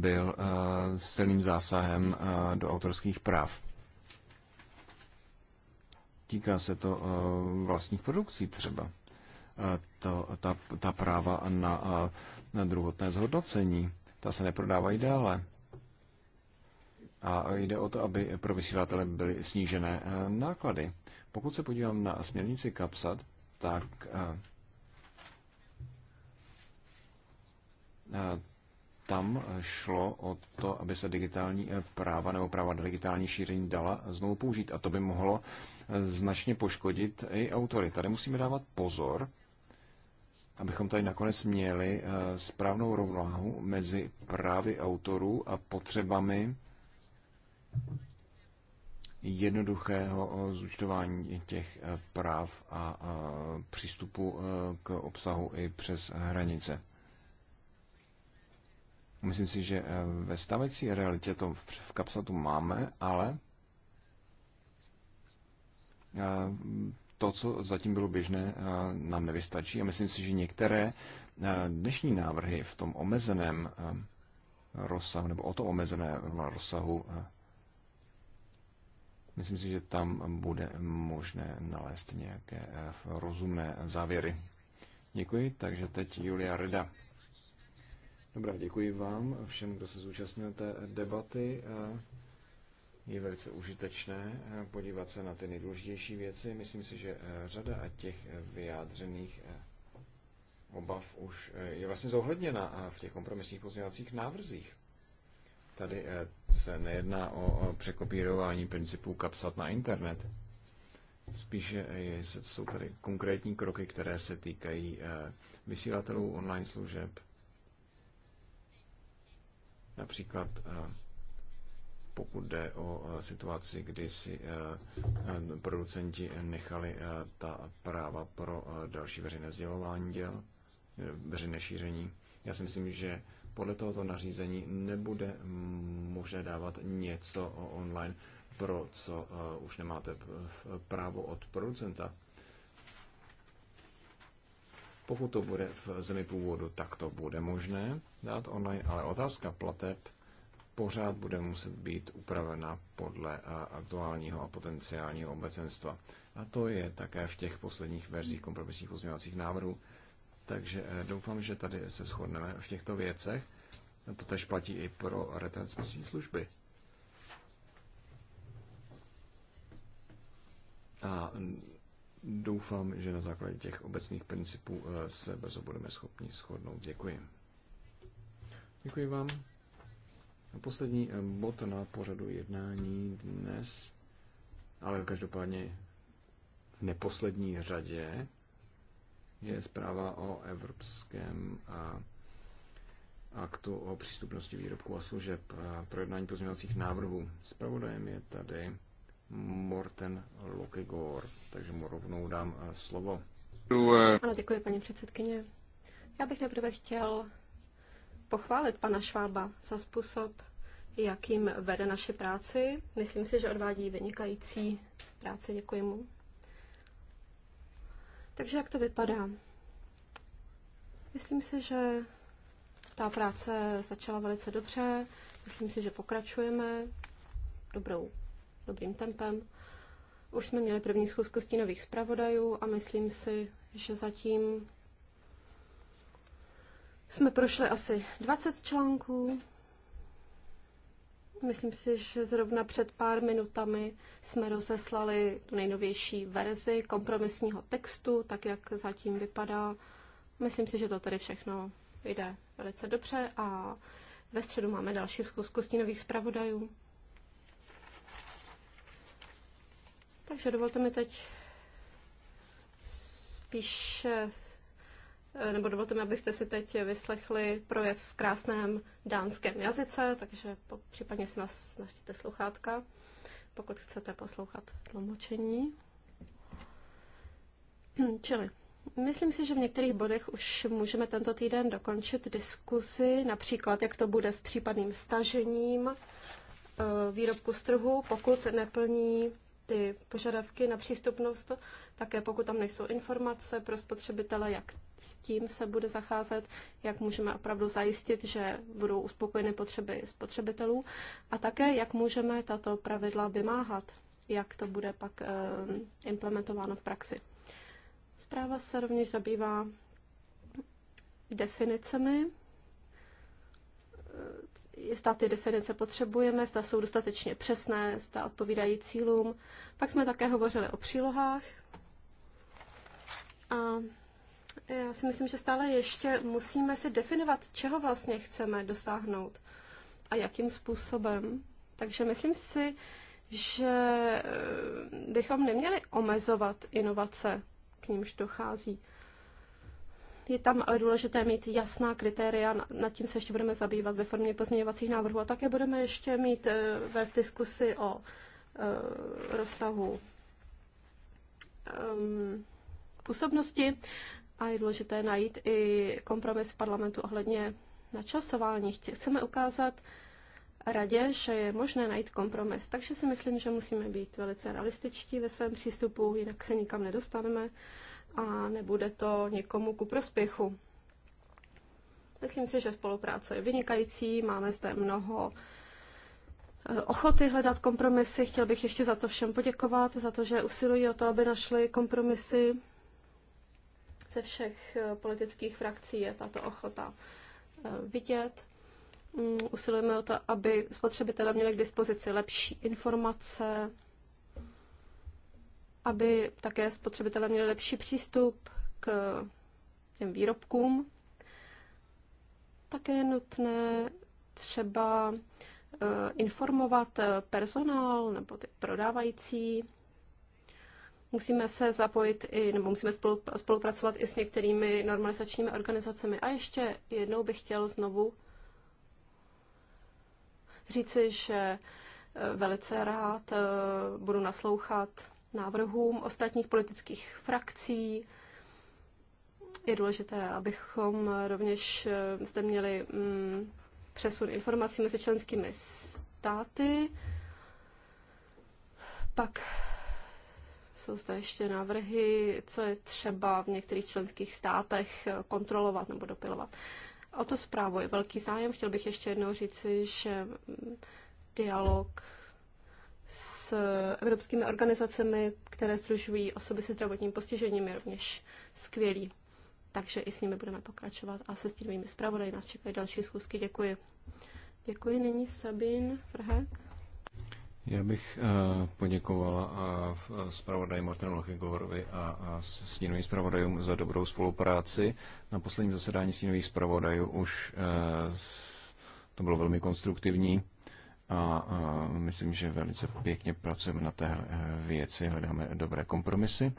byl eh, silným zásahem do autorských práv. Týká se to vlastních produkcí třeba. To, ta, ta práva na, na druhotné zhodnocení, ta se neprodávají dále a jde o to, aby pro vysílatele byly snížené eh, náklady. Pokud se podívám na směrnici CAPSAT, tak eh, eh, tam šlo o to, aby se digitální práva nebo práva digitální šíření dala znovu použít. A to by mohlo značně poškodit i autory. Tady musíme dávat pozor, abychom tady nakonec měli správnou rovnováhu mezi právy autorů a potřebami jednoduchého eh, zúčtování těch eh, práv a eh, přístupu k obsahu i přes hranice. Myslím si, že ve stavecí realitě to v kapsatu máme, ale to, co zatím bylo běžné, nám nevystačí a myslím si, že některé dnešní návrhy v tom omezeném rozsahu, nebo o to omezené rozsahu Myslím si, že tam bude možné nalézt nějaké eh, rozumné závěry. Děkuji, takže teď Julia Reda. Dobrá, děkuji vám všem, kdo se zúčastnil té debaty. Eh, je velice užitečné eh, podívat se na ty nejdůležitější věci. Myslím si, že řada těch vyjádřených obav už je vlastně zohledněna v těch kompromisních pozměňovacích návrzích tady eh, se nejedná o překopírování principů kapsat na internet. Spíše eh, jsou tady konkrétní kroky, které se týkají eh, vysílatelů online služeb, Například pokud jde o situaci, kdy si producenti nechali ta práva pro další veřejné sdělování děl, veřejné šíření. Já si myslím, že podle tohoto nařízení nebude možné dávat něco online, pro co eh, už nemáte právo od producenta. Pokud to bude v zemi původu, tak to bude možné dát online, ale otázka plateb pořád bude muset být upravena podle eh, aktuálního a potenciálního obecenstva. A to je také v těch posledních verzích kompromisních pozměňovacích návrhů. Takže eh, doufám, že tady se shodneme v těchto věcech. To tež platí i pro retransmisní služby. A doufám, že na základě těch obecných principů eh, se brzo budeme schopni shodnout. Děkuji. Děkuji vám. Poslední eh, bod na pořadu jednání dnes, ale každopádně v neposlední řadě, je zpráva o evropském a aktu o přístupnosti výrobků a služeb projednání pozměňovacích návrhů. Spravodajem je tady Morten Lokegor, takže mu rovnou dám slovo. Ano, děkuji, paní předsedkyně. Já bych nejprve chtěl pochválit pana Švába za způsob, jakým vede naši práci. Myslím si, že odvádí vynikající práci. Děkuji mu. Takže jak to vypadá? Myslím si, že ta práce začala velice dobře. Myslím si, že pokračujeme dobrou, dobrým tempem. Už jsme měli první schůzku stínových zpravodajů a myslím si, že zatím jsme prošli asi 20 článků. Myslím si, že zrovna před pár minutami jsme rozeslali tu nejnovější verzi kompromisního textu, tak jak zatím vypadá. Myslím si, že to tady všechno jde velice dobře a ve středu máme další zkusku stínových zpravodajů. Takže dovolte mi teď spíš. Eh, nebo dovolte mi, abyste si teď vyslechli projev v krásném dánském jazyce, takže po, případně si nás naštěte sluchátka, pokud chcete poslouchat tlumočení. Hmm, čili, myslím si, že v některých bodech už můžeme tento týden dokončit diskuzi, například jak to bude s případným stažením eh, výrobku z trhu, pokud neplní ty požadavky na přístupnost, také pokud tam nejsou informace pro spotřebitele, jak s tím se bude zacházet, jak můžeme opravdu zajistit, že budou uspokojeny potřeby spotřebitelů a také, jak můžeme tato pravidla vymáhat, jak to bude pak eh, implementováno v praxi. Zpráva se rovněž zabývá definicemi, eh, zda ty definice potřebujeme, zda jsou dostatečně přesné, zda odpovídají cílům. Pak jsme také hovořili o přílohách a já si myslím, že stále ještě musíme si definovat, čeho vlastně chceme dosáhnout a jakým způsobem. Takže myslím si, že eh, bychom neměli omezovat inovace, k nímž dochází. Je tam ale důležité mít jasná kritéria, nad tím se ještě budeme zabývat ve formě pozměňovacích návrhů a také budeme ještě mít eh, vést diskusy o eh, rozsahu ehm, působnosti a je důležité najít i kompromis v parlamentu ohledně načasování. Chceme ukázat radě, že je možné najít kompromis. Takže si myslím, že musíme být velice realističtí ve svém přístupu, jinak se nikam nedostaneme a nebude to někomu ku prospěchu. Myslím si, že spolupráce je vynikající, máme zde mnoho eh, ochoty hledat kompromisy. Chtěl bych ještě za to všem poděkovat, za to, že usilují o to, aby našli kompromisy ze všech eh, politických frakcí je tato ochota eh, vidět. Mm, usilujeme o to, aby spotřebitelé měli k dispozici lepší informace, aby také spotřebitelé měli lepší přístup k těm výrobkům. Také je nutné třeba eh, informovat personál nebo ty prodávající Musíme se zapojit i, nebo musíme spolupracovat i s některými normalizačními organizacemi. A ještě jednou bych chtěl znovu říci, že eh, velice rád eh, budu naslouchat návrhům ostatních politických frakcí. Je důležité, abychom rovněž eh, zde měli mm, přesun informací mezi členskými státy. Pak jsou zde ještě návrhy, co je třeba v některých členských státech kontrolovat nebo dopilovat. O to zprávu je velký zájem. Chtěl bych ještě jednou říci, že mm, dialog s evropskými organizacemi, které združují osoby se zdravotním postižením, je rovněž skvělý. Takže i s nimi budeme pokračovat a se stínovými zpravodaji nás čekají další schůzky. Děkuji. Děkuji. Nyní Sabin Frhek. Já bych eh, poděkovala eh, eh, zpravodaji Martinu Lachegorovi a stínovým zpravodajům za dobrou spolupráci. Na posledním zasedání stínových zpravodajů už to bylo velmi konstruktivní a myslím, že velice pěkně pracujeme na té věci, hledáme dobré kompromisy.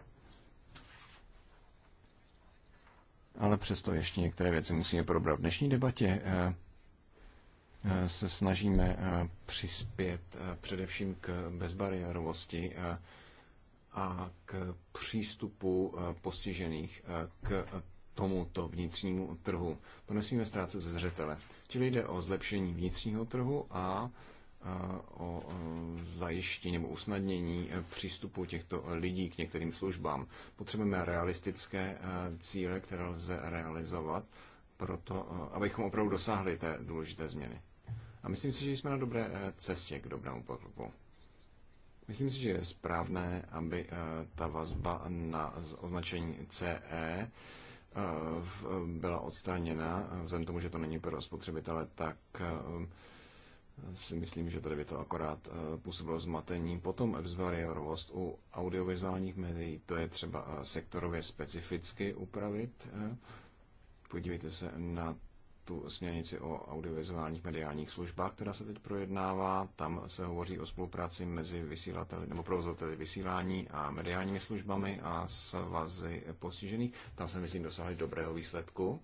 Ale přesto ještě některé věci musíme probrat. V dnešní debatě se snažíme eh, přispět eh, především k bezbariérovosti eh, a k přístupu postižených k tomuto vnitřnímu trhu. To nesmíme ztrácet ze zřetele. Čili jde o zlepšení vnitřního trhu a o zajištění nebo usnadnění přístupu těchto lidí k některým službám. Potřebujeme realistické cíle, které lze realizovat, proto, abychom opravdu dosáhli té důležité změny. A myslím si, že jsme na dobré eh, cestě k dobrému pokroku. Myslím si, že je správné, aby eh, ta vazba na označení CE eh, byla odstraněna. Vzhledem tomu, že to není pro spotřebitele, tak si myslím, že tady by to akorát působilo zmatení. Potom vzvariorovost u audiovizuálních médií, to je třeba sektorově specificky upravit. Podívejte se na tu směrnici o audiovizuálních mediálních službách, která se teď projednává. Tam se hovoří o spolupráci mezi vysílateli nebo provozovateli vysílání a mediálními službami a svazy postižených. Tam se, myslím, dosáhli dobrého výsledku.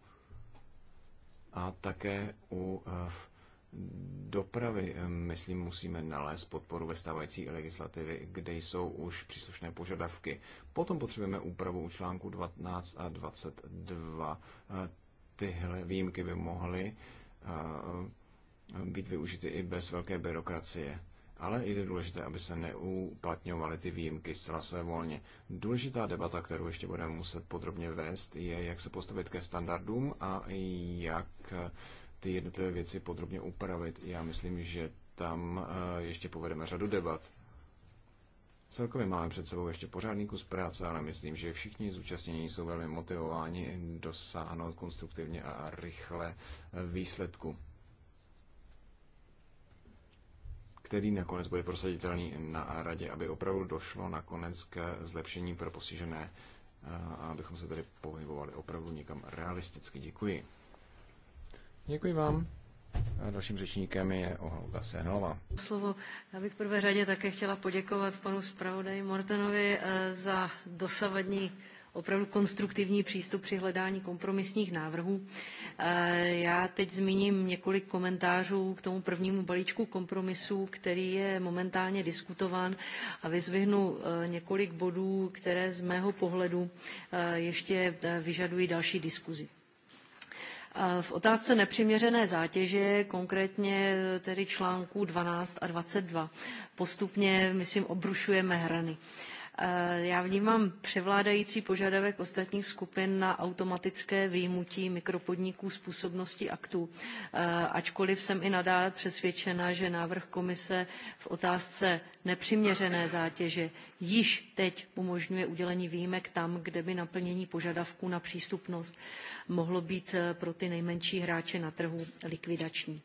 A také u eh, dopravy, eh, myslím, musíme nalézt podporu ve stávající legislativy, kde jsou už příslušné požadavky. Potom potřebujeme úpravu u článku 12 a 22 tyhle výjimky by mohly být využity i bez velké byrokracie. Ale je důležité, aby se neuplatňovaly ty výjimky zcela své volně. Důležitá debata, kterou ještě budeme muset podrobně vést, je, jak se postavit ke standardům a jak e, ty jednotlivé věci podrobně upravit. Já myslím, že tam e, ještě povedeme řadu debat. Celkově máme před sebou ještě pořádný kus práce, ale myslím, že všichni zúčastnění jsou velmi motivováni dosáhnout konstruktivně a rychle eh, výsledku, který nakonec bude prosaditelný na radě, aby opravdu došlo nakonec k zlepšení pro postižené, eh, abychom se tady pohybovali opravdu někam realisticky. Děkuji. Děkuji vám dalším řečníkem je Olga Senova. Slovo. Já bych v prvé řadě také chtěla poděkovat panu zpravodaji Mortenovi eh, za dosavadní opravdu konstruktivní přístup při hledání kompromisních návrhů. Eh, já teď zmíním několik komentářů k tomu prvnímu balíčku kompromisů, který je momentálně diskutován a vyzvihnu eh, několik bodů, které z mého pohledu ještě vyžadují další diskuzi. V otázce nepřiměřené zátěže, konkrétně tedy článků 12 a 22, postupně, myslím, obrušujeme hrany. Eh, já vnímám převládající požadavek ostatních skupin na automatické výjimutí mikropodniků z působnosti aktů, eh, ačkoliv jsem i nadále přesvědčena, že návrh komise v otázce nepřiměřené zátěže již teď umožňuje udělení výjimek tam, kde by naplnění požadavků na přístupnost mohlo být eh, pro ty nejmenší hráče na trhu likvidační.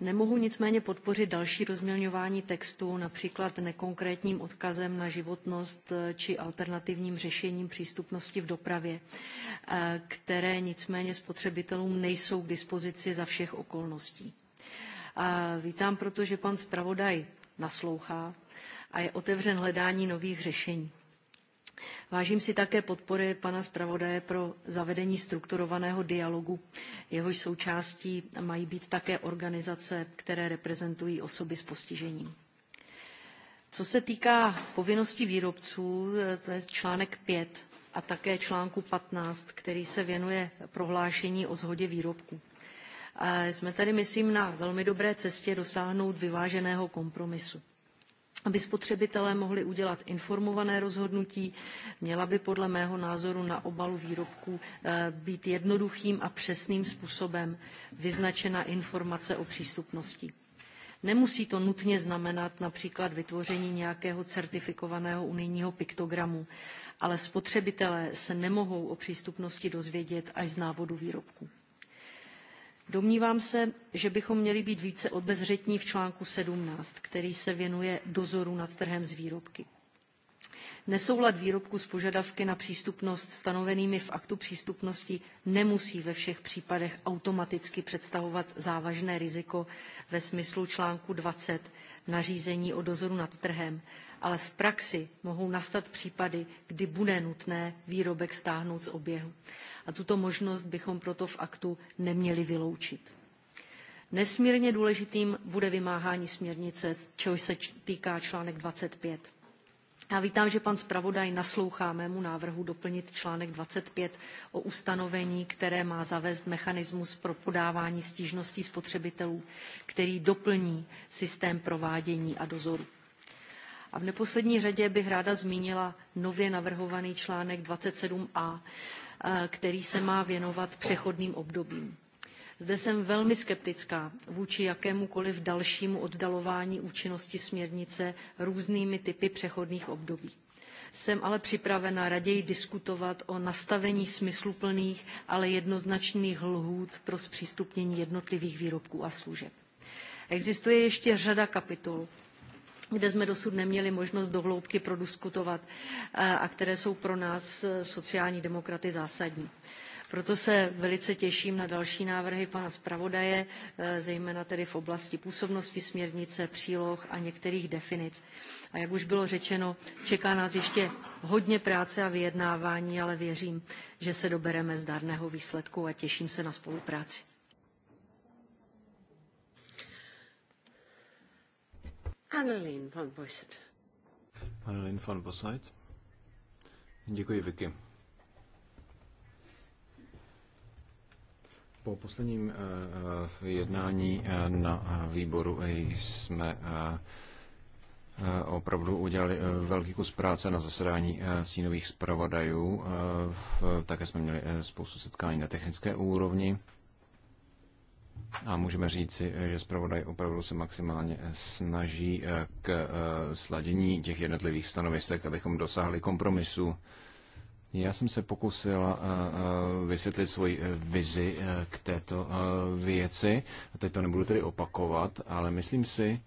Nemohu nicméně podpořit další rozmělňování textu, například nekonkrétním odkazem na životnost eh, či alternativním řešením přístupnosti v dopravě, eh, které nicméně spotřebitelům nejsou k dispozici za všech okolností. A vítám proto, že pan zpravodaj naslouchá a je otevřen hledání nových řešení. Vážím si také podpory pana zpravodaje pro zavedení strukturovaného dialogu. Jehož součástí mají být také organizace, které reprezentují osoby s postižením. Co se týká povinností výrobců, to je článek 5 a také článku 15, který se věnuje prohlášení o shodě výrobků. Jsme tady, myslím, na velmi dobré cestě dosáhnout vyváženého kompromisu aby spotřebitelé mohli udělat informované rozhodnutí, měla by podle mého názoru na obalu výrobků eh, být jednoduchým a přesným způsobem vyznačena informace o přístupnosti. Nemusí to nutně znamenat například vytvoření nějakého certifikovaného unijního piktogramu, ale spotřebitelé se nemohou o přístupnosti dozvědět až z návodu výrobku. Domnívám se, že bychom měli být více obezřetní v článku 17, který se věnuje dozoru nad trhem s výrobky. Nesoulad výrobku s požadavky na přístupnost stanovenými v aktu přístupnosti nemusí ve všech případech automaticky představovat závažné riziko ve smyslu článku 20 nařízení o dozoru nad trhem, ale v praxi mohou nastat případy, kdy bude nutné výrobek stáhnout z oběhu. A tuto možnost bychom proto v aktu neměli vyloučit. Nesmírně důležitým bude vymáhání směrnice, čehož se týká článek 25. Já vítám, že pan zpravodaj naslouchá mému návrhu doplnit článek 25 o ustanovení, které má zavést mechanismus pro podávání stížností spotřebitelů, který doplní systém provádění a dozoru. A v neposlední řadě bych ráda zmínila nově navrhovaný článek 27a, eh, který se má věnovat přechodným obdobím. Zde jsem velmi skeptická vůči jakémukoliv dalšímu oddalování účinnosti směrnice různými typy přechodných období. Jsem ale připravena raději diskutovat o nastavení smysluplných, ale jednoznačných lhůt pro zpřístupnění jednotlivých výrobků a služeb. Existuje ještě řada kapitol, kde jsme dosud neměli možnost dohloubky prodiskutovat eh, a které jsou pro nás eh, sociální demokraty zásadní. Proto se velice těším na další návrhy pana zpravodaje, eh, zejména tedy v oblasti působnosti směrnice, příloh a některých definic. A jak už bylo řečeno, čeká nás ještě hodně práce a vyjednávání, ale věřím, že se dobereme zdárného výsledku a těším se na spolupráci. Annelien von Bosseit. Annelien von Bosseit. Děkuji, Vicky. Po posledním eh, eh, jednání eh, na výboru jsme opravdu udělali velký kus práce na zasedání sínových zpravodajů. Také jsme měli spoustu setkání na technické úrovni. A můžeme říci, že zpravodaj opravdu se maximálně snaží k sladění těch jednotlivých stanovisek, abychom dosáhli kompromisu já jsem se pokusil eh, eh, vysvětlit svoji eh, vizi k této věci. Teď to nebudu tedy opakovat, ale myslím si,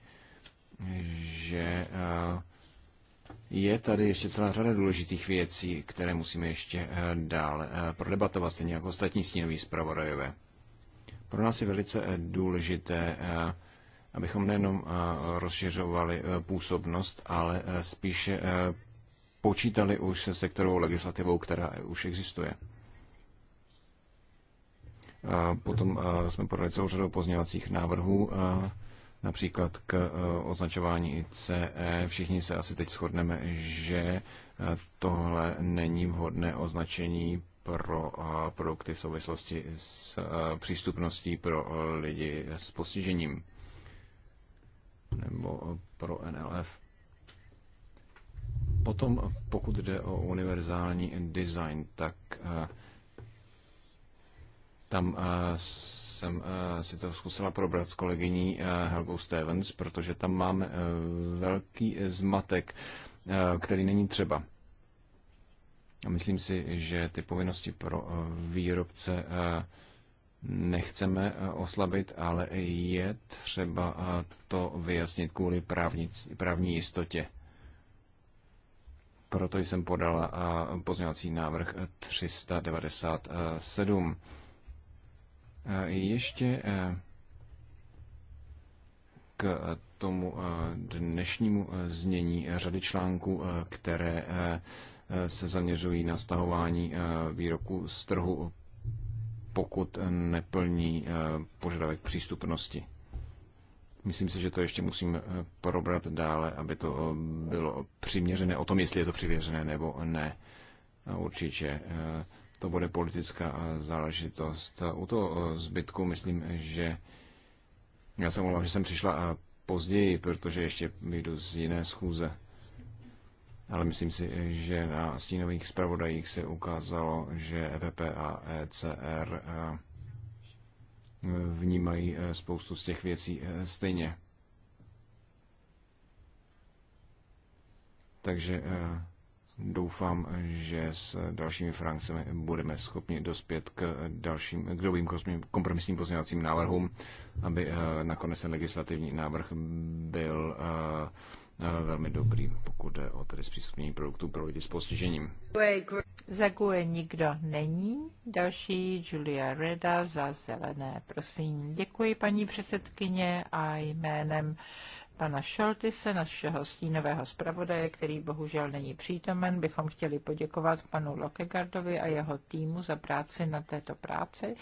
že je tady ještě celá řada důležitých věcí, které musíme ještě dále prodebatovat, stejně jako ostatní stínoví zpravodajové. Pro nás je velice důležité, abychom nejenom rozšiřovali působnost, ale spíše počítali už se sektorovou legislativou, která už existuje. Potom jsme podali celou řadu pozměňovacích návrhů, například k označování CE. Všichni se asi teď shodneme, že tohle není vhodné označení pro produkty v souvislosti s přístupností pro lidi s postižením nebo pro NLF. Potom, pokud jde o univerzální design, tak eh, tam eh, jsem eh, si to zkusila probrat s kolegyní Helgou Stevens, protože tam máme velký zmatek, který není třeba. Myslím si, že ty povinnosti pro výrobce nechceme oslabit, ale je třeba to vyjasnit kvůli právní, právní jistotě. Proto jsem podala pozměňovací návrh 397. Ještě e, k tomu e, dnešnímu e, znění řady článků, které se zaměřují na stahování výroku z trhu, pokud neplní požadavek přístupnosti. Myslím si, že to ještě musím eh, probrat dále, aby to eh, bylo přiměřené o tom, jestli je to přiměřené nebo ne. určitě eh, to bude politická záležitost. U toho zbytku myslím, že já jsem omlouvám, že jsem přišla později, protože ještě jdu z jiné schůze. Ale myslím si, že na stínových zpravodajích se ukázalo, že EPP a ECR vnímají eh, spoustu z těch věcí eh, stejně. Takže eh, doufám, že s dalšími frankcemi budeme schopni dospět k dalším k dobrým kompromisním pozměňovacím návrhům, aby nakonec ten legislativní návrh byl Eh, velmi dobrý, pokud jde o tedy zpřístupnění produktů pro lidi s postižením. Za GUE nikdo není. Další Julia Reda za zelené. Prosím, děkuji paní předsedkyně a jménem pana Šoltise, našeho stínového zpravodaje, který bohužel není přítomen, bychom chtěli poděkovat panu Lokegardovi a jeho týmu za práci na této práci.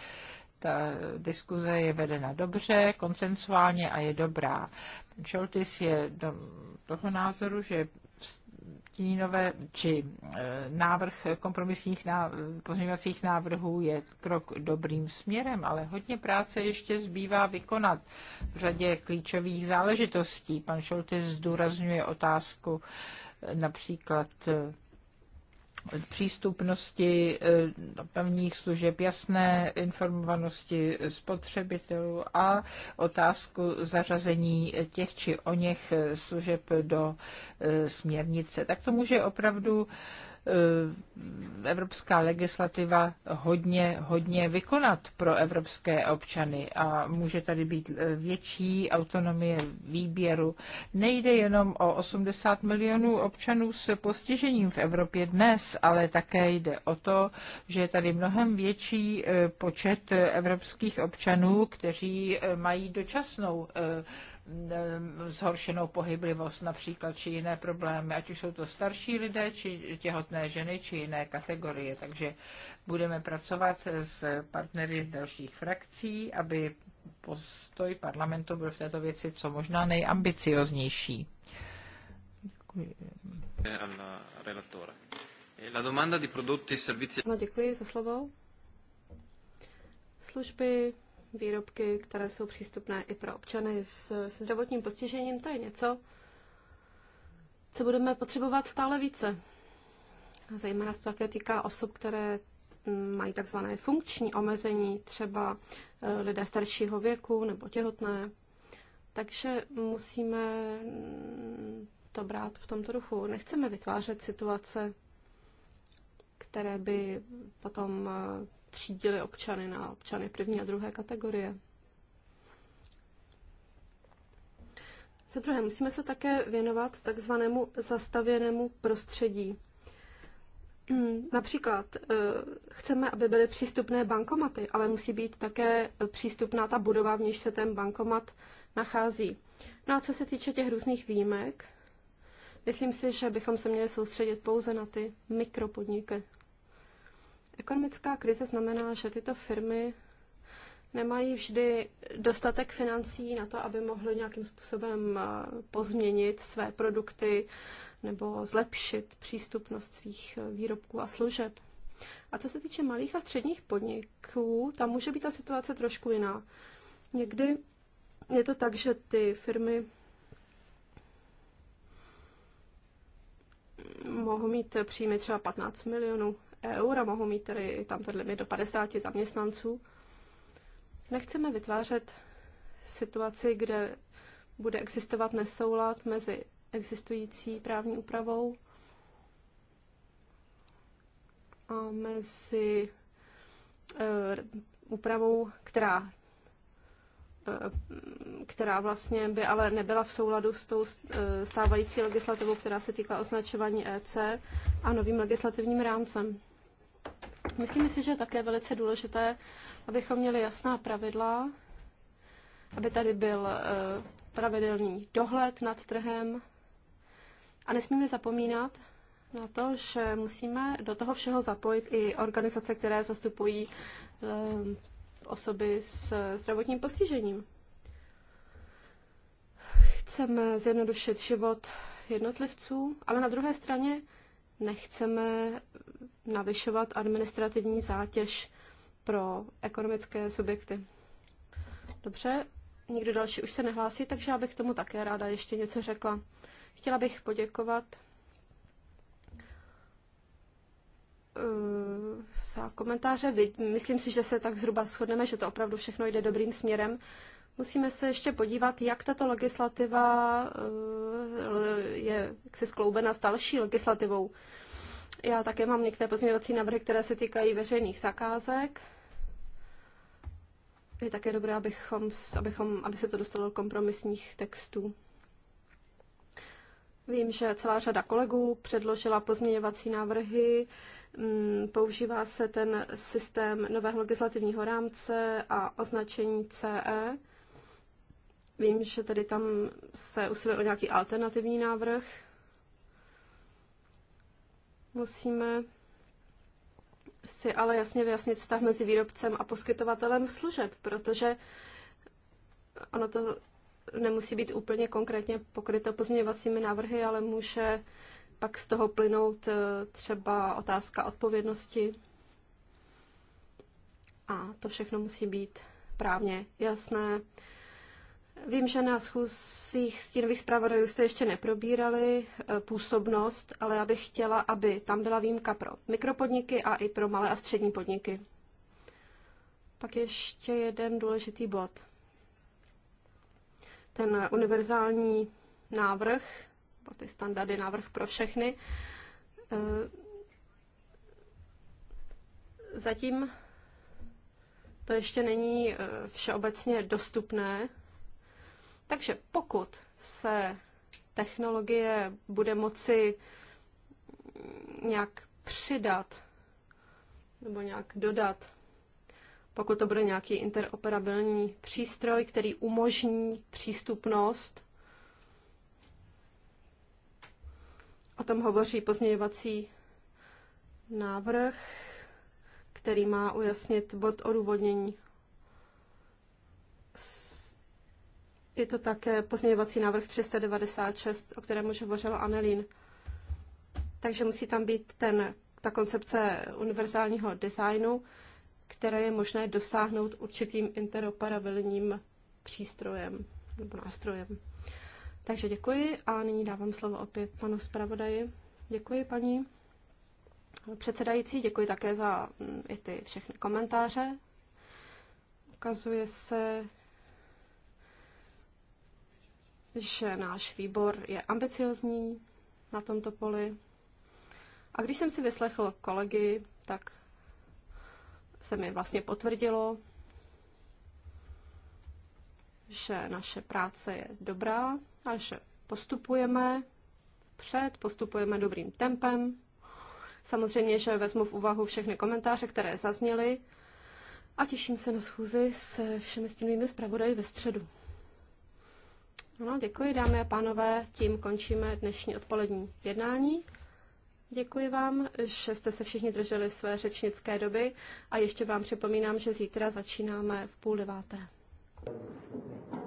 Ta diskuze je vedena dobře, konsensuálně a je dobrá. Šoltis je do toho názoru, že stínové či e, návrh kompromisních ná, pozměňovacích návrhů je krok dobrým směrem, ale hodně práce ještě zbývá vykonat v řadě klíčových záležitostí. Pan Šoltis zdůrazňuje otázku e, například e, přístupnosti eh, dopravních služeb, jasné informovanosti spotřebitelů a otázku zařazení těch či o něch služeb do eh, směrnice. Tak to může opravdu Eh, evropská legislativa hodně, hodně vykonat pro evropské občany a může tady být eh, větší autonomie výběru. Nejde jenom o 80 milionů občanů s postižením v Evropě dnes, ale také jde o to, že je tady mnohem větší eh, počet evropských občanů, kteří mají dočasnou Eh, zhoršenou pohyblivost například, či jiné problémy, ať už jsou to starší lidé, či těhotné ženy, či jiné kategorie. Takže budeme pracovat s partnery z dalších frakcí, aby postoj parlamentu byl v této věci co možná nejambicioznější. Děkuji. Eh, la domanda di prodotti e servizi... No, děkuji za slovo. Služby, výrobky, které jsou přístupné i pro občany s, s zdravotním postižením, to je něco, co budeme potřebovat stále více. Zejména se to také týká osob, které mm, mají takzvané funkční omezení, třeba eh, lidé staršího věku nebo těhotné. Takže musíme mm, to brát v tomto ruchu. Nechceme vytvářet situace, které by potom eh, třídili občany na občany první a druhé kategorie. Za druhé, musíme se také věnovat takzvanému zastavěnému prostředí. Například eh, chceme, aby byly přístupné bankomaty, ale musí být také přístupná ta budova, v níž se ten bankomat nachází. No a co se týče těch různých výjimek, myslím si, že bychom se měli soustředit pouze na ty mikropodniky, Ekonomická krize znamená, že tyto firmy nemají vždy dostatek financí na to, aby mohly nějakým způsobem eh, pozměnit své produkty nebo zlepšit přístupnost svých eh, výrobků a služeb. A co se týče malých a středních podniků, tam může být ta situace trošku jiná. Někdy je to tak, že ty firmy mohou mít příjmy třeba 15 milionů eur a mohou mít tedy tam ten limit do 50 zaměstnanců. Nechceme vytvářet situaci, kde bude existovat nesoulad mezi existující právní úpravou a mezi eh, úpravou, která eh, která vlastně by ale nebyla v souladu s tou eh, stávající legislativou, která se týká označování EC a novým legislativním rámcem. Myslím si, že je také velice důležité, abychom měli jasná pravidla, aby tady byl eh, pravidelný dohled nad trhem. A nesmíme zapomínat na to, že musíme do toho všeho zapojit i organizace, které zastupují eh, osoby s eh, zdravotním postižením. Chceme zjednodušit život jednotlivců, ale na druhé straně nechceme navyšovat administrativní zátěž pro ekonomické subjekty. Dobře, nikdo další už se nehlásí, takže já bych tomu také ráda ještě něco řekla. Chtěla bych poděkovat eh, za komentáře. Myslím si, že se tak zhruba shodneme, že to opravdu všechno jde dobrým směrem. Musíme se ještě podívat, jak tato legislativa eh, je jak se skloubena s další legislativou. Já také mám některé pozměňovací návrhy, které se týkají veřejných zakázek. Je také dobré, abychom, abychom, aby se to dostalo do kompromisních textů. Vím, že celá řada kolegů předložila pozměňovací návrhy. Mm, používá se ten systém nového legislativního rámce a označení CE. Vím, že tady tam se usiluje o nějaký alternativní návrh. Musíme si ale jasně vyjasnit vztah mezi výrobcem a poskytovatelem služeb, protože ono to nemusí být úplně konkrétně pokryto pozměňovacími návrhy, ale může pak z toho plynout eh, třeba otázka odpovědnosti. A to všechno musí být právně jasné. Vím, že na schůzích stínových zpravodajů jste ještě neprobírali eh, působnost, ale já bych chtěla, aby tam byla výjimka pro mikropodniky a i pro malé a střední podniky. Pak ještě jeden důležitý bod. Ten univerzální návrh, ty standardy návrh pro všechny. Eh, zatím to ještě není eh, všeobecně dostupné, takže pokud se technologie bude moci nějak přidat nebo nějak dodat, pokud to bude nějaký interoperabilní přístroj, který umožní přístupnost, o tom hovoří pozměňovací návrh, který má ujasnit bod odůvodnění je to také pozměňovací návrh 396, o kterém už hovořila Anelín. Takže musí tam být ten, ta koncepce univerzálního designu, které je možné dosáhnout určitým interoperabilním přístrojem nebo nástrojem. Takže děkuji a nyní dávám slovo opět panu zpravodaji. Děkuji paní předsedající, děkuji také za mm, i ty všechny komentáře. Ukazuje se, že náš výbor je ambiciozní na tomto poli. A když jsem si vyslechl kolegy, tak se mi vlastně potvrdilo, že naše práce je dobrá a že postupujeme před, postupujeme dobrým tempem. Samozřejmě, že vezmu v úvahu všechny komentáře, které zazněly a těším se na schůzi se všemi stínovými zpravodaji ve středu. Ano, děkuji, dámy a pánové. Tím končíme dnešní odpolední jednání. Děkuji vám, že jste se všichni drželi své řečnické doby a ještě vám připomínám, že zítra začínáme v půl deváté.